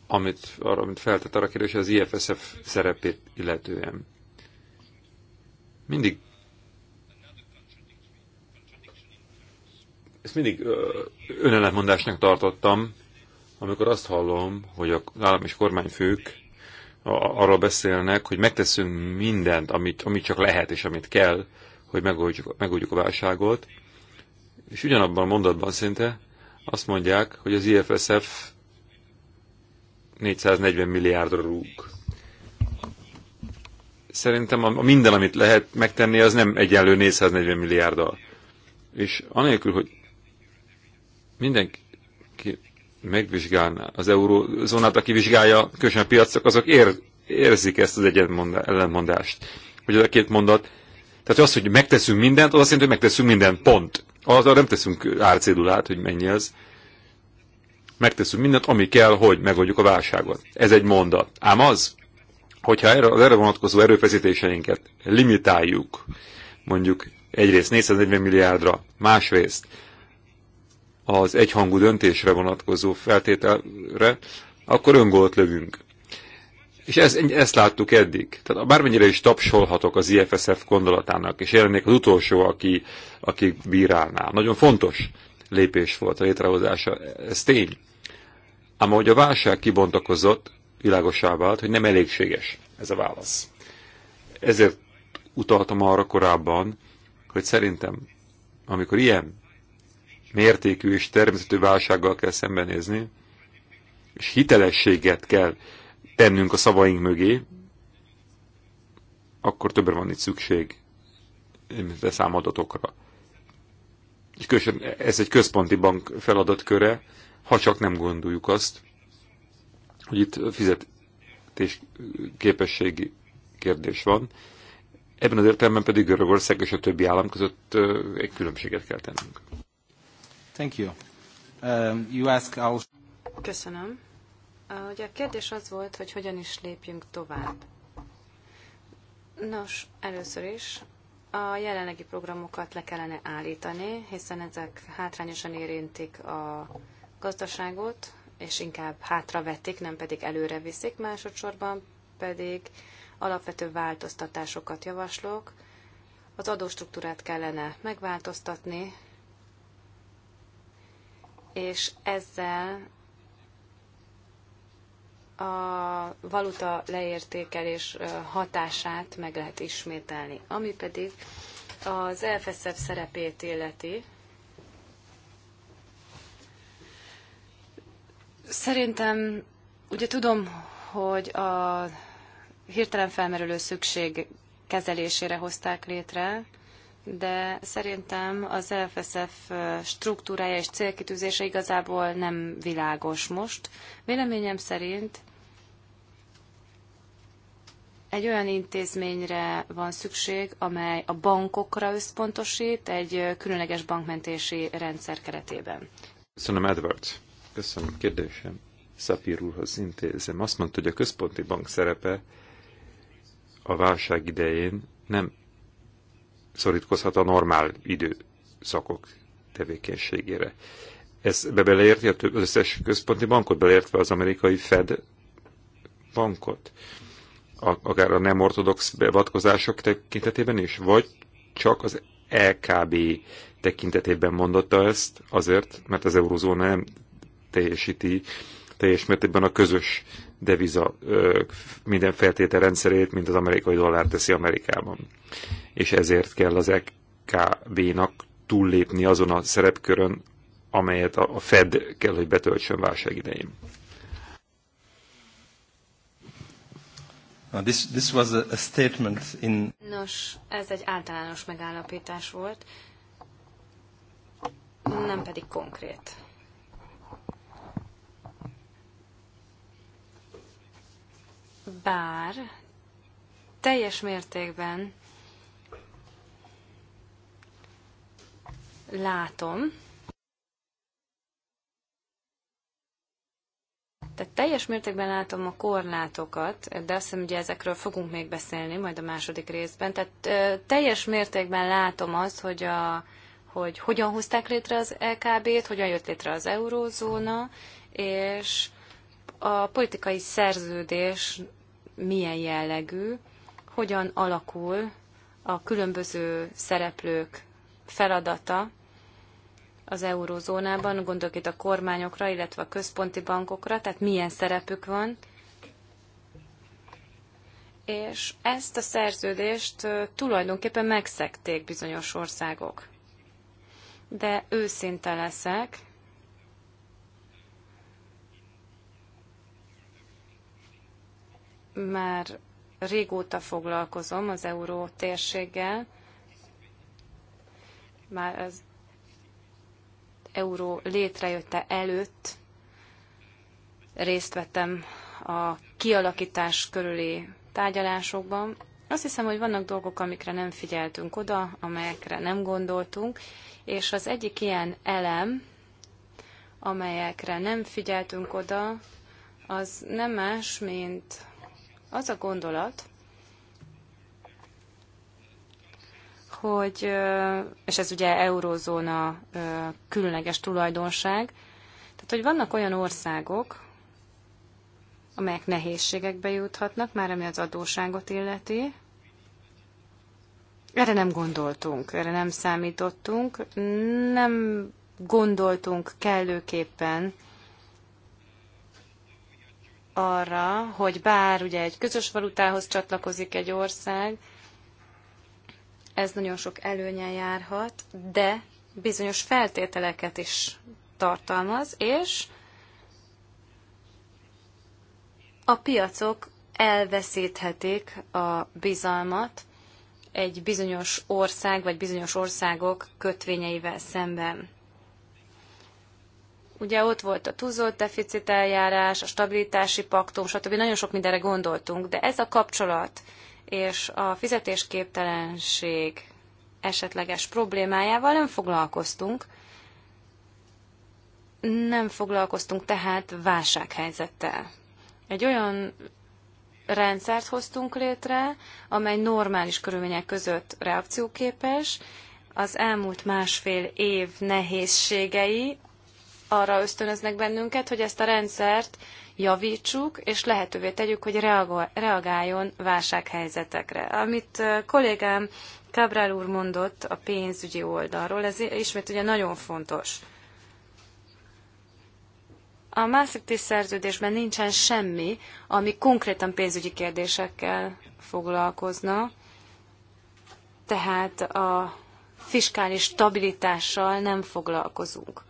amit, arra, amit feltett arra kérdés, az IFSF szerepét illetően. Mindig ezt mindig önellentmondásnak tartottam, amikor azt hallom, hogy a állam és kormányfők arról beszélnek, hogy megteszünk mindent, amit, amit csak lehet és amit kell hogy megoldjuk, megoldjuk a válságot, és ugyanabban a mondatban szinte azt mondják, hogy az IFSF 440 milliárdra rúg. Szerintem a, minden, amit lehet megtenni, az nem egyenlő 440 milliárddal. És anélkül, hogy mindenki megvizsgálná az eurózónát, aki vizsgálja a piacok, azok ér, érzik ezt az egyenmonda, Hogy ez a két mondat tehát az, hogy megteszünk mindent, az azt jelenti, hogy megteszünk mindent, pont. Az, nem teszünk árcédulát, hogy mennyi ez. Megteszünk mindent, ami kell, hogy megoldjuk a válságot. Ez egy mondat. Ám az, hogyha erre, az erre vonatkozó erőfeszítéseinket limitáljuk, mondjuk egyrészt 440 milliárdra, másrészt az egyhangú döntésre vonatkozó feltételre, akkor öngolt lövünk. És ezt, ezt láttuk eddig. Tehát bármennyire is tapsolhatok az IFSF gondolatának, és jelennék az utolsó, aki, aki bírálná. Nagyon fontos lépés volt a létrehozása, ez tény. Ám ahogy a válság kibontakozott, világosá vált, hogy nem elégséges ez a válasz. Ezért utaltam arra korábban, hogy szerintem, amikor ilyen mértékű és természetű válsággal kell szembenézni, és hitelességet kell tennünk a szavaink mögé, akkor többre van itt szükség, mint a számadatokra. És különösen ez egy központi bank feladatköre, ha csak nem gondoljuk azt, hogy itt fizetés képességi kérdés van. Ebben az értelemben pedig Görögország és a többi állam között egy különbséget kell tennünk. Thank you. Um, you ask our... Köszönöm. Ugye a kérdés az volt, hogy hogyan is lépjünk tovább. Nos, először is a jelenlegi programokat le kellene állítani, hiszen ezek hátrányosan érintik a gazdaságot, és inkább hátravetik, nem pedig előre viszik. Másodszorban pedig alapvető változtatásokat javaslok. Az adóstruktúrát kellene megváltoztatni, és ezzel a valuta leértékelés hatását meg lehet ismételni. Ami pedig az elfeszebb szerepét illeti, Szerintem, ugye tudom, hogy a hirtelen felmerülő szükség kezelésére hozták létre, de szerintem az LFSF struktúrája és célkitűzése igazából nem világos most. Véleményem szerint egy olyan intézményre van szükség, amely a bankokra összpontosít egy különleges bankmentési rendszer keretében. Köszönöm, Edward. Köszönöm, kérdésem. Szapír úrhoz intézem. Azt mondta, hogy a központi bank szerepe a válság idején nem szorítkozhat a normál időszakok tevékenységére. Ez be beleérti az összes központi bankot, beleértve az amerikai Fed bankot, akár a nem ortodox beavatkozások tekintetében is, vagy csak az LKB tekintetében mondotta ezt, azért, mert az eurozóna nem teljesíti teljes mértékben a közös deviza minden feltétel rendszerét, mint az amerikai dollár teszi Amerikában. És ezért kell az EKB-nak túllépni azon a szerepkörön, amelyet a Fed kell, hogy betöltsön válság idején. This, this was a statement in... Nos, ez egy általános megállapítás volt, nem pedig konkrét. bár teljes mértékben látom, Tehát teljes mértékben látom a korlátokat, de azt hiszem, hogy ezekről fogunk még beszélni majd a második részben. Tehát ö, teljes mértékben látom azt, hogy, a, hogy hogyan hozták létre az LKB-t, hogyan jött létre az eurózóna, és a politikai szerződés milyen jellegű, hogyan alakul a különböző szereplők feladata az eurózónában, gondolok itt a kormányokra, illetve a központi bankokra, tehát milyen szerepük van, és ezt a szerződést tulajdonképpen megszekték bizonyos országok. De őszinte leszek, már régóta foglalkozom az euró térséggel, már az euró létrejötte előtt részt vettem a kialakítás körüli tárgyalásokban. Azt hiszem, hogy vannak dolgok, amikre nem figyeltünk oda, amelyekre nem gondoltunk, és az egyik ilyen elem, amelyekre nem figyeltünk oda, az nem más, mint az a gondolat, hogy, és ez ugye eurózóna különleges tulajdonság, tehát hogy vannak olyan országok, amelyek nehézségekbe juthatnak, már ami az adóságot illeti. Erre nem gondoltunk, erre nem számítottunk, nem gondoltunk kellőképpen arra, hogy bár ugye egy közös valutához csatlakozik egy ország, ez nagyon sok előnye járhat, de bizonyos feltételeket is tartalmaz, és a piacok elveszíthetik a bizalmat egy bizonyos ország vagy bizonyos országok kötvényeivel szemben. Ugye ott volt a túlzott deficit eljárás, a stabilitási paktum, stb. Nagyon sok mindenre gondoltunk, de ez a kapcsolat és a fizetésképtelenség esetleges problémájával nem foglalkoztunk. Nem foglalkoztunk tehát válsághelyzettel. Egy olyan rendszert hoztunk létre, amely normális körülmények között reakcióképes. Az elmúlt másfél év nehézségei arra ösztönöznek bennünket, hogy ezt a rendszert javítsuk, és lehetővé tegyük, hogy reagáljon válsághelyzetekre. Amit kollégám Cabral úr mondott a pénzügyi oldalról, ez ismét ugye nagyon fontos. A másik szerződésben nincsen semmi, ami konkrétan pénzügyi kérdésekkel foglalkozna, tehát a fiskális stabilitással nem foglalkozunk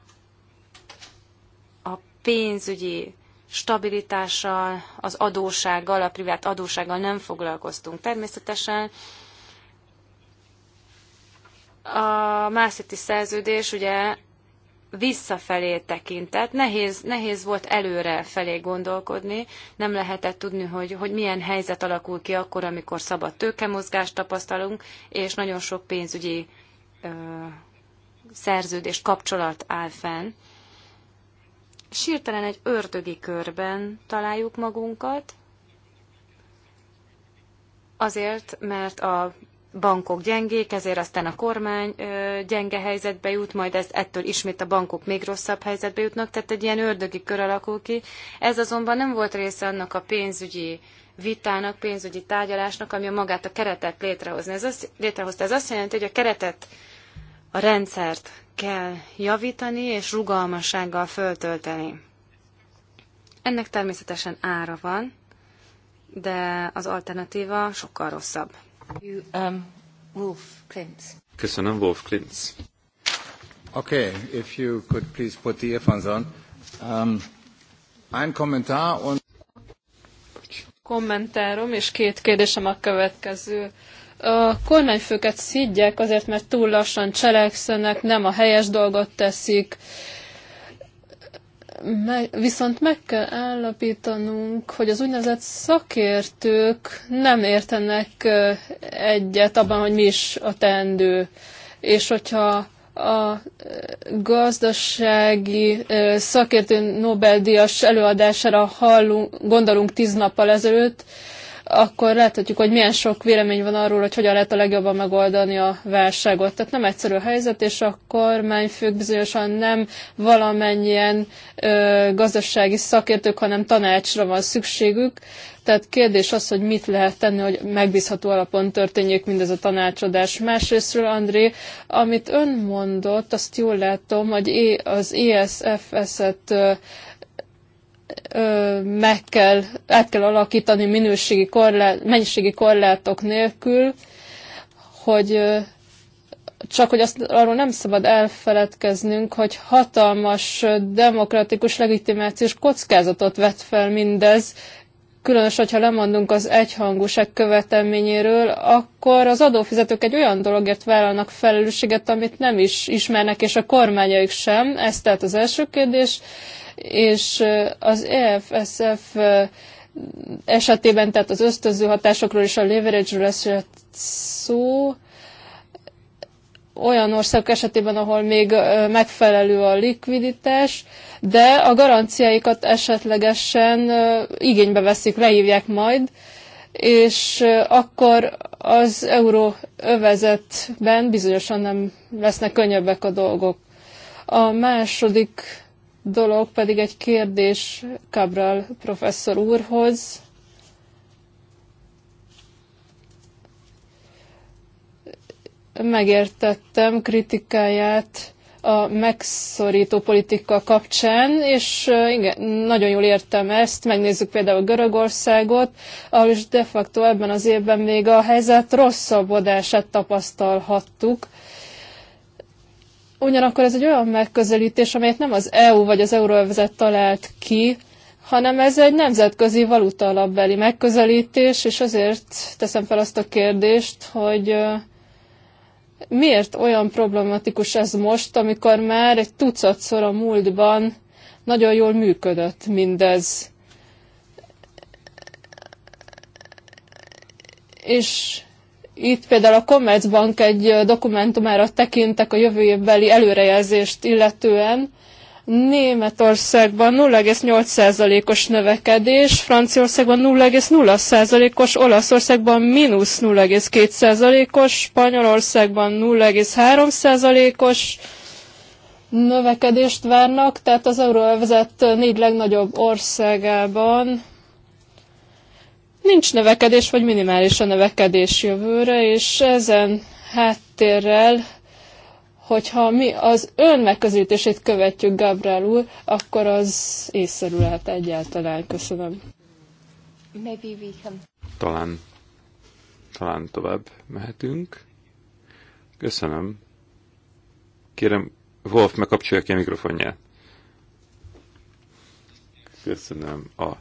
pénzügyi stabilitással, az adósággal, a privát adósággal nem foglalkoztunk. Természetesen a Másziti szerződés ugye visszafelé tekintett, nehéz, nehéz volt előre felé gondolkodni, nem lehetett tudni, hogy, hogy milyen helyzet alakul ki akkor, amikor szabad tőkemozgást tapasztalunk, és nagyon sok pénzügyi ö, szerződés kapcsolat áll fenn és hirtelen egy ördögi körben találjuk magunkat, azért, mert a bankok gyengék, ezért aztán a kormány gyenge helyzetbe jut, majd ezt, ettől ismét a bankok még rosszabb helyzetbe jutnak, tehát egy ilyen ördögi kör alakul ki. Ez azonban nem volt része annak a pénzügyi vitának, pénzügyi tárgyalásnak, ami a magát a keretet létrehozni. Ez azt, létrehozta. Ez azt jelenti, hogy a keretet, a rendszert kell javítani és rugalmassággal föltölteni. Ennek természetesen ára van, de az alternatíva sokkal rosszabb. You, um, Wolf Klintz. Köszönöm, Wolf Klintz. Okay, if you could please put the earphones on. Um, ein Kommentar und... Kommentárom és két kérdésem a következő a kormányfőket szidják azért, mert túl lassan cselekszenek, nem a helyes dolgot teszik. viszont meg kell állapítanunk, hogy az úgynevezett szakértők nem értenek egyet abban, hogy mi is a teendő. És hogyha a gazdasági szakértő Nobel-díjas előadására hallunk, gondolunk tíz nappal ezelőtt, akkor láthatjuk, hogy milyen sok vélemény van arról, hogy hogyan lehet a legjobban megoldani a válságot. Tehát nem egyszerű a helyzet, és a kormányfők bizonyosan nem valamennyien ö, gazdasági szakértők, hanem tanácsra van szükségük. Tehát kérdés az, hogy mit lehet tenni, hogy megbízható alapon történjék mindez a tanácsadás. Másrésztről, André, amit ön mondott, azt jól látom, hogy az ESFS-et meg kell, át kell alakítani minőségi korlát, mennyiségi korlátok nélkül, hogy csak hogy azt, arról nem szabad elfeledkeznünk, hogy hatalmas demokratikus legitimációs kockázatot vet fel mindez, különös, hogyha lemondunk az egyhangúság követelményéről, akkor az adófizetők egy olyan dologért vállalnak felelősséget, amit nem is ismernek, és a kormányaik sem. Ez tehát az első kérdés és az EFSF esetében, tehát az ösztöző hatásokról és a leverage-ről szó, olyan országok esetében, ahol még megfelelő a likviditás, de a garanciáikat esetlegesen igénybe veszik, lehívják majd, és akkor az euróövezetben bizonyosan nem lesznek könnyebbek a dolgok. A második dolog pedig egy kérdés Cabral professzor úrhoz. Megértettem kritikáját a megszorító politika kapcsán, és igen, nagyon jól értem ezt. Megnézzük például Görögországot, ahol is de facto ebben az évben még a helyzet rosszabbodását tapasztalhattuk. Ugyanakkor ez egy olyan megközelítés, amelyet nem az EU vagy az euróvezet talált ki, hanem ez egy nemzetközi valuta alapbeli megközelítés, és azért teszem fel azt a kérdést, hogy miért olyan problematikus ez most, amikor már egy tucatszor a múltban nagyon jól működött mindez. És itt például a Commerzbank egy dokumentumára tekintek a jövő évbeli előrejelzést illetően. Németországban 0,8%-os növekedés, Franciaországban 0,0%-os, Olaszországban mínusz 0,2%-os, Spanyolországban 0,3%-os növekedést várnak, tehát az euróövezet négy legnagyobb országában Nincs növekedés, vagy minimális a növekedés jövőre, és ezen háttérrel, hogyha mi az ön megközelítését követjük, Gabriel úr, akkor az észszerű lehet egyáltalán. Köszönöm. Maybe we can... Talán, talán tovább mehetünk. Köszönöm. Kérem, Wolf, megkapcsolja ki a mikrofonját. Köszönöm a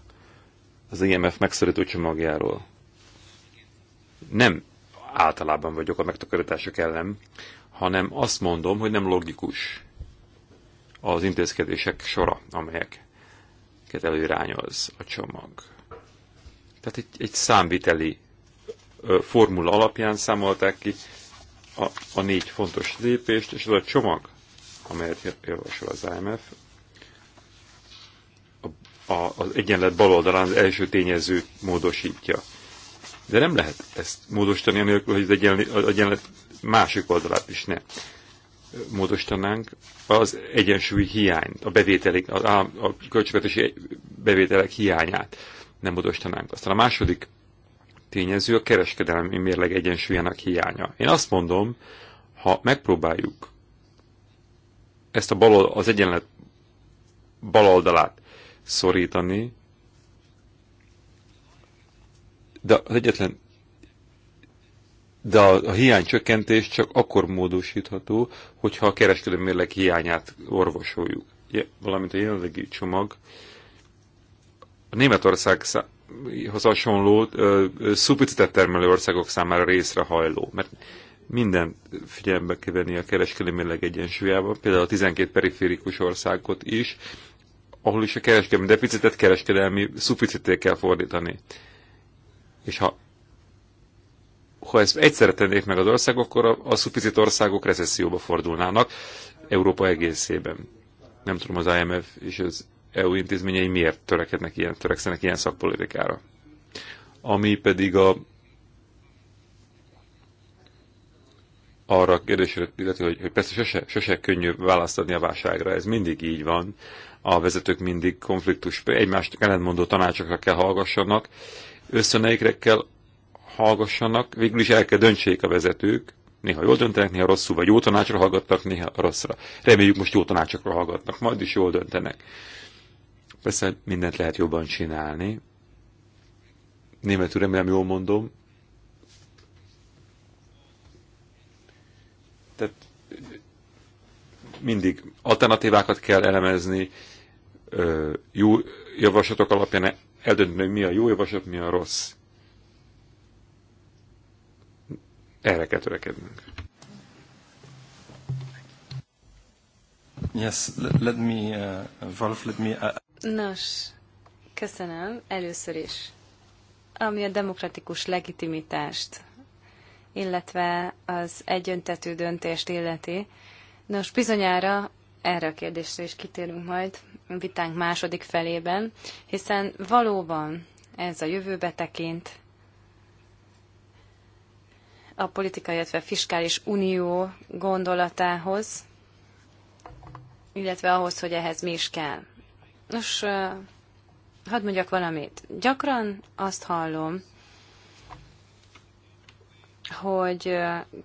az IMF megszorító csomagjáról. Nem általában vagyok a megtakarítások ellen, hanem azt mondom, hogy nem logikus az intézkedések sora, amelyeket előirányoz a csomag. Tehát egy, egy számviteli formula alapján számolták ki a, a négy fontos lépést, és az a csomag, amelyet javasol az IMF, az egyenlet baloldalán az első tényező módosítja. De nem lehet ezt módosítani, anélkül, hogy az egyenlet, az egyenlet másik oldalát is ne módosítanánk. Az egyensúly hiányt, a bevételek, a, a költségvetési bevételek hiányát nem módosítanánk. Aztán a második tényező a kereskedelmi mérleg egyensúlyának hiánya. Én azt mondom, ha megpróbáljuk ezt a bal, az egyenlet baloldalát szorítani, de az egyetlen de a, hiány csökkentés csak akkor módosítható, hogyha a kereskedelmi mérleg hiányát orvosoljuk. Ja, valamint a jelenlegi csomag a Németországhoz hasonló szupicitet termelő országok számára részre hajló, mert minden figyelembe kell venni a kereskedelmi mérleg egyensúlyában, például a 12 periférikus országot is, ahol is a kereskedelmi deficitet kereskedelmi szuficitét kell fordítani. És ha, ha ezt egyszerre tennék meg az ország, akkor a, a szuficit országok recesszióba fordulnának Európa egészében. Nem tudom, az IMF és az EU intézményei miért törekednek ilyen, törekszenek ilyen szakpolitikára. Ami pedig a arra a kérdésre, illetve, hogy, hogy persze sose, sose könnyű választani a válságra, ez mindig így van, a vezetők mindig konfliktus, egymást ellentmondó tanácsokra kell hallgassanak, összeneikre kell hallgassanak, végül is el kell döntsék a vezetők, néha jól döntenek, néha rosszul, vagy jó tanácsra hallgattak, néha rosszra. Reméljük most jó tanácsokra hallgatnak, majd is jól döntenek. Persze mindent lehet jobban csinálni. Németül remélem jól mondom. Tehát mindig alternatívákat kell elemezni, jó javaslatok alapján eldönteni, mi a jó javaslat, mi a rossz. Erre kell törekednünk. Yes, let me, uh, Wolf, let me... Uh... Nos, köszönöm. Először is. Ami a demokratikus legitimitást, illetve az egyöntetű döntést illeti. Nos, bizonyára erre a kérdésre is kitérünk majd a vitánk második felében, hiszen valóban ez a jövőbe tekint, a politikai, illetve fiskális unió gondolatához, illetve ahhoz, hogy ehhez mi is kell. Nos, hadd mondjak valamit. Gyakran azt hallom, hogy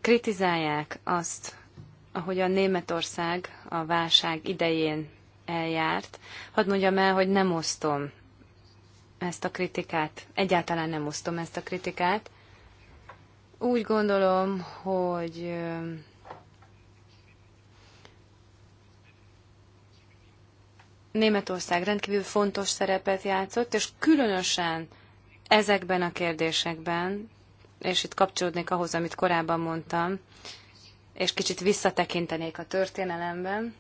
kritizálják azt, ahogy a Németország a válság idején eljárt, hadd mondjam el, hogy nem osztom ezt a kritikát. Egyáltalán nem osztom ezt a kritikát. Úgy gondolom, hogy Németország rendkívül fontos szerepet játszott, és különösen ezekben a kérdésekben, és itt kapcsolódnék ahhoz, amit korábban mondtam, és kicsit visszatekintenék a történelemben,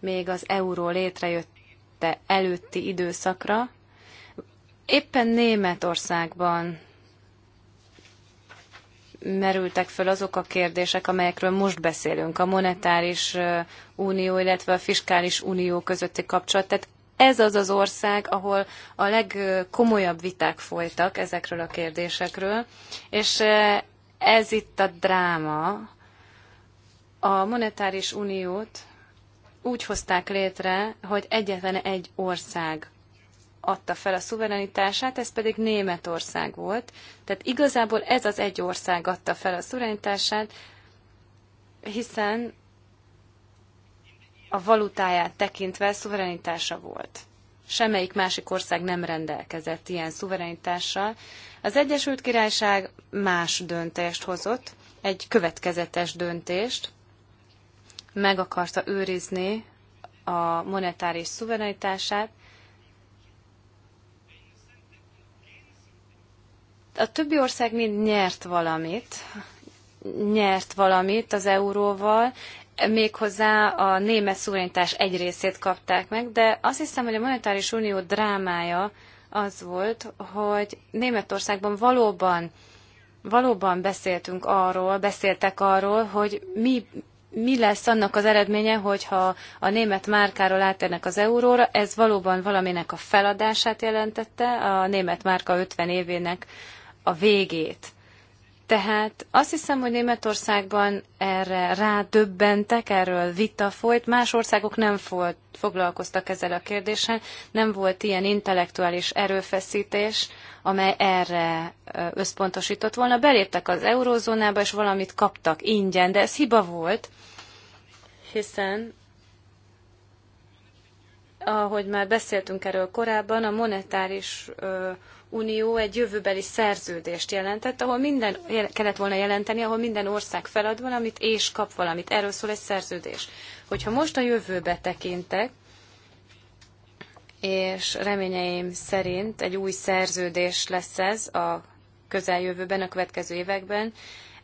még az euró létrejötte előtti időszakra. Éppen Németországban merültek föl azok a kérdések, amelyekről most beszélünk, a monetáris unió, illetve a fiskális unió közötti kapcsolat. Tehát ez az az ország, ahol a legkomolyabb viták folytak ezekről a kérdésekről, és ez itt a dráma. A monetáris uniót úgy hozták létre, hogy egyetlen egy ország adta fel a szuverenitását, ez pedig Németország volt. Tehát igazából ez az egy ország adta fel a szuverenitását, hiszen a valutáját tekintve szuverenitása volt semmelyik másik ország nem rendelkezett ilyen szuverenitással. Az Egyesült Királyság más döntést hozott, egy következetes döntést, meg akarta őrizni a monetáris szuverenitását. A többi ország mind nyert valamit, nyert valamit az euróval, méghozzá a német szuverenitás egy részét kapták meg, de azt hiszem, hogy a monetáris unió drámája az volt, hogy Németországban valóban, valóban beszéltünk arról, beszéltek arról, hogy mi, mi lesz annak az eredménye, hogyha a német márkáról átérnek az euróra, ez valóban valaminek a feladását jelentette, a német márka 50 évének a végét. Tehát azt hiszem, hogy Németországban erre rádöbbentek, erről vita folyt. Más országok nem folyt foglalkoztak ezzel a kérdéssel, nem volt ilyen intellektuális erőfeszítés, amely erre összpontosított volna. Beléptek az eurózónába, és valamit kaptak ingyen, de ez hiba volt, hiszen ahogy már beszéltünk erről korábban, a monetáris Unió egy jövőbeli szerződést jelentett, ahol minden kellett volna jelenteni, ahol minden ország felad valamit és kap valamit. Erről szól egy szerződés. Hogyha most a jövőbe tekintek, és reményeim szerint egy új szerződés lesz ez a közeljövőben, a következő években,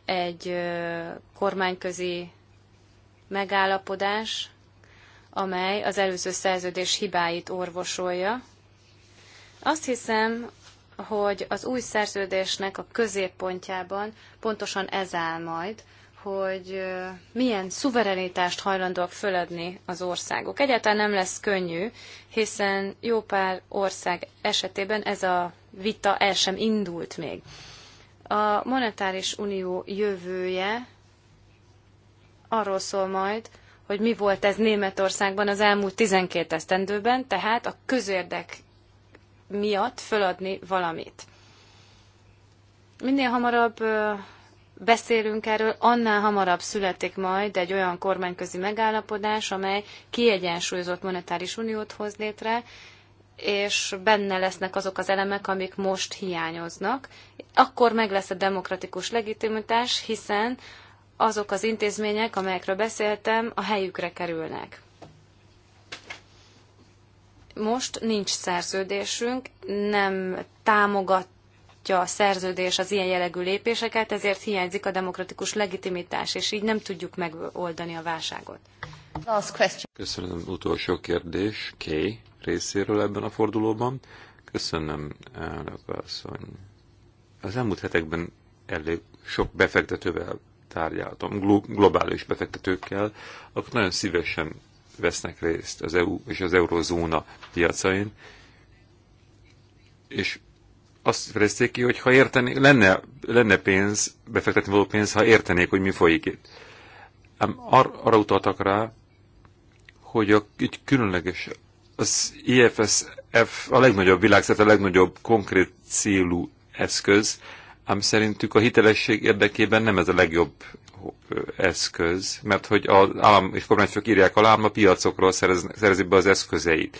egy kormányközi megállapodás, amely az előző szerződés hibáit orvosolja. Azt hiszem, hogy az új szerződésnek a középpontjában pontosan ez áll majd, hogy milyen szuverenitást hajlandóak föladni az országok. Egyáltalán nem lesz könnyű, hiszen jó pár ország esetében ez a vita el sem indult még. A monetáris unió jövője arról szól majd, hogy mi volt ez Németországban az elmúlt 12 esztendőben, tehát a közérdek miatt föladni valamit. Minél hamarabb beszélünk erről, annál hamarabb születik majd egy olyan kormányközi megállapodás, amely kiegyensúlyozott monetáris uniót hoz létre, és benne lesznek azok az elemek, amik most hiányoznak. Akkor meg lesz a demokratikus legitimitás, hiszen azok az intézmények, amelyekről beszéltem, a helyükre kerülnek. Most nincs szerződésünk, nem támogat a szerződés az ilyen jellegű lépéseket, ezért hiányzik a demokratikus legitimitás, és így nem tudjuk megoldani a válságot. Köszönöm. Utolsó kérdés K részéről ebben a fordulóban. Köszönöm, elnök asszony. Az elmúlt hetekben elég sok befektetővel tárgyaltam, globális befektetőkkel, akik nagyon szívesen vesznek részt az EU és az eurozóna piacain, és azt fejezték ki, hogy ha értenék, lenne, lenne pénz, befektetni való pénz, ha értenék, hogy mi folyik itt. Ám ar, arra utaltak rá, hogy a, így különleges az IFSF a legnagyobb világszerte, a legnagyobb konkrét célú eszköz, ám szerintük a hitelesség érdekében nem ez a legjobb eszköz, mert hogy az állam és kormányfők írják alá, a piacokról szerez, szerezik be az eszközeit.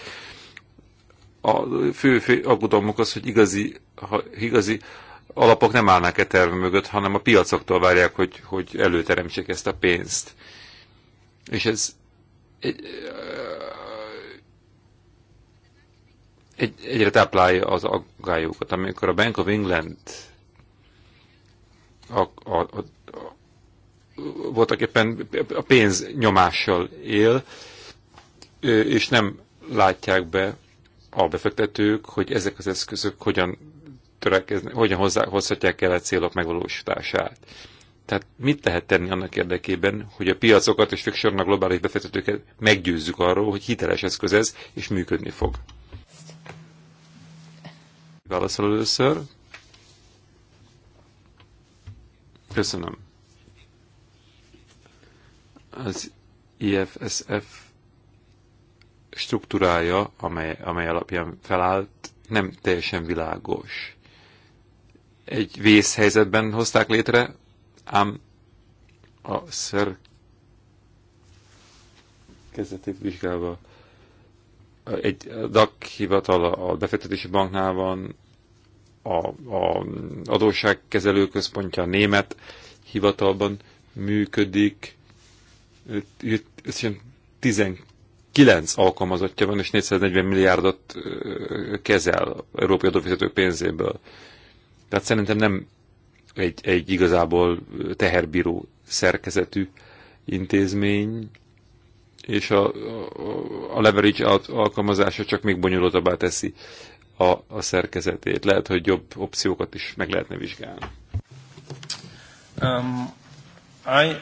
A fő, fő aggodalmuk az, hogy igazi, ha, igazi alapok nem állnak e terve mögött, hanem a piacoktól várják, hogy, hogy előteremtsék ezt a pénzt. És ez egy, egy, egyre táplálja az aggályokat. Amikor a Bank of England a, a, a voltak éppen a pénz nyomással él, és nem látják be a befektetők, hogy ezek az eszközök hogyan törekeznek, hogyan hozzá, hozhatják el a célok megvalósítását. Tehát mit lehet tenni annak érdekében, hogy a piacokat és fixsorban a globális befektetőket meggyőzzük arról, hogy hiteles eszköz ez, és működni fog? Válaszol először. Köszönöm. Az IFSF struktúrája, amely, amely alapján felállt, nem teljesen világos. Egy vészhelyzetben hozták létre, ám a szer kezdetét vizsgálva egy DAC hivatal a befektetési banknál van, a, a adósságkezelő központja a német hivatalban működik, 19 alkalmazottja van, és 440 milliárdot kezel európai adófizetők pénzéből. Tehát szerintem nem egy, egy igazából teherbíró szerkezetű intézmény, és a, a, a leverage alkalmazása csak még bonyolultabbá teszi a, a szerkezetét. Lehet, hogy jobb opciókat is meg lehetne vizsgálni. Um, I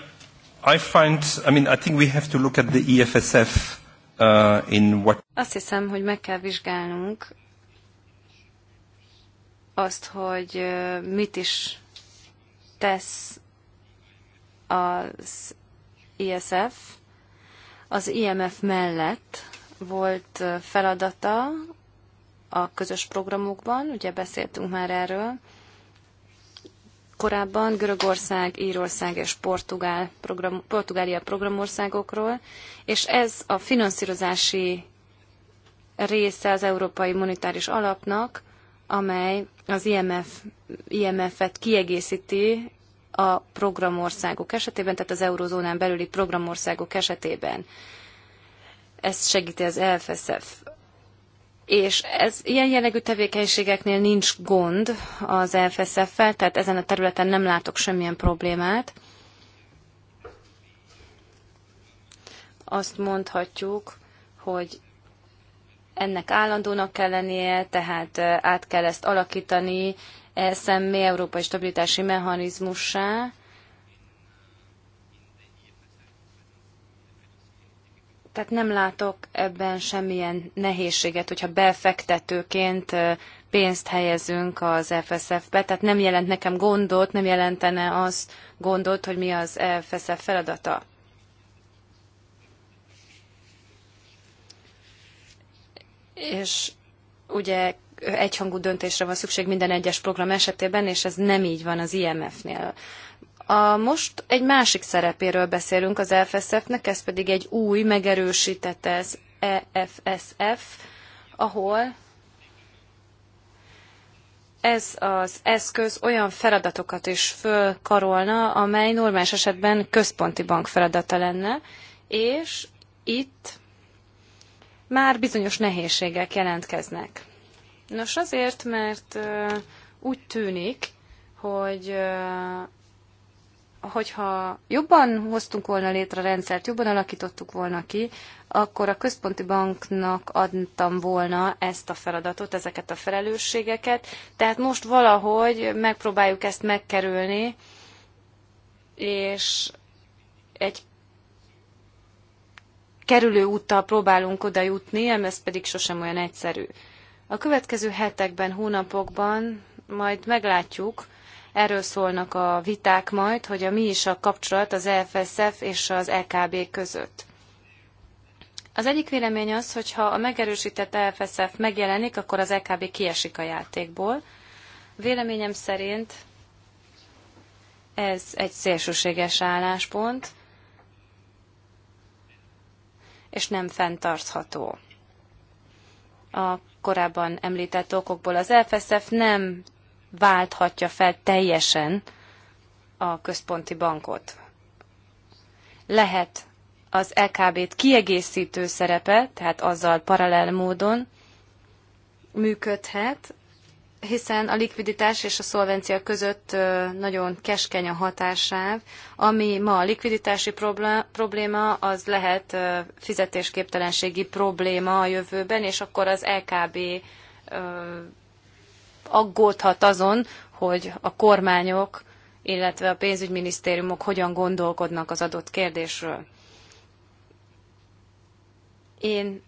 I find, I mean, I think we have to look at the EFSF uh, in what... Azt hiszem, hogy meg kell vizsgálnunk azt, hogy mit is tesz az ISF. E az IMF e mellett volt feladata a közös programokban, ugye beszéltünk már erről, korábban Görögország, Írország és Portugál program, Portugália programországokról, és ez a finanszírozási része az Európai Monetáris Alapnak, amely az IMF, IMF-et kiegészíti a programországok esetében, tehát az eurozónán belüli programországok esetében. Ezt segíti az EFSF és ez ilyen jellegű tevékenységeknél nincs gond az FSF-fel, tehát ezen a területen nem látok semmilyen problémát. Azt mondhatjuk, hogy ennek állandónak kell lennie, tehát át kell ezt alakítani, SME Európai Stabilitási Mechanizmussá, Tehát nem látok ebben semmilyen nehézséget, hogyha befektetőként pénzt helyezünk az FSF-be, tehát nem jelent nekem gondot, nem jelentene az gondot, hogy mi az FSF feladata. És ugye egyhangú döntésre van szükség minden egyes program esetében, és ez nem így van az IMF-nél. A, most egy másik szerepéről beszélünk az FSF-nek, ez pedig egy új, megerősített ez EFSF, ahol ez az eszköz olyan feladatokat is fölkarolna, amely normális esetben központi bank feladata lenne, és itt már bizonyos nehézségek jelentkeznek. Nos, azért, mert úgy tűnik, hogy hogyha jobban hoztunk volna létre a rendszert, jobban alakítottuk volna ki, akkor a központi banknak adtam volna ezt a feladatot, ezeket a felelősségeket. Tehát most valahogy megpróbáljuk ezt megkerülni, és egy kerülő úttal próbálunk oda jutni, ez pedig sosem olyan egyszerű. A következő hetekben, hónapokban majd meglátjuk, Erről szólnak a viták majd, hogy a mi is a kapcsolat az EFSF és az EKB között. Az egyik vélemény az, hogy ha a megerősített EFSF megjelenik, akkor az EKB kiesik a játékból. Véleményem szerint ez egy szélsőséges álláspont, és nem fenntartható. A korábban említett okokból az EFSF nem válthatja fel teljesen a központi bankot. Lehet az LKB-t kiegészítő szerepe, tehát azzal paralel módon működhet, hiszen a likviditás és a szolvencia között nagyon keskeny a hatásáv. Ami ma a likviditási probléma, az lehet fizetésképtelenségi probléma a jövőben, és akkor az LKB aggódhat azon, hogy a kormányok, illetve a pénzügyminisztériumok hogyan gondolkodnak az adott kérdésről. Én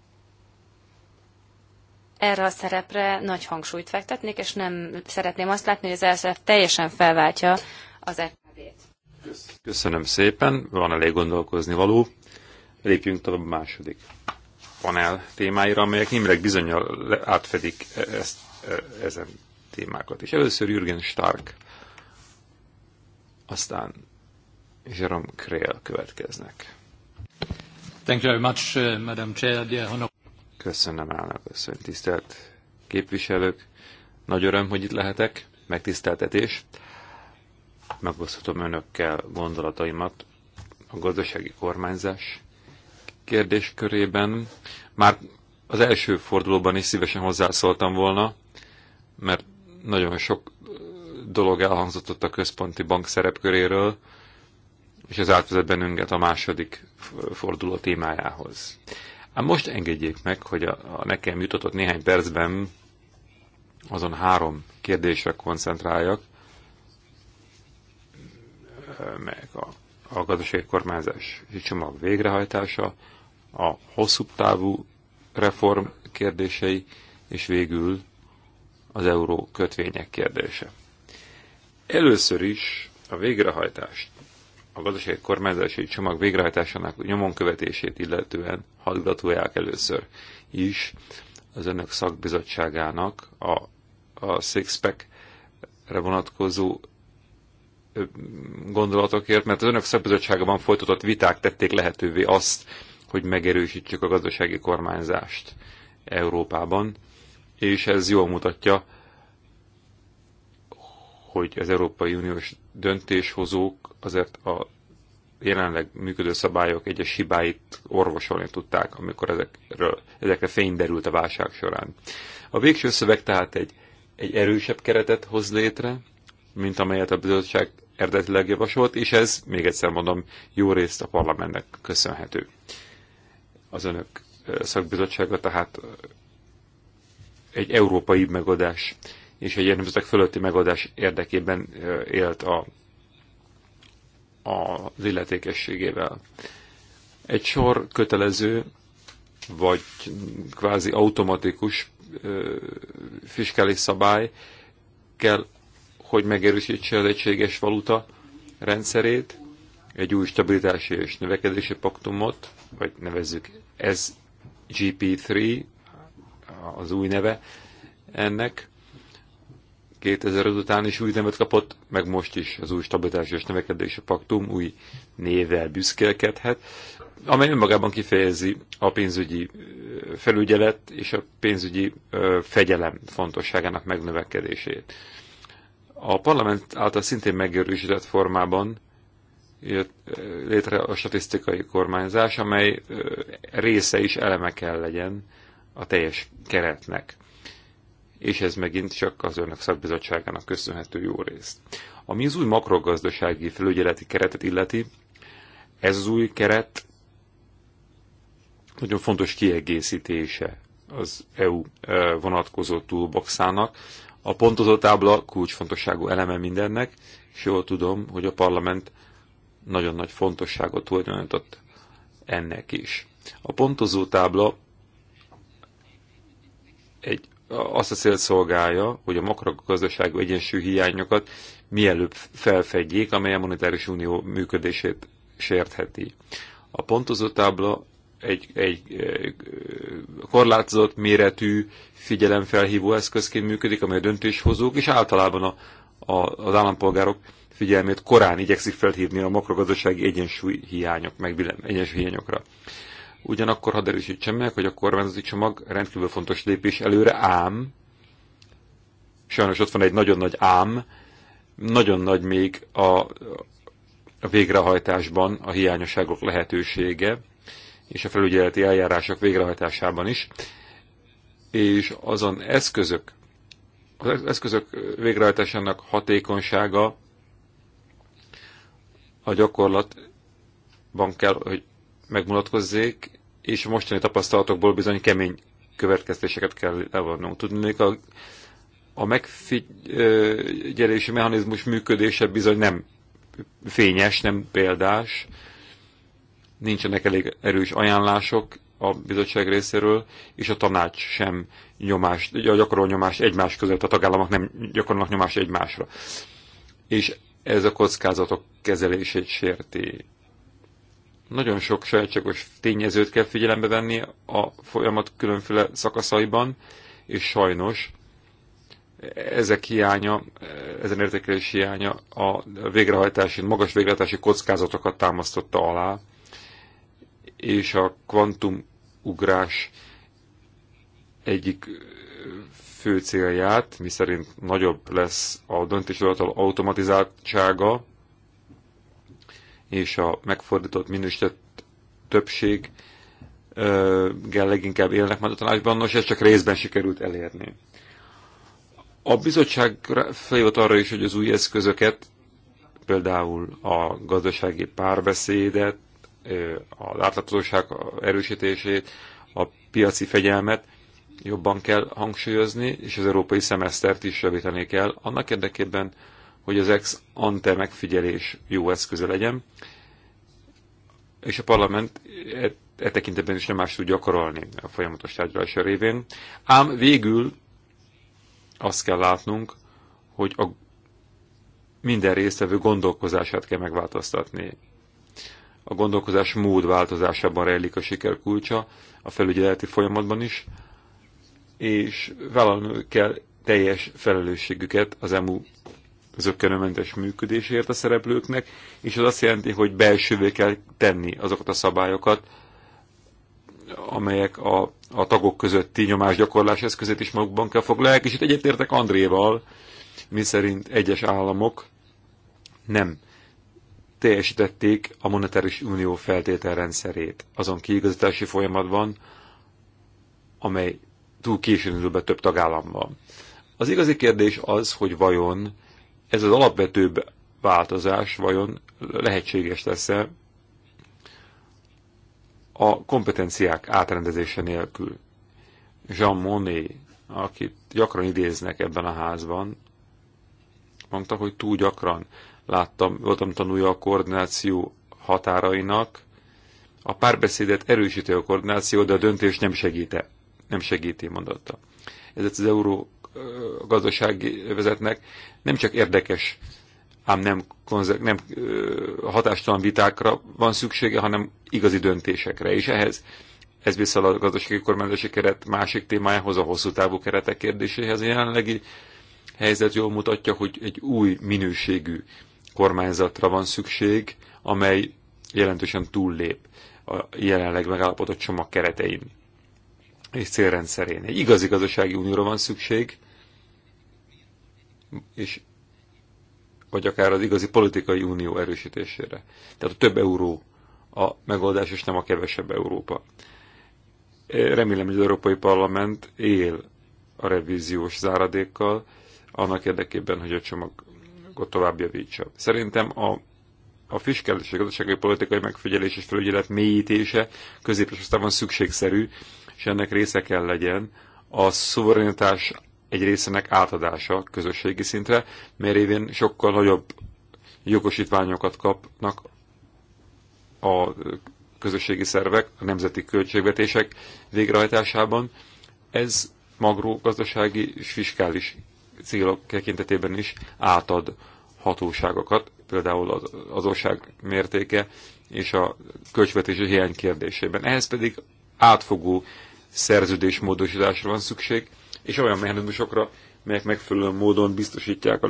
erre a szerepre nagy hangsúlyt fektetnék, és nem szeretném azt látni, hogy az LSF e teljesen felváltja az EKB-t. Köszönöm szépen, van elég gondolkozni való. Lépjünk tovább a második panel témáira, amelyek némileg bizonyal átfedik e- ezt, e- ezen témákat És Először Jürgen Stark, aztán Jerome Krell következnek. Thank you very much, uh, Madam Chair, dear honor. Köszönöm, elnök köszönöm. Tisztelt képviselők, nagy öröm, hogy itt lehetek, megtiszteltetés. Megoszthatom önökkel gondolataimat a gazdasági kormányzás kérdéskörében. Már az első fordulóban is szívesen hozzászóltam volna, mert nagyon sok dolog elhangzott ott a központi bank szerepköréről, és ez átvezet bennünket a második forduló témájához. Ám most engedjék meg, hogy a, a nekem jutott néhány percben azon három kérdésre koncentráljak, meg a, a gazdasági kormányzás csomag végrehajtása, a hosszú távú reform kérdései, és végül az euró kötvények kérdése. Először is a végrehajtást, a gazdasági kormányzási csomag végrehajtásának nyomon követését illetően hallgatóják először is az önök szakbizottságának a, a Sixpack-re vonatkozó gondolatokért, mert az önök szakbizottságában folytatott viták tették lehetővé azt, hogy megerősítsük a gazdasági kormányzást Európában és ez jól mutatja, hogy az Európai Uniós döntéshozók azért a jelenleg működő szabályok egyes hibáit orvosolni tudták, amikor ezekről, ezekre fény derült a válság során. A végső szöveg tehát egy, egy erősebb keretet hoz létre, mint amelyet a bizottság eredetileg javasolt, és ez, még egyszer mondom, jó részt a parlamentnek köszönhető. Az önök szakbizottsága tehát egy európai megoldás és egy nemzetek fölötti megoldás érdekében élt a, a, az illetékességével. Egy sor kötelező vagy kvázi automatikus fiskális szabály kell, hogy megerősítse az egységes valuta rendszerét, egy új stabilitási és növekedési paktumot, vagy nevezzük SGP3 az új neve ennek. 2000 után is új nevet kapott, meg most is az új stabilitási és a paktum új névvel büszkélkedhet, amely önmagában kifejezi a pénzügyi felügyelet és a pénzügyi fegyelem fontosságának megnövekedését. A parlament által szintén megerősített formában jött létre a statisztikai kormányzás, amely része is eleme kell legyen a teljes keretnek. És ez megint csak az önök szakbizottságának köszönhető jó részt. Ami az új makrogazdasági felügyeleti keretet illeti, ez az új keret nagyon fontos kiegészítése az EU e, vonatkozó túlboxának. A pontozó tábla kulcsfontosságú eleme mindennek, és jól tudom, hogy a parlament nagyon nagy fontosságot tulajdonított ennek is. A pontozó tábla egy, azt a célt szolgálja, hogy a makrogazdaságú egyensúly hiányokat mielőbb felfedjék, amely a monetáris unió működését sértheti. A pontozó tábla egy, egy korlátozott méretű figyelemfelhívó eszközként működik, amely a döntéshozók és általában a, a, az állampolgárok figyelmét korán igyekszik felhívni a makrogazdasági egyensúly hiányok, meg egyensúly hiányokra. Ugyanakkor hadd erősítsem meg, hogy a kormányzati csomag rendkívül fontos lépés előre, ám, sajnos ott van egy nagyon nagy ám, nagyon nagy még a, a végrehajtásban a hiányosságok lehetősége, és a felügyeleti eljárások végrehajtásában is, és azon eszközök, az eszközök végrehajtásának hatékonysága a gyakorlatban kell, hogy megmutatkozzék, és a mostani tapasztalatokból bizony kemény következtéseket kell levonnunk. Tudnék, a, a megfigyelési mechanizmus működése bizony nem fényes, nem példás, nincsenek elég erős ajánlások a bizottság részéről, és a tanács sem nyomás, a gyakorol nyomást egymás között, a tagállamok nem gyakorolnak nyomást egymásra. És ez a kockázatok kezelését sérti. Nagyon sok sajátságos tényezőt kell figyelembe venni a folyamat különféle szakaszaiban, és sajnos ezek hiánya, ezen értékelés hiánya a végrehajtási, magas végrehajtási kockázatokat támasztotta alá, és a kvantumugrás egyik fő célját, miszerint nagyobb lesz a döntéshozattal automatizáltsága, és a megfordított minősített többség gel leginkább élnek majd a tanácsban, nos, ez csak részben sikerült elérni. A bizottság feljött arra is, hogy az új eszközöket, például a gazdasági párbeszédet, a láthatóság erősítését, a piaci fegyelmet jobban kell hangsúlyozni, és az európai szemesztert is javítani kell, annak érdekében, hogy az ex ante megfigyelés jó eszköze legyen, és a parlament e, e tekintetben is nem más tud gyakorolni a folyamatos tárgyalás révén. Ám végül azt kell látnunk, hogy a minden résztvevő gondolkozását kell megváltoztatni. A gondolkozás mód változásában rejlik a siker kulcsa, a felügyeleti folyamatban is, és vállalni kell teljes felelősségüket az EMU zöggenőmentes működésért a szereplőknek, és az azt jelenti, hogy belsővé kell tenni azokat a szabályokat, amelyek a, a tagok közötti nyomásgyakorlás eszközét is magukban kell foglalják, és itt egyetértek Andréval, miszerint egyes államok nem teljesítették a monetáris unió feltételrendszerét azon kiigazítási folyamatban, amely túl későn be több tagállamban. Az igazi kérdés az, hogy vajon ez az alapvetőbb változás vajon lehetséges lesz-e a kompetenciák átrendezése nélkül. Jean Monnet, akit gyakran idéznek ebben a házban, mondta, hogy túl gyakran láttam, voltam tanulja a koordináció határainak, a párbeszédet erősíti a koordináció, de a döntés nem segíte, nem segíti, mondotta. Ez az euró a gazdasági vezetnek nem csak érdekes, ám nem, nem hatástalan vitákra van szüksége, hanem igazi döntésekre. És ehhez ez vissza a gazdasági kormányzási keret másik témájához, a hosszú távú keretek kérdéséhez. A jelenlegi helyzet jól mutatja, hogy egy új minőségű kormányzatra van szükség, amely jelentősen túllép a jelenleg megállapodott csomag keretein és célrendszerén. Egy igazi gazdasági unióra van szükség, és vagy akár az igazi politikai unió erősítésére. Tehát a több euró a megoldás, és nem a kevesebb Európa. Remélem, hogy az Európai Parlament él a revíziós záradékkal, annak érdekében, hogy a csomagot tovább javítsa. Szerintem a, a fiskális és gazdasági politikai megfigyelés és felügyelet mélyítése középes osztában szükségszerű, és ennek része kell legyen a szuverenitás egy részének átadása közösségi szintre, mert évén sokkal nagyobb jogosítványokat kapnak a közösségi szervek, a nemzeti költségvetések végrehajtásában. Ez gazdasági és fiskális célok tekintetében is átad hatóságokat, például az ország mértéke és a költségvetési hiány kérdésében. Ehhez pedig átfogó szerződésmódosításra van szükség, és olyan mechanizmusokra, melyek megfelelő módon biztosítják a,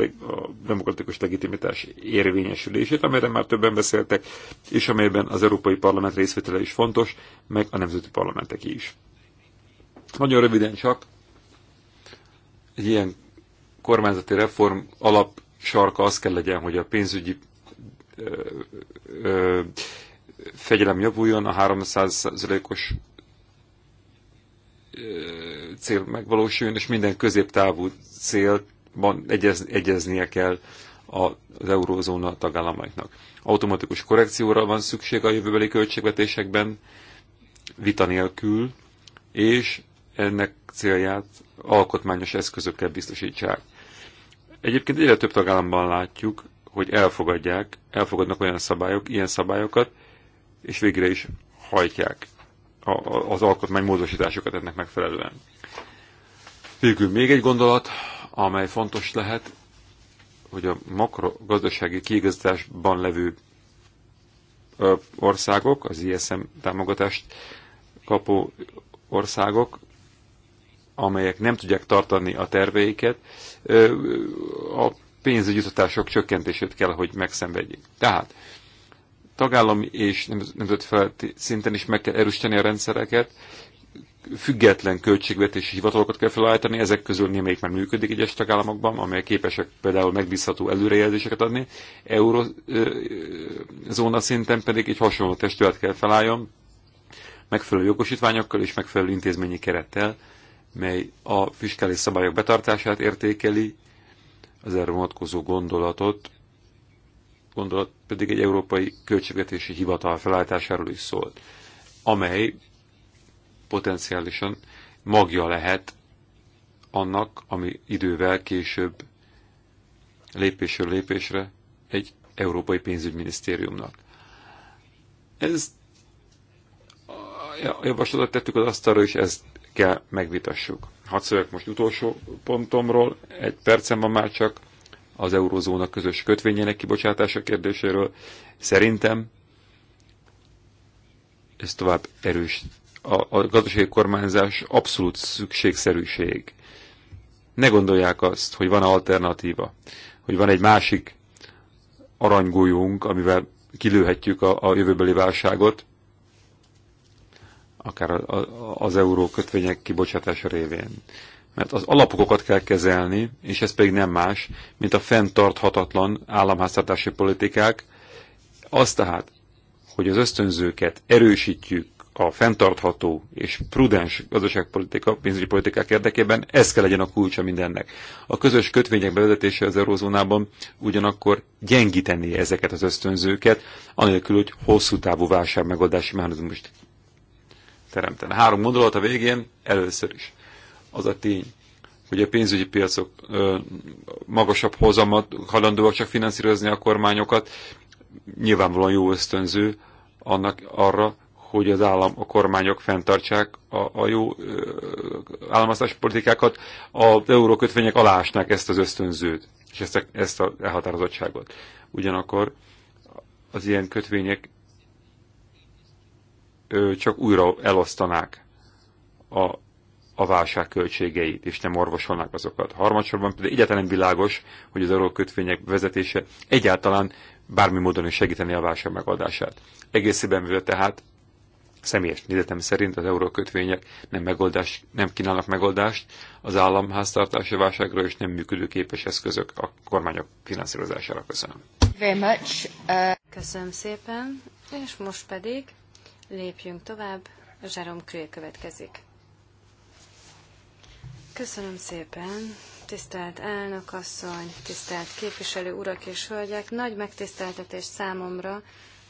demokratikus legitimitás érvényesülését, amelyre már többen beszéltek, és amelyben az Európai Parlament részvétele is fontos, meg a nemzeti parlamentek is. Nagyon röviden csak, egy ilyen kormányzati reform alap sarka az kell legyen, hogy a pénzügyi ö, ö, fegyelem javuljon, a 300%-os cél megvalósuljon, és minden középtávú célban egyez, egyeznie kell az eurózóna tagállamainak. Automatikus korrekcióra van szükség a jövőbeli költségvetésekben, vita nélkül, és ennek célját alkotmányos eszközökkel biztosítsák. Egyébként egyre több tagállamban látjuk, hogy elfogadják, elfogadnak olyan szabályok, ilyen szabályokat, és végre is hajtják az alkotmánymódosításokat ennek megfelelően. Végül még egy gondolat, amely fontos lehet, hogy a makrogazdasági kiigazításban levő országok, az ISM támogatást kapó országok, amelyek nem tudják tartani a terveiket, a pénzügyi jutatások csökkentését kell, hogy megszenvedjék. Tehát tagállami és nemzetfeletti szinten is meg kell erősíteni a rendszereket, független költségvetési hivatalokat kell felállítani, ezek közül némelyik már működik egyes tagállamokban, amelyek képesek például megbízható előrejelzéseket adni, eurozóna szinten pedig egy hasonló testület kell felálljon, megfelelő jogosítványokkal és megfelelő intézményi kerettel, mely a fiskális szabályok betartását értékeli, az erre vonatkozó gondolatot gondolat pedig egy európai költségvetési hivatal felállításáról is szólt, amely potenciálisan magja lehet annak, ami idővel később lépésről lépésre egy európai pénzügyminisztériumnak. Ez a javaslatot tettük az asztalra, és ezt kell megvitassuk. Hadd most utolsó pontomról, egy percem van már csak az eurozóna közös kötvényének kibocsátása kérdéséről. Szerintem ez tovább erős. A, a gazdasági kormányzás abszolút szükségszerűség. Ne gondolják azt, hogy van alternatíva, hogy van egy másik aranygolyónk, amivel kilőhetjük a, a jövőbeli válságot, akár az euró kötvények kibocsátása révén mert az alapokokat kell kezelni, és ez pedig nem más, mint a fenntarthatatlan államháztartási politikák. Az tehát, hogy az ösztönzőket erősítjük a fenntartható és prudens gazdaságpolitika, pénzügyi politikák érdekében, ez kell legyen a kulcsa mindennek. A közös kötvények bevezetése az eurozónában ugyanakkor gyengíteni ezeket az ösztönzőket, anélkül, hogy hosszú távú válság megoldási mechanizmust teremtene. Három gondolat a végén, először is az a tény, hogy a pénzügyi piacok ö, magasabb hozamat hajlandóak csak finanszírozni a kormányokat, nyilvánvalóan jó ösztönző annak arra, hogy az állam, a kormányok fenntartsák a, a jó államasztás politikákat, az eurókötvények alásnak ezt az ösztönzőt, és ezt a, ezt a elhatározottságot. Ugyanakkor az ilyen kötvények ö, csak újra elosztanák a a válság költségeit, és nem orvosolnák azokat. Harmadsorban pedig egyáltalán világos, hogy az eurókötvények vezetése egyáltalán bármi módon is segíteni a válság megoldását. Egészében véve tehát személyes nézetem szerint az eurókötvények nem, megoldás, nem kínálnak megoldást az államháztartási válságra, és nem működőképes eszközök a kormányok finanszírozására. Köszönöm. Very much. Uh... Köszönöm szépen, és most pedig lépjünk tovább. Jerome Krill következik. Köszönöm szépen, tisztelt elnök asszony, tisztelt képviselő urak és hölgyek. Nagy megtiszteltetés számomra,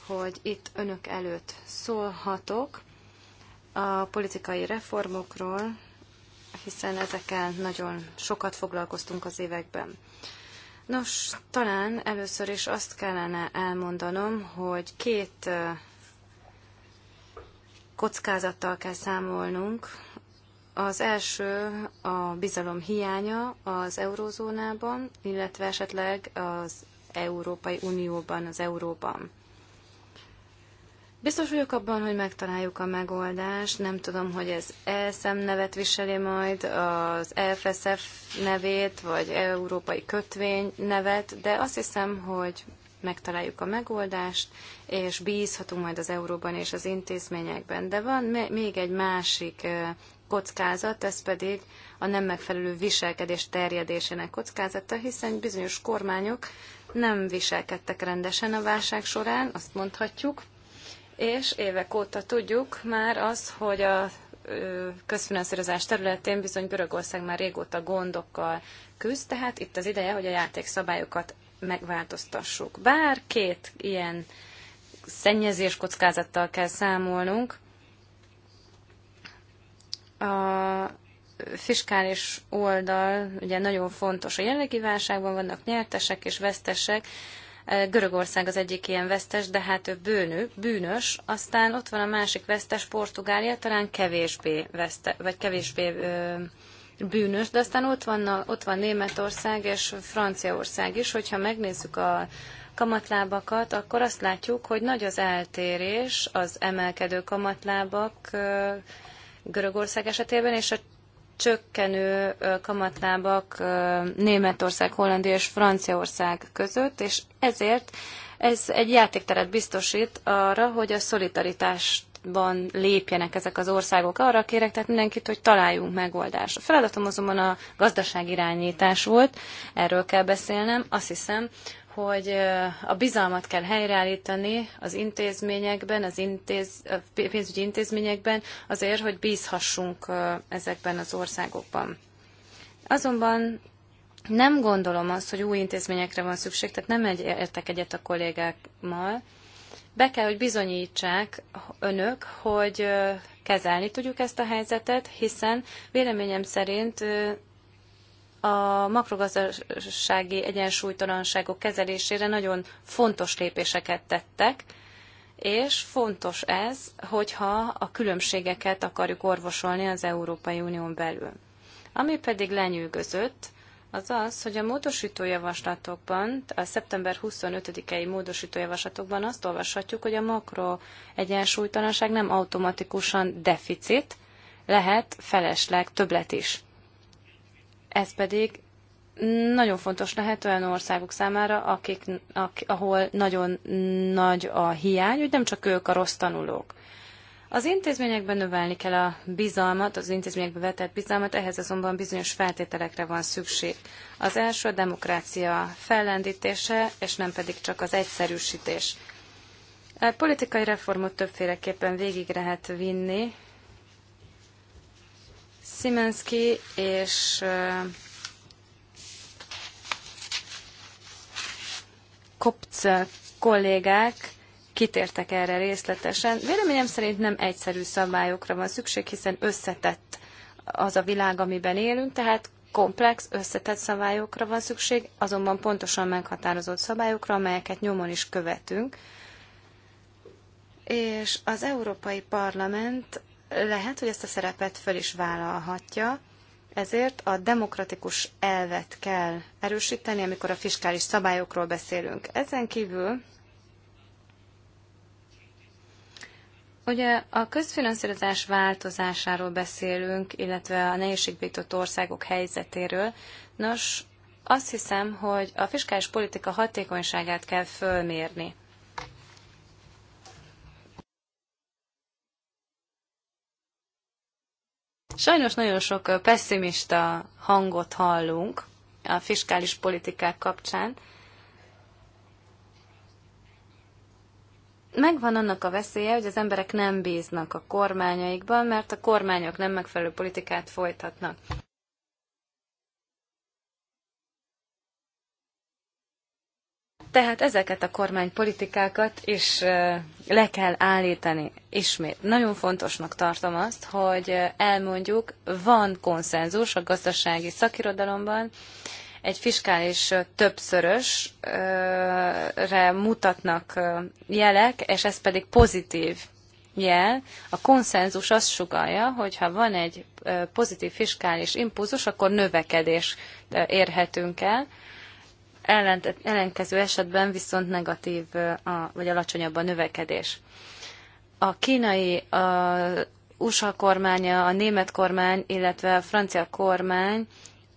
hogy itt önök előtt szólhatok a politikai reformokról, hiszen ezekkel nagyon sokat foglalkoztunk az években. Nos, talán először is azt kellene elmondanom, hogy két kockázattal kell számolnunk az első a bizalom hiánya az eurózónában, illetve esetleg az Európai Unióban, az euróban. Biztos vagyok abban, hogy megtaláljuk a megoldást. Nem tudom, hogy ez ESM nevet viseli majd, az FSF e nevét, vagy európai kötvény nevet, de azt hiszem, hogy megtaláljuk a megoldást, és bízhatunk majd az euróban és az intézményekben. De van még egy másik kockázat, ez pedig a nem megfelelő viselkedés terjedésének kockázata, hiszen bizonyos kormányok nem viselkedtek rendesen a válság során, azt mondhatjuk, és évek óta tudjuk már az, hogy a közfinanszírozás területén bizony Görögország már régóta gondokkal küzd, tehát itt az ideje, hogy a játékszabályokat megváltoztassuk. Bár két ilyen szennyezés kockázattal kell számolnunk, a fiskális oldal ugye nagyon fontos. A jelenlegi válságban vannak nyertesek és vesztesek. Görögország az egyik ilyen vesztes, de hát ő bőnő, bűnös. Aztán ott van a másik vesztes, Portugália, talán kevésbé veszte, vagy kevésbé ö, bűnös, de aztán ott van, a, ott van Németország és Franciaország is, hogyha megnézzük a kamatlábakat, akkor azt látjuk, hogy nagy az eltérés az emelkedő kamatlábak Görögország esetében, és a csökkenő kamatlábak Németország, Hollandia és Franciaország között, és ezért ez egy játékteret biztosít arra, hogy a szolidaritást ban lépjenek ezek az országok. Arra kérek tehát mindenkit, hogy találjunk megoldást. A feladatom azonban a gazdaságirányítás volt, erről kell beszélnem. Azt hiszem, hogy a bizalmat kell helyreállítani az intézményekben, az intéz, pénzügyi intézményekben azért, hogy bízhassunk ezekben az országokban. Azonban nem gondolom azt, hogy új intézményekre van szükség, tehát nem egy, értek egyet a kollégákmal. Be kell, hogy bizonyítsák önök, hogy kezelni tudjuk ezt a helyzetet, hiszen véleményem szerint a makrogazdasági egyensúlytalanságok kezelésére nagyon fontos lépéseket tettek, és fontos ez, hogyha a különbségeket akarjuk orvosolni az Európai Unión belül. Ami pedig lenyűgözött, az az, hogy a módosítójavaslatokban, a szeptember 25-i módosítójavaslatokban azt olvashatjuk, hogy a makro egyensúlytalanság nem automatikusan deficit, lehet felesleg többlet is. Ez pedig nagyon fontos lehet olyan országok számára, akik, ak, ahol nagyon nagy a hiány, hogy nem csak ők a rossz tanulók. Az intézményekben növelni kell a bizalmat, az intézményekbe vetett bizalmat, ehhez azonban bizonyos feltételekre van szükség. Az első a demokrácia fellendítése, és nem pedig csak az egyszerűsítés. A politikai reformot többféleképpen végig lehet vinni, Szimenszki és Kopce kollégák kitértek erre részletesen. Véleményem szerint nem egyszerű szabályokra van szükség, hiszen összetett az a világ, amiben élünk, tehát komplex, összetett szabályokra van szükség, azonban pontosan meghatározott szabályokra, amelyeket nyomon is követünk. És az Európai Parlament lehet, hogy ezt a szerepet föl is vállalhatja, ezért a demokratikus elvet kell erősíteni, amikor a fiskális szabályokról beszélünk. Ezen kívül Ugye a közfinanszírozás változásáról beszélünk, illetve a nehézségbított országok helyzetéről. Nos, azt hiszem, hogy a fiskális politika hatékonyságát kell fölmérni. Sajnos nagyon sok pessimista hangot hallunk a fiskális politikák kapcsán. Megvan annak a veszélye, hogy az emberek nem bíznak a kormányaikban, mert a kormányok nem megfelelő politikát folytatnak. Tehát ezeket a kormánypolitikákat is le kell állítani ismét. Nagyon fontosnak tartom azt, hogy elmondjuk, van konszenzus a gazdasági szakirodalomban, egy fiskális többszörösre mutatnak jelek, és ez pedig pozitív jel. A konszenzus azt sugalja, hogy ha van egy pozitív fiskális impulzus, akkor növekedés érhetünk el ellent, ellenkező esetben viszont negatív a, vagy alacsonyabb a növekedés. A kínai, a USA kormánya, a német kormány, illetve a francia kormány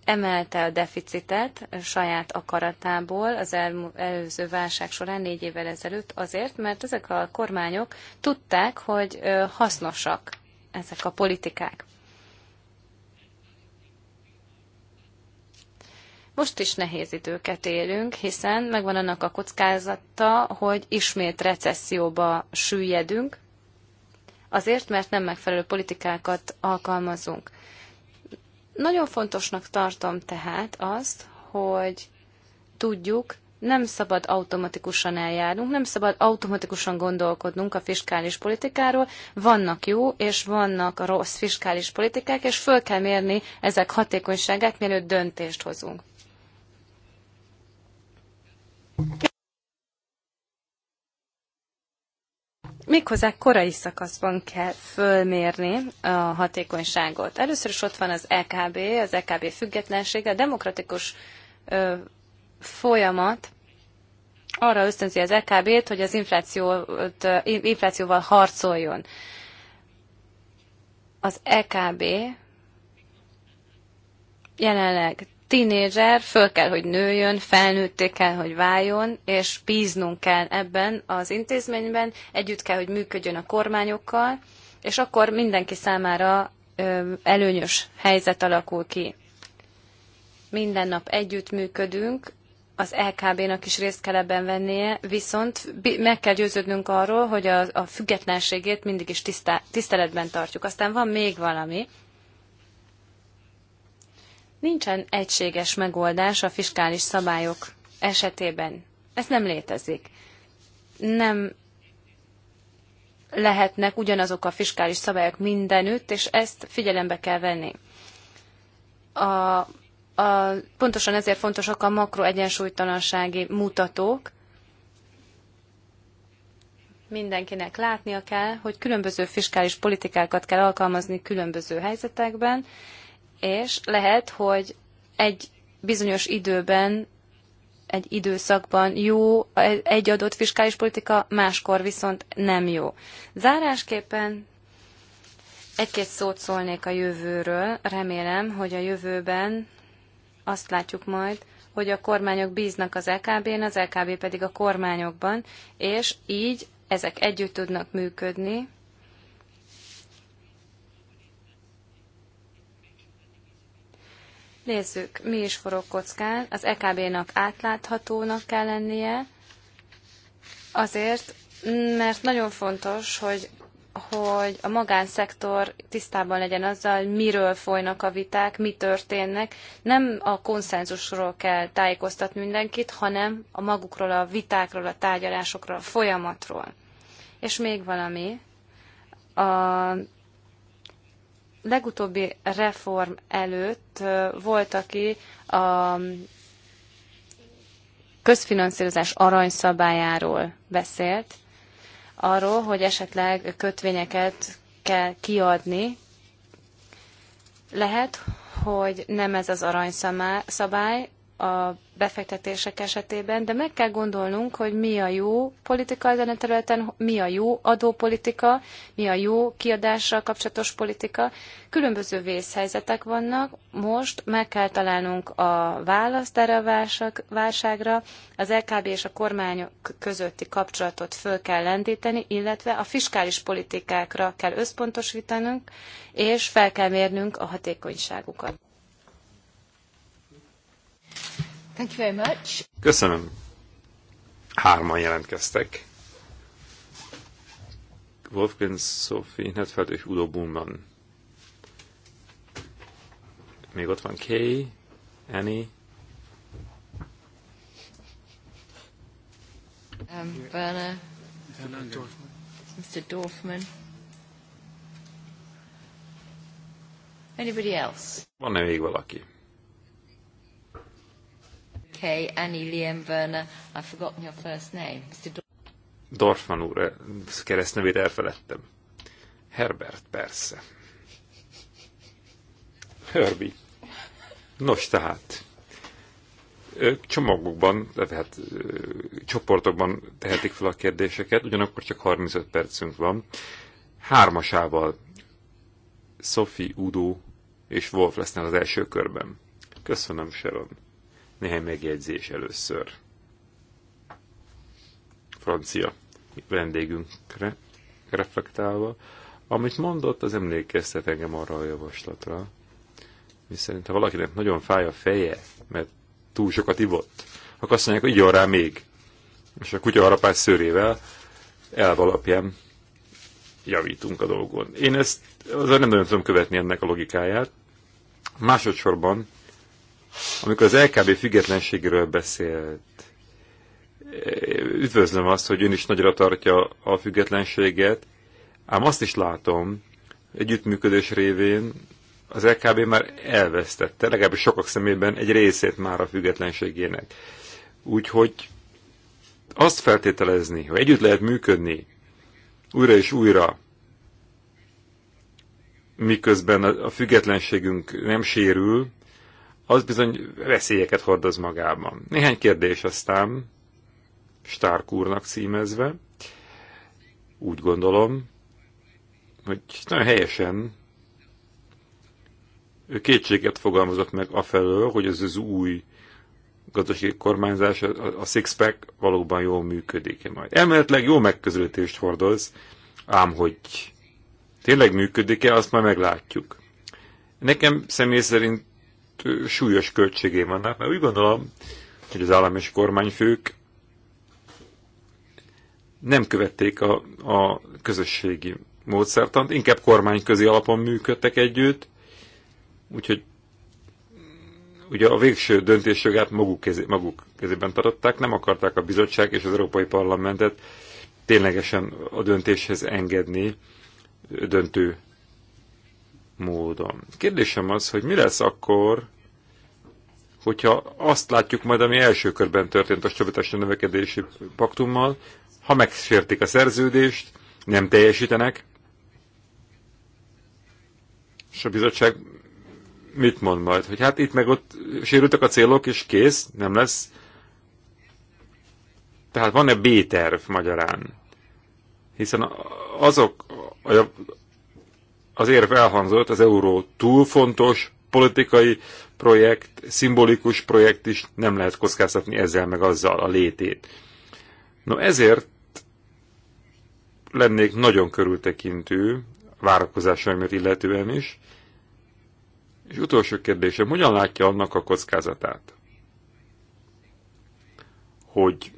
emelte a deficitet saját akaratából az el, előző válság során négy évvel ezelőtt azért, mert ezek a kormányok tudták, hogy hasznosak ezek a politikák. Most is nehéz időket élünk, hiszen megvan annak a kockázata, hogy ismét recesszióba süllyedünk, azért, mert nem megfelelő politikákat alkalmazunk. Nagyon fontosnak tartom tehát azt, hogy tudjuk, nem szabad automatikusan eljárnunk, nem szabad automatikusan gondolkodnunk a fiskális politikáról. Vannak jó és vannak rossz fiskális politikák, és föl kell mérni ezek hatékonyságát, mielőtt döntést hozunk. Méghozzá korai szakaszban kell fölmérni a hatékonyságot. Először is ott van az EKB, az EKB függetlensége, a demokratikus ö, folyamat arra ösztönzi az EKB-t, hogy az inflációt, inflációval harcoljon. Az EKB jelenleg tínédzser föl kell, hogy nőjön, felnőtté kell, hogy váljon, és bíznunk kell ebben az intézményben, együtt kell, hogy működjön a kormányokkal, és akkor mindenki számára előnyös helyzet alakul ki. Minden nap együtt működünk, az LKB-nak is részt kell ebben vennie, viszont meg kell győződnünk arról, hogy a, a függetlenségét mindig is tiszteletben tartjuk. Aztán van még valami, Nincsen egységes megoldás a fiskális szabályok esetében. Ez nem létezik. Nem lehetnek ugyanazok a fiskális szabályok mindenütt, és ezt figyelembe kell venni. A, a, pontosan ezért fontosak a makroegyensúlytalansági mutatók. Mindenkinek látnia kell, hogy különböző fiskális politikákat kell alkalmazni különböző helyzetekben, és lehet, hogy egy bizonyos időben, egy időszakban jó egy adott fiskális politika, máskor viszont nem jó. Zárásképpen egy-két szót szólnék a jövőről. Remélem, hogy a jövőben azt látjuk majd, hogy a kormányok bíznak az LKB-n, e az LKB e pedig a kormányokban, és így ezek együtt tudnak működni, Nézzük, mi is forog kockán. Az EKB-nak átláthatónak kell lennie, azért, mert nagyon fontos, hogy hogy a magánszektor tisztában legyen azzal, hogy miről folynak a viták, mi történnek. Nem a konszenzusról kell tájékoztatni mindenkit, hanem a magukról, a vitákról, a tárgyalásokról, a folyamatról. És még valami, a legutóbbi reform előtt volt, aki a közfinanszírozás aranyszabályáról beszélt, arról, hogy esetleg kötvényeket kell kiadni. Lehet, hogy nem ez az aranyszabály, a befektetések esetében, de meg kell gondolnunk, hogy mi a jó politika ezen a területen, mi a jó adópolitika, mi a jó kiadással kapcsolatos politika. Különböző vészhelyzetek vannak, most meg kell találnunk a választ erre a válságra, az LKB és a kormány közötti kapcsolatot föl kell lendíteni, illetve a fiskális politikákra kell összpontosítanunk, és fel kell mérnünk a hatékonyságukat. Thank you very much. Köszönöm. Hárman jelentkeztek. Wolfgang Sophie Hetfeld és Udo Bullman. Még ott van Kay, Annie. Um, Werner. Mr. Dorfman. Anybody else? Van-e még valaki? Kay, Annie, Liam, Werner, I've forgotten your first name. Mr. Dorfman úr, eh, keresztnevét elfeledtem. Herbert, persze. Herbie. Nos tehát, ők csomagokban, tehát csoportokban tehetik fel a kérdéseket, ugyanakkor csak 35 percünk van. Hármasával Sophie, Udo és Wolf lesznek az első körben. Köszönöm, Sharon. Néhány megjegyzés először. Francia vendégünkre reflektálva. Amit mondott, az emlékeztet engem arra a javaslatra, miszerint ha valakinek nagyon fáj a feje, mert túl sokat ivott, akkor azt mondják, hogy igyon rá még. És a kutya harapás szőrével elvalapján javítunk a dolgon. Én ezt azért nem nagyon tudom követni ennek a logikáját. Másodszorban amikor az LKB függetlenségről beszélt, üdvözlöm azt, hogy ön is nagyra tartja a függetlenséget, ám azt is látom, együttműködés révén az LKB már elvesztette, legalábbis sokak szemében egy részét már a függetlenségének. Úgyhogy azt feltételezni, hogy együtt lehet működni újra és újra, miközben a függetlenségünk nem sérül, az bizony veszélyeket hordoz magában. Néhány kérdés aztán, Stark úrnak címezve, úgy gondolom, hogy nagyon helyesen ő kétséget fogalmazott meg afelől, hogy ez az új gazdasági kormányzás, a six-pack valóban jól működik-e majd. Elméletileg jó megközelítést hordoz, ám hogy tényleg működik-e, azt majd meglátjuk. Nekem személy szerint súlyos költségé vannak, mert úgy gondolom, hogy az állam és kormányfők nem követték a, a közösségi módszertant, inkább kormányközi alapon működtek együtt, úgyhogy ugye a végső döntésjogát maguk, kezé, maguk kezében tartották, nem akarták a bizottság és az Európai Parlamentet ténylegesen a döntéshez engedni döntő módon. Kérdésem az, hogy mi lesz akkor, hogyha azt látjuk majd, ami első körben történt a stabilitási növekedési paktummal, ha megsértik a szerződést, nem teljesítenek, és a bizottság mit mond majd? Hogy hát itt meg ott sérültek a célok, és kész, nem lesz. Tehát van-e B-terv magyarán? Hiszen azok, az érv elhangzott, az euró túl fontos, politikai projekt, szimbolikus projekt is, nem lehet kockáztatni ezzel meg azzal a létét. No ezért lennék nagyon körültekintő, várakozásaimat illetően is, és utolsó kérdésem, hogyan látja annak a kockázatát, hogy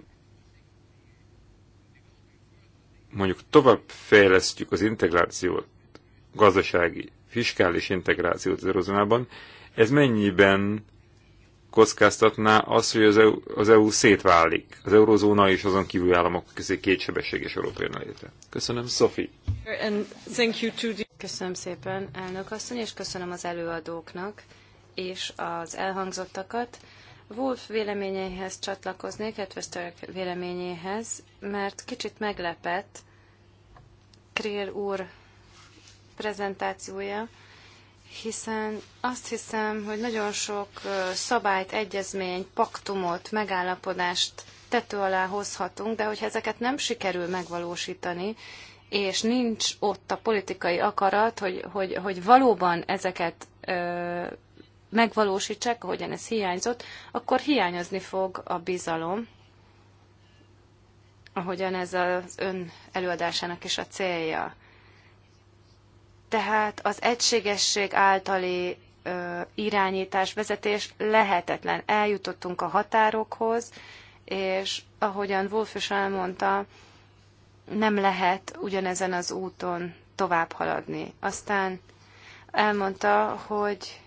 mondjuk tovább fejlesztjük az integrációt, gazdasági, fiskális integrációt az eurozónában, ez mennyiben kockáztatná azt, hogy az EU, az EU szétválik, az eurozóna és azon kívül államok közé kétsebességes Európa jön létre. Köszönöm, Sophie. Köszönöm szépen, elnök asszony, és köszönöm az előadóknak és az elhangzottakat. Wolf véleményéhez csatlakoznék, Edvester véleményéhez, mert kicsit meglepett Krél úr prezentációja, hiszen azt hiszem, hogy nagyon sok szabályt, egyezmény, paktumot, megállapodást tető alá hozhatunk, de hogyha ezeket nem sikerül megvalósítani, és nincs ott a politikai akarat, hogy, hogy, hogy valóban ezeket ö, megvalósítsák, ahogyan ez hiányzott, akkor hiányozni fog a bizalom, ahogyan ez az ön előadásának is a célja. Tehát az egységesség általi irányítás, vezetés lehetetlen. Eljutottunk a határokhoz, és ahogyan Wolf is elmondta, nem lehet ugyanezen az úton tovább haladni. Aztán elmondta, hogy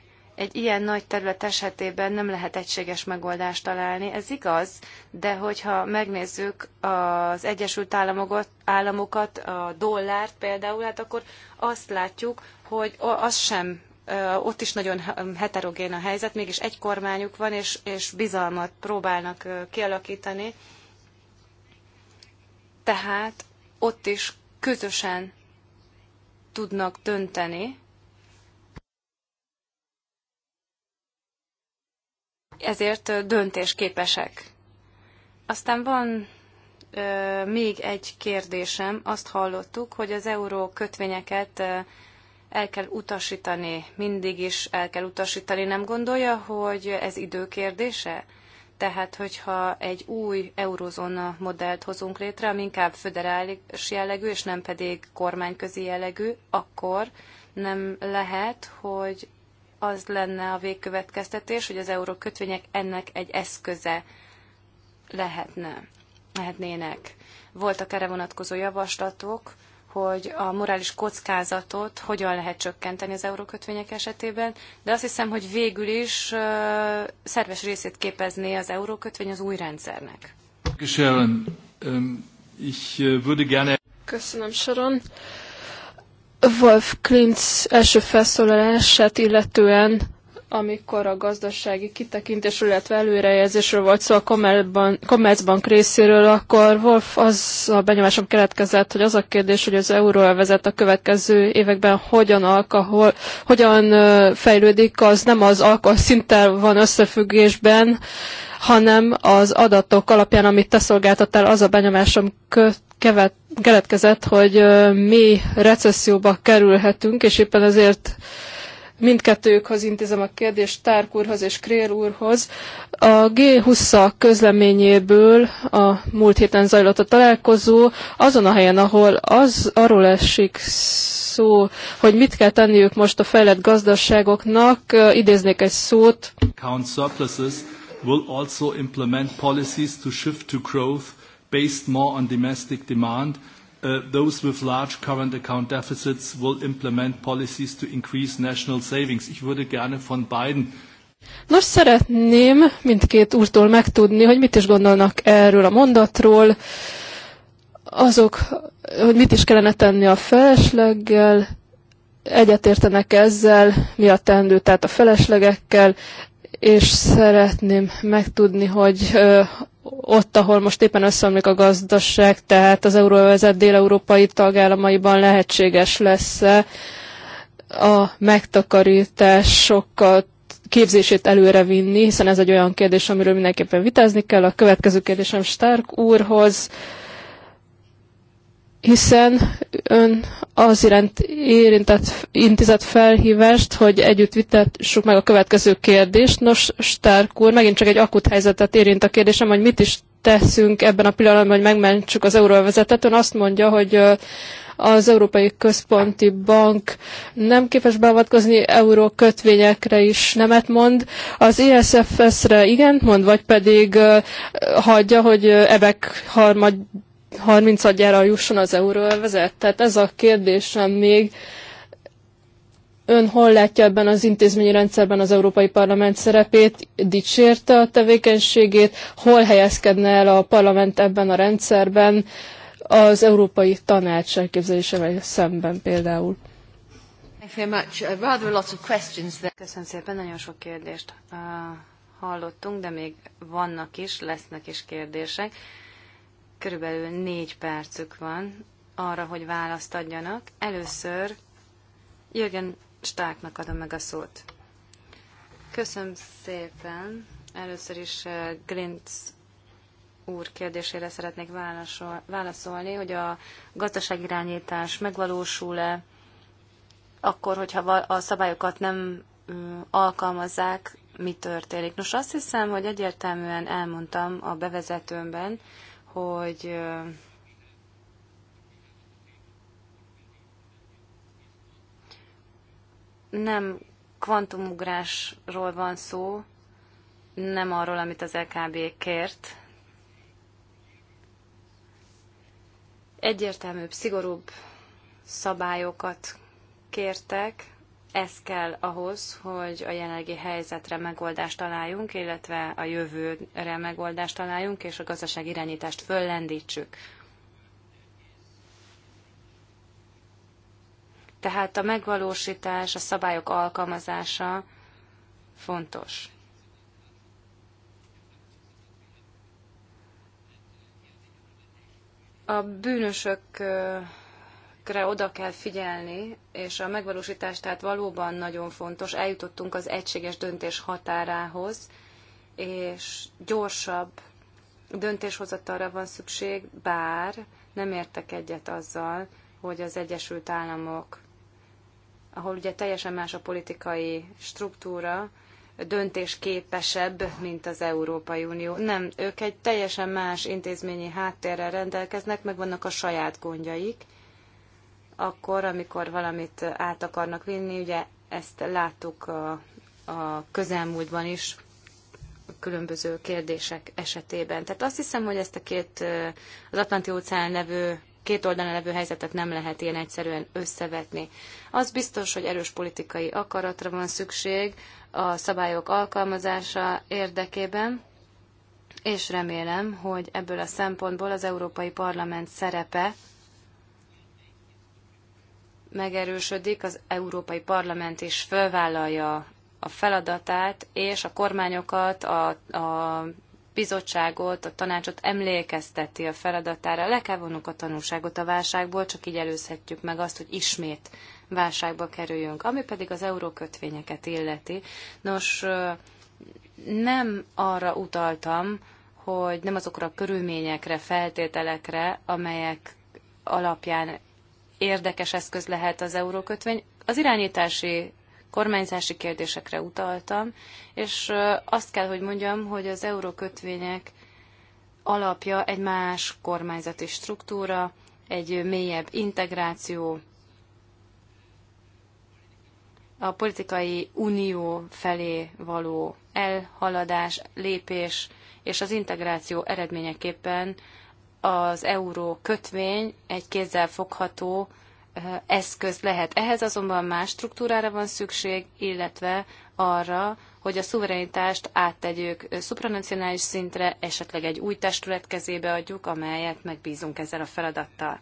egy ilyen nagy terület esetében nem lehet egységes megoldást találni. Ez igaz, de hogyha megnézzük az Egyesült Államokat, államokat a dollárt például, hát akkor azt látjuk, hogy az sem ott is nagyon heterogén a helyzet, mégis egy kormányuk van, és, és bizalmat próbálnak kialakítani. Tehát ott is közösen tudnak dönteni, ezért döntésképesek. Aztán van ö, még egy kérdésem. Azt hallottuk, hogy az euró kötvényeket ö, el kell utasítani, mindig is el kell utasítani. Nem gondolja, hogy ez időkérdése? Tehát, hogyha egy új eurozóna modellt hozunk létre, ami inkább föderális jellegű, és nem pedig kormányközi jellegű, akkor nem lehet, hogy az lenne a végkövetkeztetés, hogy az euró kötvények ennek egy eszköze lehetne, lehetnének. Voltak erre vonatkozó javaslatok, hogy a morális kockázatot hogyan lehet csökkenteni az eurókötvények esetében, de azt hiszem, hogy végül is szerves részét képezné az eurókötvény az új rendszernek. Ähm, äh, Köszönöm, Sharon. Wolf Klintz első felszólalását illetően amikor a gazdasági kitekintésről, illetve előrejelzésről volt szó a Commerzbank részéről, akkor Wolf az a benyomásom keletkezett, hogy az a kérdés, hogy az euróvezet a következő években hogyan, alkohol, hogyan fejlődik, az nem az szinttel van összefüggésben, hanem az adatok alapján, amit te szolgáltatál, az a benyomásom kevet, keletkezett, hogy mi recesszióba kerülhetünk, és éppen ezért mindkettőjükhöz intézem a kérdést, Tárk úrhoz és Krél úrhoz. A g 20 közleményéből a múlt héten zajlott a találkozó, azon a helyen, ahol az arról esik szó, hogy mit kell tenniük most a fejlett gazdaságoknak, idéznék egy szót. Count surpluses will also implement policies to shift to growth based more on domestic demand Uh, those with large current account deficits will implement policies to increase national savings. Ich würde gerne von beiden Nos, szeretném mindkét úrtól megtudni, hogy mit is gondolnak erről a mondatról, azok, hogy mit is kellene tenni a felesleggel, egyetértenek ezzel, mi a tendő, tehát a feleslegekkel, és szeretném megtudni, hogy ott, ahol most éppen összeomlik a gazdaság, tehát az euróvezet Európai tagállamaiban lehetséges lesz -e a megtakarításokat képzését előrevinni, hiszen ez egy olyan kérdés, amiről mindenképpen vitázni kell. A következő kérdésem Stark úrhoz hiszen ön az iránt érintett intézett felhívást, hogy együtt vitessük meg a következő kérdést. Nos, Stárk úr, megint csak egy akut helyzetet érint a kérdésem, hogy mit is teszünk ebben a pillanatban, hogy megmentsük az euróvezetet. Ön azt mondja, hogy az Európai Központi Bank nem képes beavatkozni, euró kötvényekre is nemet mond. Az ESFS-re igent mond, vagy pedig hagyja, hogy ebek harmad 30 adjára jusson az euróvezet? Tehát ez a kérdésem még, ön hol látja ebben az intézményi rendszerben az Európai Parlament szerepét, dicsérte a tevékenységét, hol helyezkedne el a parlament ebben a rendszerben az Európai Tanács elképzelésevel szemben például? Köszönöm szépen, nagyon sok kérdést uh, hallottunk, de még vannak is, lesznek is kérdések. Körülbelül négy percük van arra, hogy választ adjanak. Először Jürgen Stáknak adom meg a szót. Köszönöm szépen. Először is eh, Grinz úr kérdésére szeretnék válaszolni, hogy a gazdaságirányítás megvalósul-e akkor, hogyha a szabályokat nem alkalmazzák, mi történik. Nos, azt hiszem, hogy egyértelműen elmondtam a bevezetőmben, hogy nem kvantumugrásról van szó, nem arról, amit az LKB kért. Egyértelműbb, szigorúbb szabályokat kértek, ez kell ahhoz, hogy a jelenlegi helyzetre megoldást találjunk, illetve a jövőre megoldást találjunk, és a gazdaság irányítást föllendítsük. Tehát a megvalósítás, a szabályok alkalmazása fontos. A bűnösök ezekre oda kell figyelni, és a megvalósítás tehát valóban nagyon fontos. Eljutottunk az egységes döntés határához, és gyorsabb döntéshozatalra van szükség, bár nem értek egyet azzal, hogy az Egyesült Államok, ahol ugye teljesen más a politikai struktúra, döntésképesebb, mint az Európai Unió. Nem, ők egy teljesen más intézményi háttérrel rendelkeznek, meg vannak a saját gondjaik, akkor, amikor valamit át akarnak vinni, ugye ezt láttuk a, a közelmúltban is, a különböző kérdések esetében. Tehát azt hiszem, hogy ezt a két, az Atlanti óceán levő két oldalon levő helyzetet nem lehet ilyen egyszerűen összevetni. Az biztos, hogy erős politikai akaratra van szükség a szabályok alkalmazása érdekében, és remélem, hogy ebből a szempontból az Európai Parlament szerepe megerősödik, az Európai Parlament is fölvállalja a feladatát, és a kormányokat, a, a bizottságot, a tanácsot emlékezteti a feladatára. Le kell vonnunk a tanulságot a válságból, csak így előzhetjük meg azt, hogy ismét válságba kerüljünk. Ami pedig az eurókötvényeket illeti. Nos, nem arra utaltam, hogy nem azokra a körülményekre, feltételekre, amelyek alapján érdekes eszköz lehet az eurókötvény. Az irányítási, kormányzási kérdésekre utaltam, és azt kell, hogy mondjam, hogy az eurókötvények alapja egy más kormányzati struktúra, egy mélyebb integráció, a politikai unió felé való elhaladás, lépés és az integráció eredményeképpen az euró kötvény egy kézzel fogható eszköz lehet. Ehhez azonban más struktúrára van szükség, illetve arra, hogy a szuverenitást áttegyük szupranacionális szintre, esetleg egy új testület kezébe adjuk, amelyet megbízunk ezzel a feladattal.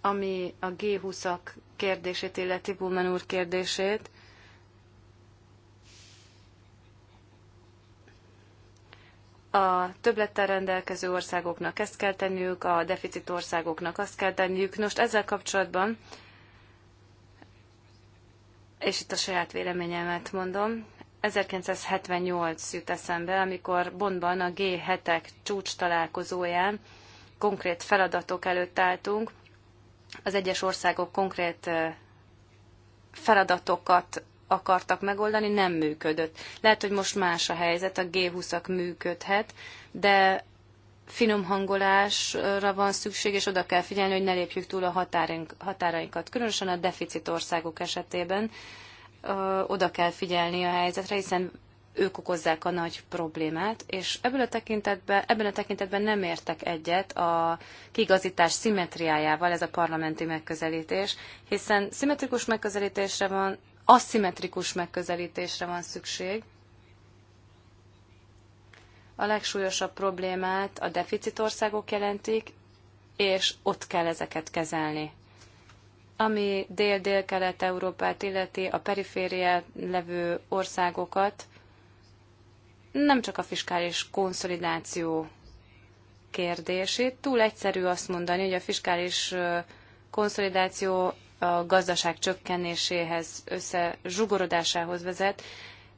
Ami a G20-ak kérdését illeti, Bulman úr kérdését, a többlettel rendelkező országoknak ezt kell tenniük, a deficit országoknak azt kell tenniük. Most ezzel kapcsolatban, és itt a saját véleményemet mondom, 1978 jut eszembe, amikor Bonban a G7-ek csúcs találkozóján konkrét feladatok előtt álltunk, az egyes országok konkrét feladatokat akartak megoldani, nem működött. Lehet, hogy most más a helyzet, a G20-ak működhet, de finom hangolásra van szükség, és oda kell figyelni, hogy ne lépjük túl a határink, határainkat. Különösen a deficit országok esetében ö, oda kell figyelni a helyzetre, hiszen ők okozzák a nagy problémát, és ebből a tekintetben, ebben a tekintetben nem értek egyet a kigazítás szimmetriájával, ez a parlamenti megközelítés, hiszen szimmetrikus megközelítésre van aszimmetrikus megközelítésre van szükség. A legsúlyosabb problémát a deficitországok jelentik, és ott kell ezeket kezelni. Ami dél-dél-kelet-európát illeti, a periférián levő országokat, nem csak a fiskális konszolidáció kérdését. Túl egyszerű azt mondani, hogy a fiskális konszolidáció a gazdaság csökkenéséhez, összezsugorodásához vezet.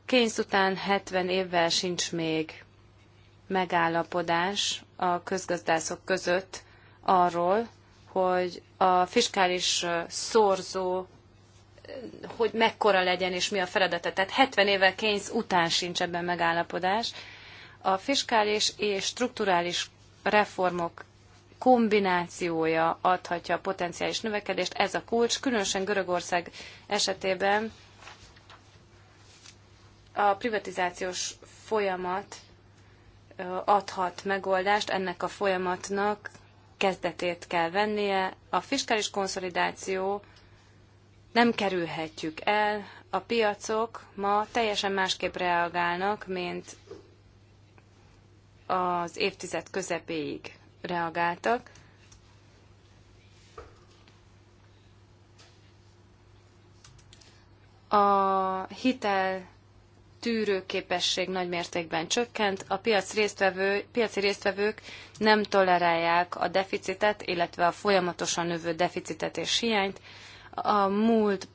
Keynes után 70 évvel sincs még megállapodás a közgazdászok között arról, hogy a fiskális szorzó hogy mekkora legyen és mi a feladata. Tehát 70 évvel Keynes után sincs ebben megállapodás. A fiskális és strukturális reformok kombinációja adhatja a potenciális növekedést. Ez a kulcs, különösen Görögország esetében a privatizációs folyamat adhat megoldást, ennek a folyamatnak kezdetét kell vennie. A fiskális konszolidáció nem kerülhetjük el, a piacok ma teljesen másképp reagálnak, mint az évtized közepéig reagáltak. A hitel tűrőképesség nagy mértékben csökkent, a piac résztvevő, piaci résztvevők nem tolerálják a deficitet, illetve a folyamatosan növő deficitet és hiányt. A, múlt,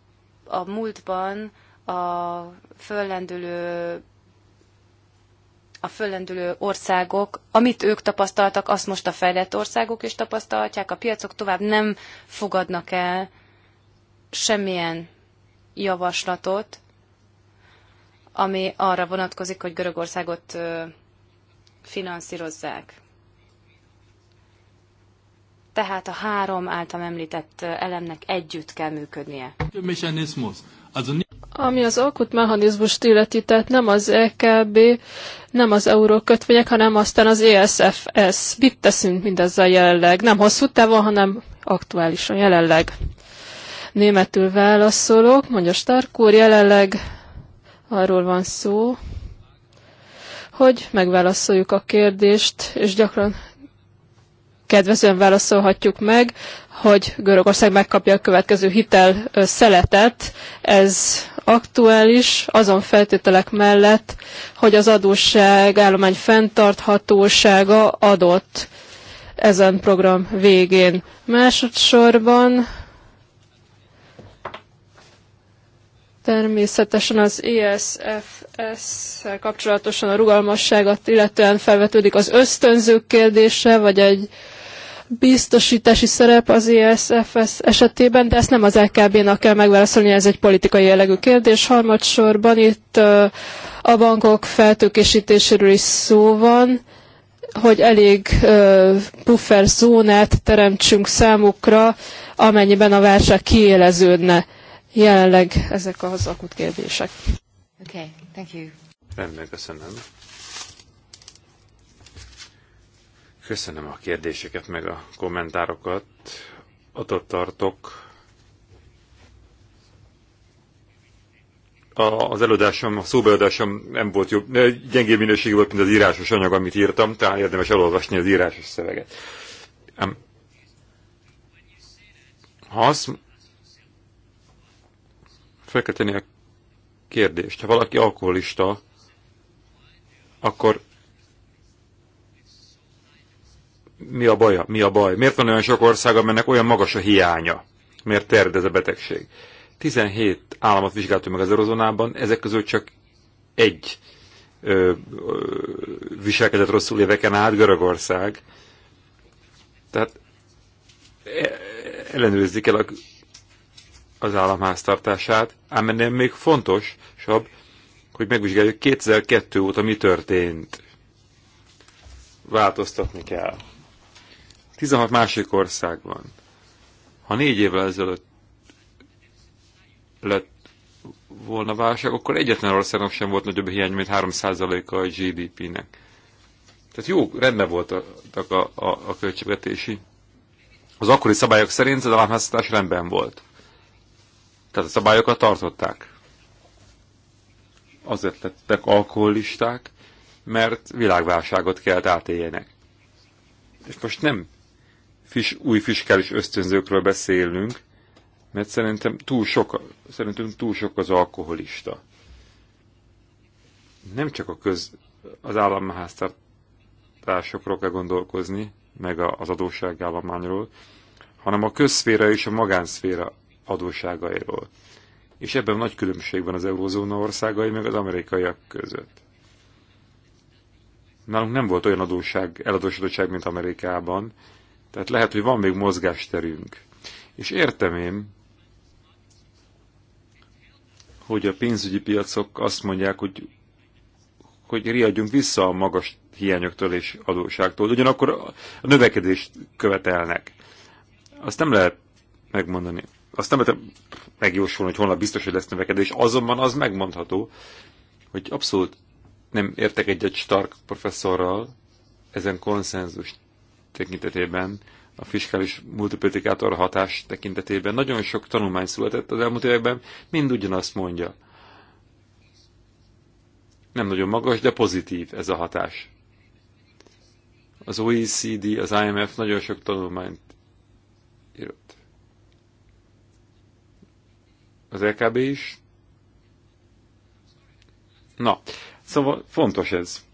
a múltban a föllendülő a föllendülő országok, amit ők tapasztaltak, azt most a fejlett országok is tapasztalhatják, a piacok tovább nem fogadnak el semmilyen javaslatot, ami arra vonatkozik, hogy Görögországot finanszírozzák. Tehát a három által említett elemnek együtt kell működnie. Mechanizmus. Also ami az alkut mechanizmust illeti, tehát nem az EKB, nem az eurókötvények, hanem aztán az ESFS. Mit teszünk mindezzel jelenleg? Nem hosszú távon, hanem aktuálisan jelenleg. Németül válaszolok, mondja Stark úr, jelenleg arról van szó, hogy megválaszoljuk a kérdést, és gyakran kedvezően válaszolhatjuk meg, hogy Görögország megkapja a következő hitel szeletet. Ez aktuális, azon feltételek mellett, hogy az adósság állomány fenntarthatósága adott ezen program végén. Másodszorban Természetesen az ESFS-szel kapcsolatosan a rugalmasságot illetően felvetődik az ösztönzők kérdése, vagy egy biztosítási szerep az ESFS esetében, de ezt nem az LKB-nak e kell megválaszolni, ez egy politikai jellegű kérdés. Harmadsorban itt a bankok feltőkésítéséről is szó van, hogy elég puffer zónát teremtsünk számukra, amennyiben a válság kiéleződne. Jelenleg ezek az akut kérdések. Okay, thank you. Rendben, köszönöm. Köszönöm a kérdéseket, meg a kommentárokat. Adott tartok. A, az előadásom, a szóbeadásom nem volt jobb, gyengébb minőségű volt, mint az írásos anyag, amit írtam, tehát érdemes elolvasni az írásos szöveget. ha azt fel kell tenni a kérdést, ha valaki alkoholista, akkor mi a baja, mi a baj? Miért van olyan sok ország, amelynek olyan magas a hiánya? Miért terjed ez a betegség? 17 államot vizsgáltunk meg az eurozónában, ezek közül csak egy ö, ö, viselkedett rosszul éveken át, Görögország. Tehát e, ellenőrizzik el a, az államháztartását, ám ennél még fontosabb, hogy megvizsgáljuk 2002 óta mi történt. Változtatni kell. 16 másik országban. Ha négy évvel ezelőtt lett volna válság, akkor egyetlen országnak sem volt nagyobb hiány, mint 3%-a a GDP-nek. Tehát jó, rendben voltak a, a, a költségvetési. Az akkori szabályok szerint az államháztatás rendben volt. Tehát a szabályokat tartották. Azért lettek alkoholisták, mert világválságot kellett átéljenek. És most nem fis, új fiskális ösztönzőkről beszélünk, mert szerintem túl sok, szerintem túl sok az alkoholista. Nem csak a köz, az államháztartásokról kell gondolkozni, meg az adósságállományról, hanem a közszféra és a magánszféra adósságairól. És ebben nagy különbség van az eurózóna országai, meg az amerikaiak között. Nálunk nem volt olyan adósság, eladósodottság, mint Amerikában, tehát lehet, hogy van még mozgásterünk. És értem én, hogy a pénzügyi piacok azt mondják, hogy, hogy riadjunk vissza a magas hiányoktól és adóságtól, ugyanakkor a növekedést követelnek. Azt nem lehet megmondani. Azt nem lehet megjósolni, hogy holnap biztos, hogy lesz növekedés, azonban az megmondható, hogy abszolút nem értek egyet Stark professzorral ezen konszenzus tekintetében, a fiskális multiplikátor hatás tekintetében. Nagyon sok tanulmány született az elmúlt években, mind ugyanazt mondja. Nem nagyon magas, de pozitív ez a hatás. Az OECD, az IMF nagyon sok tanulmányt írott. Az LKB e is. Na, szóval fontos ez.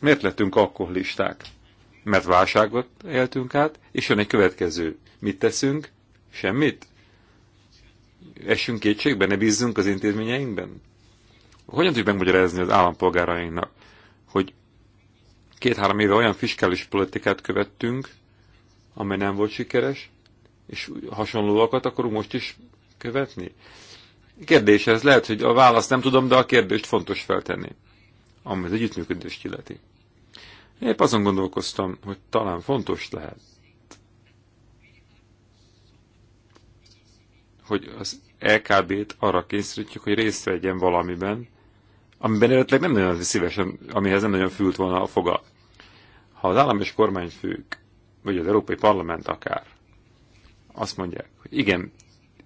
Miért lettünk alkoholisták? mert válságot éltünk át, és jön egy következő. Mit teszünk? Semmit? Essünk kétségbe, ne bízzunk az intézményeinkben? Hogyan tudjuk megmagyarázni az állampolgárainknak, hogy két-három éve olyan fiskális politikát követtünk, amely nem volt sikeres, és hasonlóakat akarunk most is követni? Kérdés ez lehet, hogy a választ nem tudom, de a kérdést fontos feltenni, ami az együttműködést illeti. Épp azon gondolkoztam, hogy talán fontos lehet, hogy az LKB-t arra kényszerítjük, hogy részt vegyen valamiben, amiben eredetileg nem nagyon szívesen, amihez nem nagyon fült volna a foga. Ha az állam és kormányfők, vagy az Európai Parlament akár, azt mondják, hogy igen,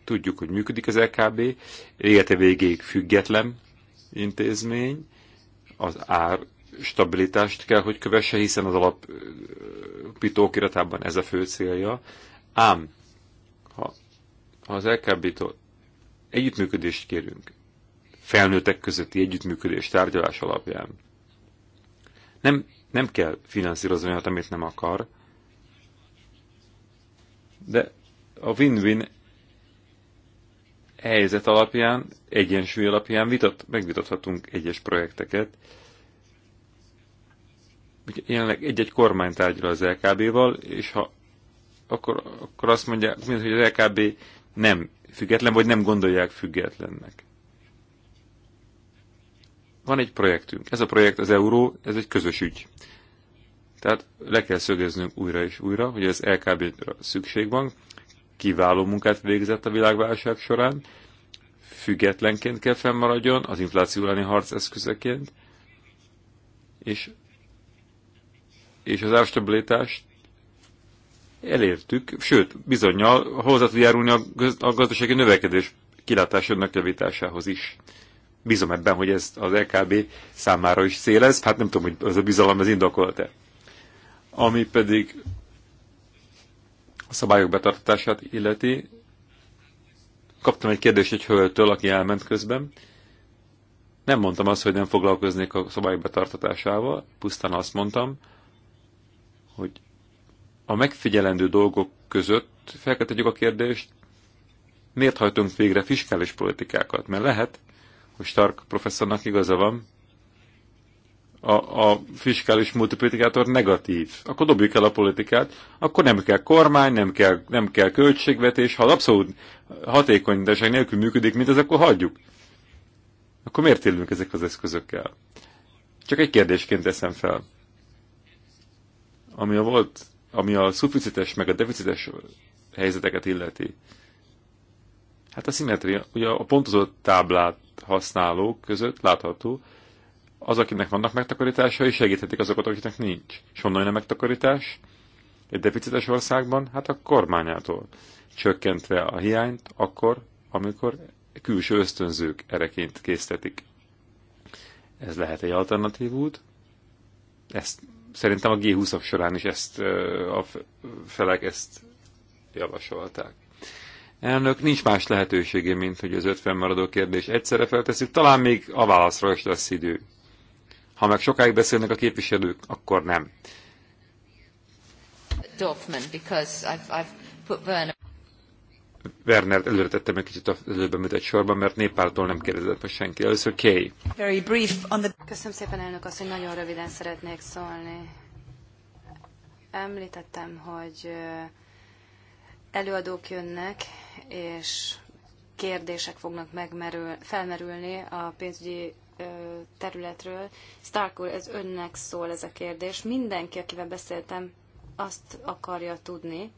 tudjuk, hogy működik az LKB, élete végéig független intézmény, az ár stabilitást kell, hogy kövesse, hiszen az alap pitókiratában ez a fő célja. Ám, ha, ha az lkb együttműködést kérünk, felnőttek közötti együttműködés tárgyalás alapján, nem, nem kell finanszírozni olyat, amit nem akar, de a win-win helyzet alapján, egyensúly alapján vitat, megvitathatunk egyes projekteket, jelenleg egy-egy kormány tárgyal az LKB-val, és ha akkor, akkor azt mondja, mint hogy az LKB nem független, vagy nem gondolják függetlennek. Van egy projektünk. Ez a projekt az euró, ez egy közös ügy. Tehát le kell szögeznünk újra és újra, hogy az LKB-ra szükség van, kiváló munkát végzett a világválság során, függetlenként kell fennmaradjon, az infláció elleni harc eszközeként, és és az árstabilitást elértük, sőt, bizonyal hozzá tud járulni a, göz, a gazdasági növekedés kilátásodnak javításához is. Bízom ebben, hogy ez az LKB számára is szélez, hát nem tudom, hogy ez a bizalom ez indokolt-e. Ami pedig a szabályok betartatását illeti, kaptam egy kérdést egy hölgytől, aki elment közben. Nem mondtam azt, hogy nem foglalkoznék a szabályok betartatásával, pusztán azt mondtam, hogy a megfigyelendő dolgok között felkeltetjük a kérdést, miért hajtunk végre fiskális politikákat? Mert lehet, hogy Stark professzornak igaza van, a, a fiskális multiplikátor negatív. Akkor dobjuk el a politikát, akkor nem kell kormány, nem kell, nem kell költségvetés, ha abszolút hatékonyság nélkül működik, mint ez, akkor hagyjuk. Akkor miért élünk ezek az eszközökkel? Csak egy kérdésként teszem fel. Ami a, volt, ami a szuficites meg a deficites helyzeteket illeti, hát a szimmetria, ugye a pontozott táblát használók között látható, az, akinek vannak megtakarításai, segíthetik azokat, akiknek nincs. És honnan jön a megtakarítás? Egy deficites országban? Hát a kormányától. Csökkentve a hiányt akkor, amikor külső ösztönzők ereként késztetik. Ez lehet egy alternatív út, ezt szerintem a g 20 ok során is ezt a felek ezt javasolták. Elnök, nincs más lehetősége, mint hogy az 50 maradó kérdés egyszerre felteszünk, talán még a válaszra is lesz idő. Ha meg sokáig beszélnek a képviselők, akkor nem. Dorfman, because I've, I've put Werner... Werner előre tettem egy kicsit az előbb említett sorban, mert néppártól nem kérdezett meg senki. Először Kay. Very brief on the... Köszönöm szépen, elnök azt, hogy nagyon röviden szeretnék szólni. Említettem, hogy előadók jönnek, és kérdések fognak megmerül, felmerülni a pénzügyi területről. Stark úr, ez önnek szól ez a kérdés. Mindenki, akivel beszéltem, azt akarja tudni,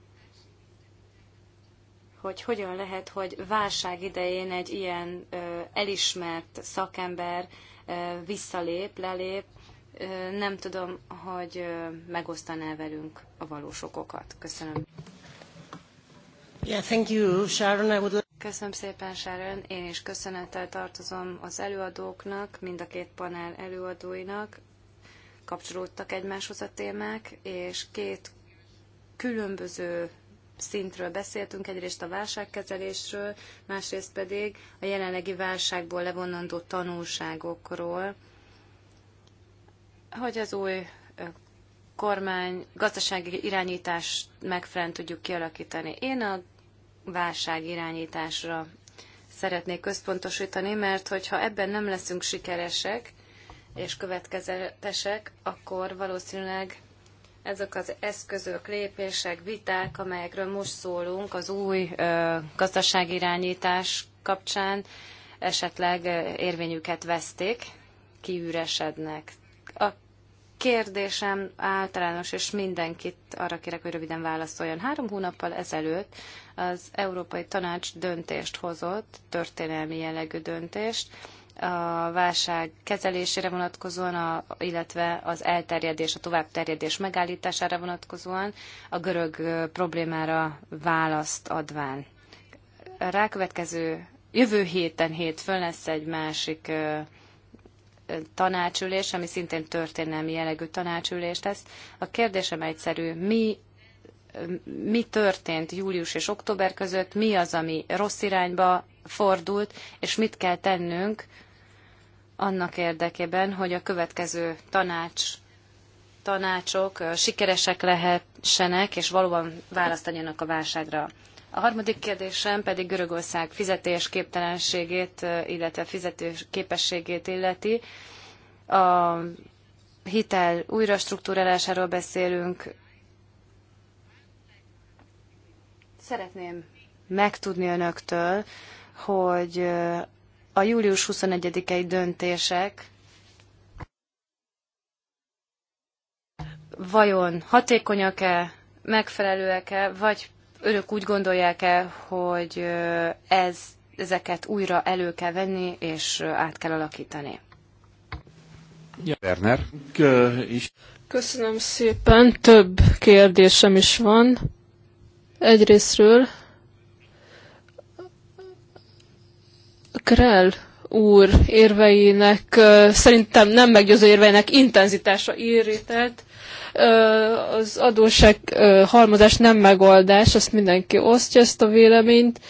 hogy hogyan lehet, hogy válság idején egy ilyen elismert szakember visszalép, lelép. Nem tudom, hogy megosztaná velünk a valós okokat. Köszönöm. Yeah, thank you, Sharon. I would... Köszönöm szépen, Sharon. Én is köszönettel tartozom az előadóknak, mind a két panel előadóinak. Kapcsolódtak egymáshoz a témák, és két különböző szintről beszéltünk, egyrészt a válságkezelésről, másrészt pedig a jelenlegi válságból levonandó tanulságokról, hogy az új kormány gazdasági irányítást megfelelően tudjuk kialakítani. Én a válság irányításra szeretnék központosítani, mert hogyha ebben nem leszünk sikeresek és következetesek, akkor valószínűleg ezek az eszközök, lépések, viták, amelyekről most szólunk az új ö, gazdaságirányítás kapcsán, esetleg érvényüket veszték, kiüresednek. A kérdésem általános, és mindenkit arra kérek, hogy röviden válaszoljon. Három hónappal ezelőtt az Európai Tanács döntést hozott, történelmi jellegű döntést, a válság kezelésére vonatkozóan, a, illetve az elterjedés, a továbbterjedés megállítására vonatkozóan, a görög problémára választ adván. Rákövetkező jövő héten hétfőn lesz egy másik tanácsülés, ami szintén történelmi jellegű tanácsülés lesz. A kérdésem egyszerű, mi mi történt július és október között, mi az, ami rossz irányba fordult, és mit kell tennünk annak érdekében, hogy a következő tanács, tanácsok sikeresek lehessenek, és valóban választanak a válságra. A harmadik kérdésem pedig Görögország képtelenségét, illetve képességét illeti. A hitel újra struktúrálásáról beszélünk. Szeretném megtudni önöktől, hogy a július 21-i döntések vajon hatékonyak-e, megfelelőek-e, vagy önök úgy gondolják-e, hogy ez, ezeket újra elő kell venni, és át kell alakítani? Werner. Köszönöm szépen, több kérdésem is van. Egyrésztről Krell úr érveinek, szerintem nem meggyőző érveinek intenzitása irritelt. Az adóság halmozás nem megoldás, ezt mindenki osztja ezt a véleményt,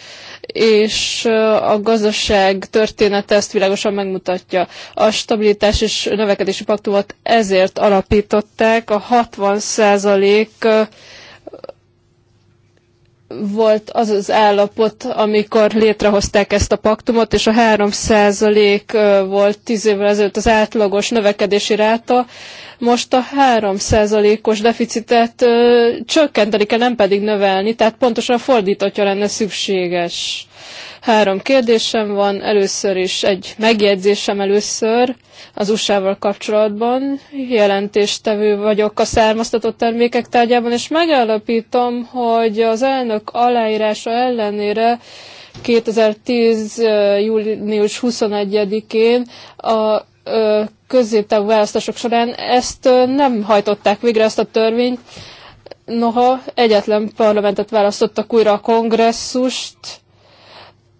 és a gazdaság története ezt világosan megmutatja. A stabilitás és növekedési paktumot ezért alapították, a 60 százalék volt az az állapot, amikor létrehozták ezt a paktumot, és a 3% volt 10 évvel ezelőtt az átlagos növekedési ráta, most a 3%-os deficitet ö, csökkenteni kell, nem pedig növelni, tehát pontosan fordítottja lenne szükséges. Három kérdésem van, először is egy megjegyzésem először az USA-val kapcsolatban. Jelentéstevő vagyok a származtatott termékek tárgyában, és megállapítom, hogy az elnök aláírása ellenére 2010. július 21-én a középtávú választások során ezt nem hajtották végre, ezt a törvényt. Noha egyetlen parlamentet választottak újra a kongresszust,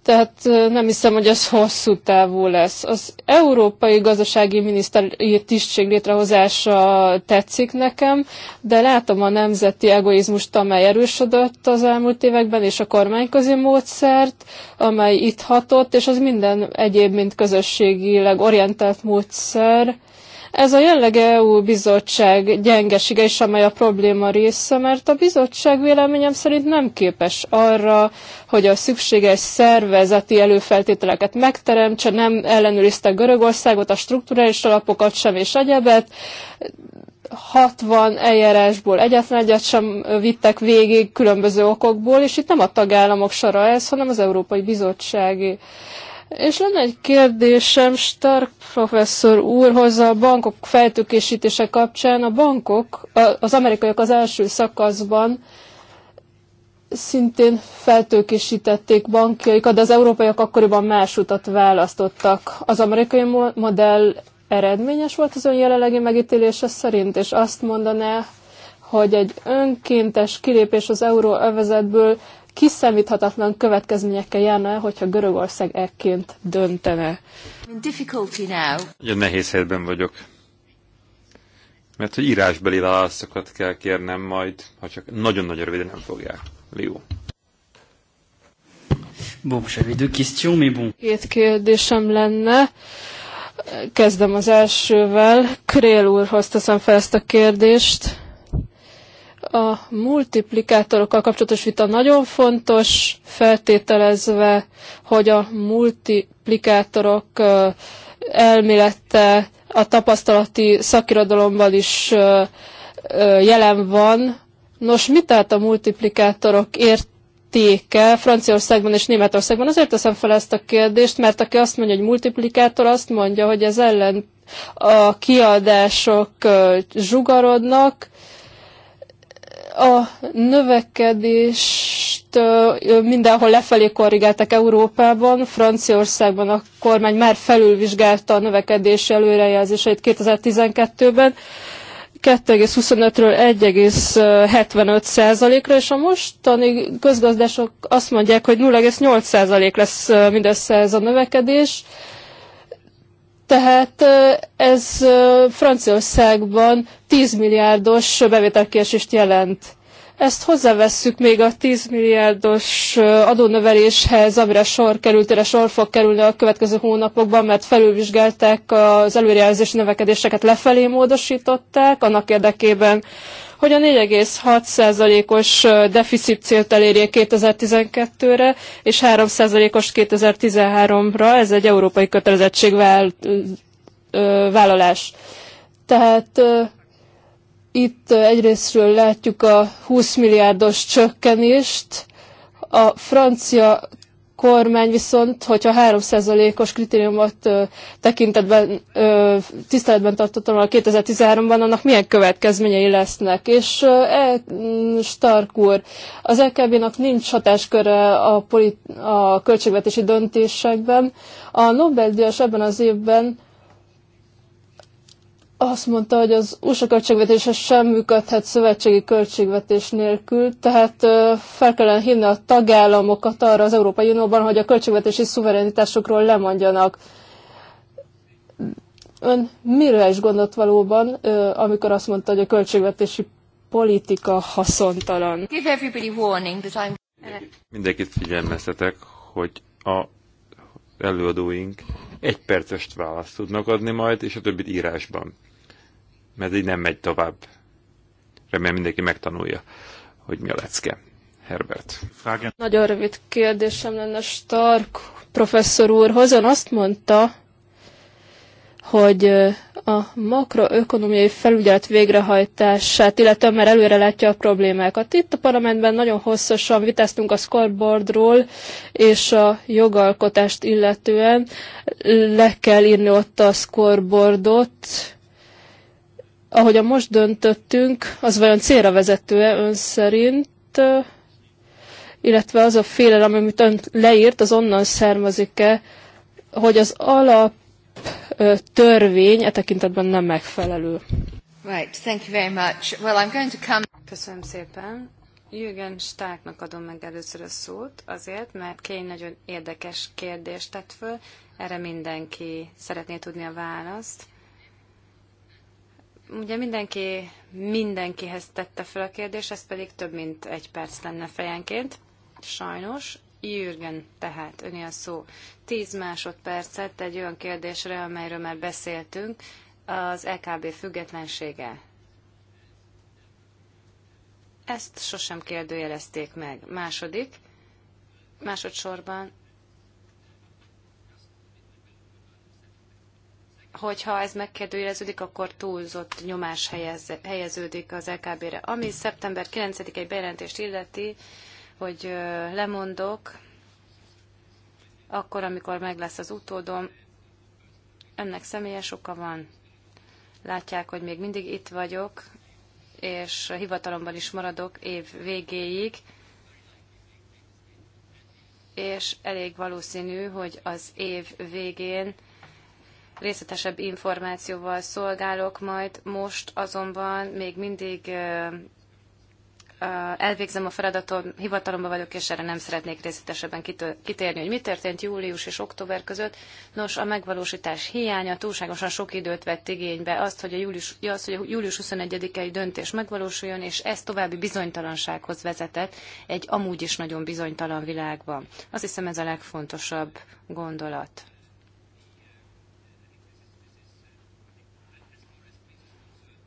tehát nem hiszem, hogy ez hosszú távú lesz. Az európai gazdasági miniszteri tisztség létrehozása tetszik nekem, de látom a nemzeti egoizmust, amely erősödött az elmúlt években, és a kormányközi módszert, amely itt hatott, és az minden egyéb, mint közösségileg orientált módszer, ez a jellege EU bizottság gyengesége is, amely a probléma része, mert a bizottság véleményem szerint nem képes arra, hogy a szükséges szervezeti előfeltételeket megteremtse, nem ellenőrizte Görögországot, a strukturális alapokat sem és egyebet. 60 eljárásból egyetlen egyet sem vittek végig különböző okokból, és itt nem a tagállamok sora ez, hanem az Európai Bizottság. És lenne egy kérdésem Stark professzor úrhoz a bankok feltökésítése kapcsán. A bankok, az amerikaiak az első szakaszban szintén feltőkésítették bankjaikat, de az európaiak akkoriban más utat választottak. Az amerikai modell eredményes volt az ön jelenlegi megítélése szerint, és azt mondaná, hogy egy önkéntes kilépés az euróövezetből kiszámíthatatlan következményekkel járna el, hogyha Görögország ekként döntene. Nagyon nehéz helyben vagyok. Mert hogy írásbeli válaszokat kell kérnem majd, ha csak nagyon-nagyon röviden nem fogják. Lió. Bon, j'avais deux questions, mais bon. Két kérdésem lenne. Kezdem az elsővel. Krél úrhoz teszem fel ezt a kérdést a multiplikátorokkal kapcsolatos vita nagyon fontos, feltételezve, hogy a multiplikátorok elmélete a tapasztalati szakirodalomban is jelen van. Nos, mit tehát a multiplikátorok ért téke Franciaországban és Németországban. Azért teszem fel ezt a kérdést, mert aki azt mondja, hogy multiplikátor, azt mondja, hogy ez ellen a kiadások zsugarodnak, a növekedést mindenhol lefelé korrigáltak Európában, Franciaországban a kormány már felülvizsgálta a növekedés előrejelzéseit 2012-ben, 2,25-ről 1,75 százalékra, és a mostani közgazdások azt mondják, hogy 0,8 százalék lesz mindössze ez a növekedés, tehát ez Franciaországban 10 milliárdos bevételkiesést jelent. Ezt hozzávesszük még a 10 milliárdos adónöveléshez, amire sor került, erre sor fog kerülni a következő hónapokban, mert felülvizsgálták az előrejelzési növekedéseket lefelé módosították, annak érdekében, hogy a 4,6%-os deficit célt elérje 2012-re, és 3%-os 2013-ra, ez egy európai kötelezettségvállalás. Tehát itt egyrésztről látjuk a 20 milliárdos csökkenést, a francia kormány viszont, hogyha 3%-os kritériumot tekintetben, tiszteletben tartottam a 2013-ban, annak milyen következményei lesznek. És e, mm, Stark úr, az LKB-nak e nincs hatásköre a, polit, a költségvetési döntésekben. A Nobel-díjas ebben az évben azt mondta, hogy az USA költségvetése sem működhet szövetségi költségvetés nélkül, tehát fel kellene hívni a tagállamokat arra az Európai Unióban, hogy a költségvetési szuverenitásokról lemondjanak. Ön mire is gondolt valóban, amikor azt mondta, hogy a költségvetési politika haszontalan? Mindenkit figyelmeztetek, hogy a előadóink egy percest választ tudnak adni majd, és a többit írásban mert így nem megy tovább. Remélem mindenki megtanulja, hogy mi a lecke. Herbert. Fragen. Nagyon rövid kérdésem lenne Stark professzor úrhoz. Ön azt mondta, hogy a makroökonomiai felügyelet végrehajtását, illetve már előre látja a problémákat. Itt a parlamentben nagyon hosszasan vitáztunk a scoreboardról, és a jogalkotást illetően le kell írni ott a scoreboardot, ahogyan most döntöttünk, az vajon célra vezető-e ön szerint, illetve az a félelem, amit ön leírt, az onnan származik-e, hogy az alap törvény e tekintetben nem megfelelő. Right, thank you very much. Well, I'm going to come... Köszönöm szépen. Jürgen Stáknak adom meg először a szót, azért, mert Kény nagyon érdekes kérdést tett föl, erre mindenki szeretné tudni a választ. Ugye mindenki mindenkihez tette fel a kérdést, ez pedig több mint egy perc lenne fejenként. Sajnos. Jürgen, tehát öné a szó. Tíz másodpercet egy olyan kérdésre, amelyről már beszéltünk, az EKB függetlensége. Ezt sosem kérdőjelezték meg. Második, másodszorban hogyha ez megkérdőjeleződik, akkor túlzott nyomás helyez, helyeződik az LKB-re. Ami szeptember 9 egy bejelentést illeti, hogy lemondok, akkor, amikor meg lesz az utódom, ennek személyes oka van. Látják, hogy még mindig itt vagyok, és hivatalomban is maradok év végéig, és elég valószínű, hogy az év végén részletesebb információval szolgálok majd. Most azonban még mindig elvégzem a feladatot. hivatalomban vagyok, és erre nem szeretnék részletesebben kitérni, hogy mi történt július és október között. Nos, a megvalósítás hiánya túlságosan sok időt vett igénybe azt, hogy a július, az, hogy a július 21-i döntés megvalósuljon, és ez további bizonytalansághoz vezetett egy amúgy is nagyon bizonytalan világban. Azt hiszem ez a legfontosabb gondolat.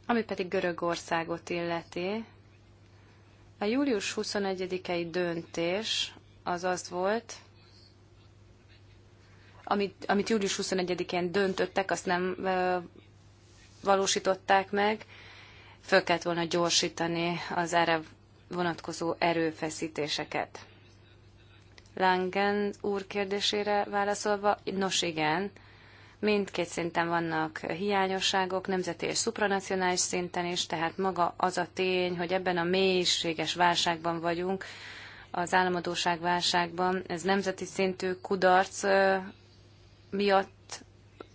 Ami pedig Görögországot illeti, a július 21-i döntés az az volt, amit, amit július 21-én döntöttek, azt nem ö, valósították meg, föl kellett volna gyorsítani az erre vonatkozó erőfeszítéseket. Langen úr kérdésére válaszolva, nos igen, Mindkét szinten vannak hiányosságok, nemzeti és szupranacionális szinten is, tehát maga az a tény, hogy ebben a mélységes válságban vagyunk, az államadóság válságban, ez nemzeti szintű kudarc miatt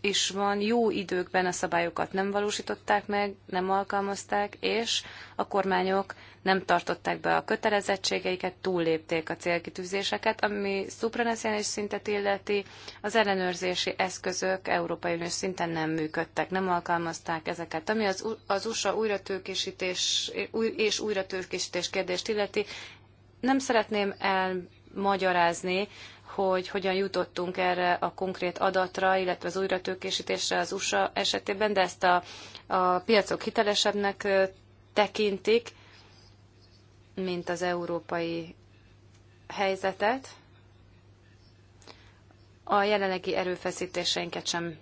is van, jó időkben a szabályokat nem valósították meg, nem alkalmazták, és a kormányok nem tartották be a kötelezettségeiket, túllépték a célkitűzéseket, ami szupranacionális szintet illeti, az ellenőrzési eszközök Európai Uniós szinten nem működtek, nem alkalmazták ezeket. Ami az, az USA újratőkésítés és újratőkésítés kérdést illeti, nem szeretném elmagyarázni, hogy hogyan jutottunk erre a konkrét adatra, illetve az újratőkésítésre az USA esetében, de ezt a, a piacok hitelesebbnek tekintik, mint az európai helyzetet. A jelenlegi erőfeszítéseinket sem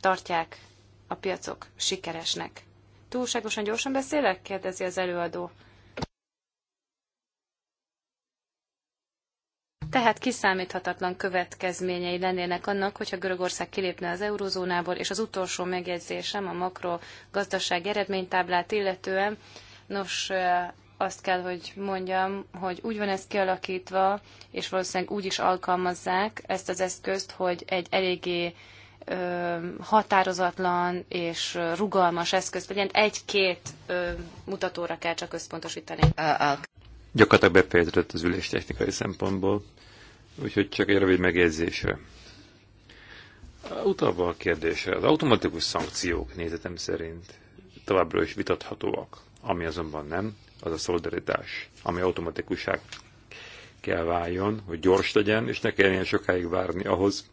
tartják a piacok sikeresnek. Túlságosan gyorsan beszélek? kérdezi az előadó. Tehát kiszámíthatatlan következményei lennének annak, hogyha Görögország kilépne az eurozónából, és az utolsó megjegyzésem a makro gazdaság eredménytáblát illetően. Nos, azt kell, hogy mondjam, hogy úgy van ez kialakítva, és valószínűleg úgy is alkalmazzák ezt az eszközt, hogy egy eléggé határozatlan és rugalmas eszköz, vagy egy-két mutatóra kell csak összpontosítani. Gyakorlatilag befejeződött az ülés technikai szempontból, úgyhogy csak egy rövid megjegyzésre. Utalva a kérdésre, az automatikus szankciók nézetem szerint továbbra is vitathatóak, ami azonban nem, az a szolidaritás, ami automatikusság kell váljon, hogy gyors legyen, és ne kelljen sokáig várni ahhoz,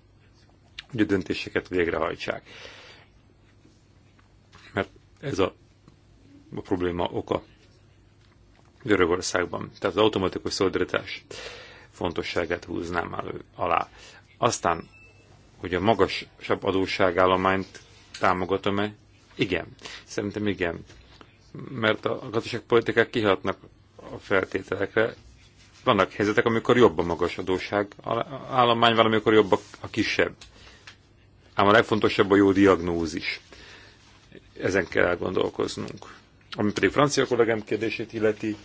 hogy a döntéseket végrehajtsák. Mert ez a, a probléma oka Görögországban. Tehát az automatikus szolidaritás fontosságát húznám elő, alá. Aztán, hogy a magasabb adósságállományt támogatom-e? Igen. Szerintem igen mert a gazdaságpolitikák kihatnak a feltételekre. Vannak helyzetek, amikor jobb a magas adóság állomány, van, amikor jobb a kisebb. Ám a legfontosabb a jó diagnózis. Ezen kell elgondolkoznunk. Ami pedig francia kollégám kérdését illeti,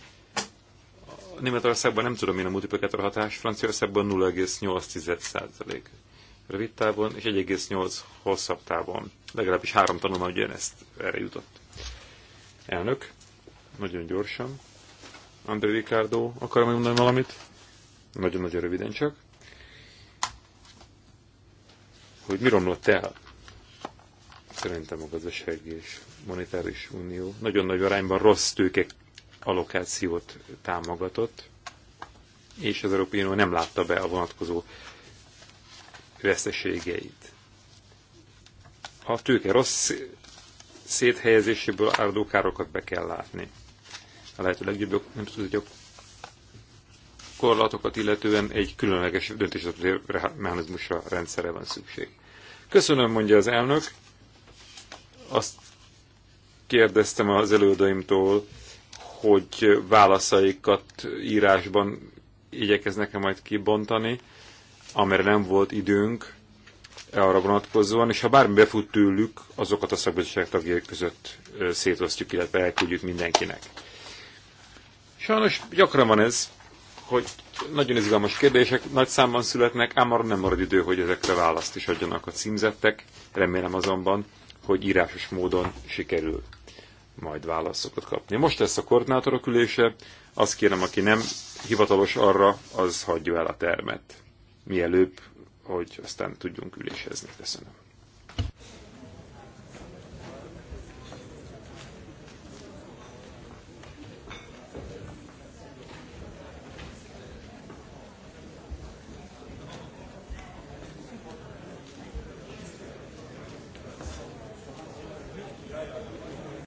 Németországban nem tudom én a multiplikátor hatás, Franciaországban 0,8%. Rövid távon és 1,8 hosszabb távon. Legalábbis három tanulmány ugyanezt erre jutott. Elnök, nagyon gyorsan. André Ricardo, akarom mondani valamit? Nagyon-nagyon röviden csak. Hogy mi romlott el? Szerintem a gazdasági és monetáris unió nagyon nagy arányban rossz tőkek allokációt támogatott, és az Európai Unió nem látta be a vonatkozó veszteségeit. A tőke rossz széthelyezéséből áradó károkat be kell látni. A lehető legjobb nemzetközi korlátokat illetően egy különleges döntéshozatai mechanizmusra, rendszerre van szükség. Köszönöm, mondja az elnök. Azt kérdeztem az előadóimtól, hogy válaszaikat írásban igyekeznek-e majd kibontani, amire nem volt időnk, arra vonatkozóan, és ha bármi befut tőlük, azokat a szakbizottság tagjai között szétosztjuk, illetve elküldjük mindenkinek. Sajnos gyakran van ez, hogy nagyon izgalmas kérdések, nagy számban születnek, ám arra nem marad idő, hogy ezekre választ is adjanak a címzettek. Remélem azonban, hogy írásos módon sikerül majd válaszokat kapni. Most lesz a koordinátorok ülése, azt kérem, aki nem hivatalos arra, az hagyja el a termet. Mielőbb hogy aztán tudjunk ülésezni. Köszönöm.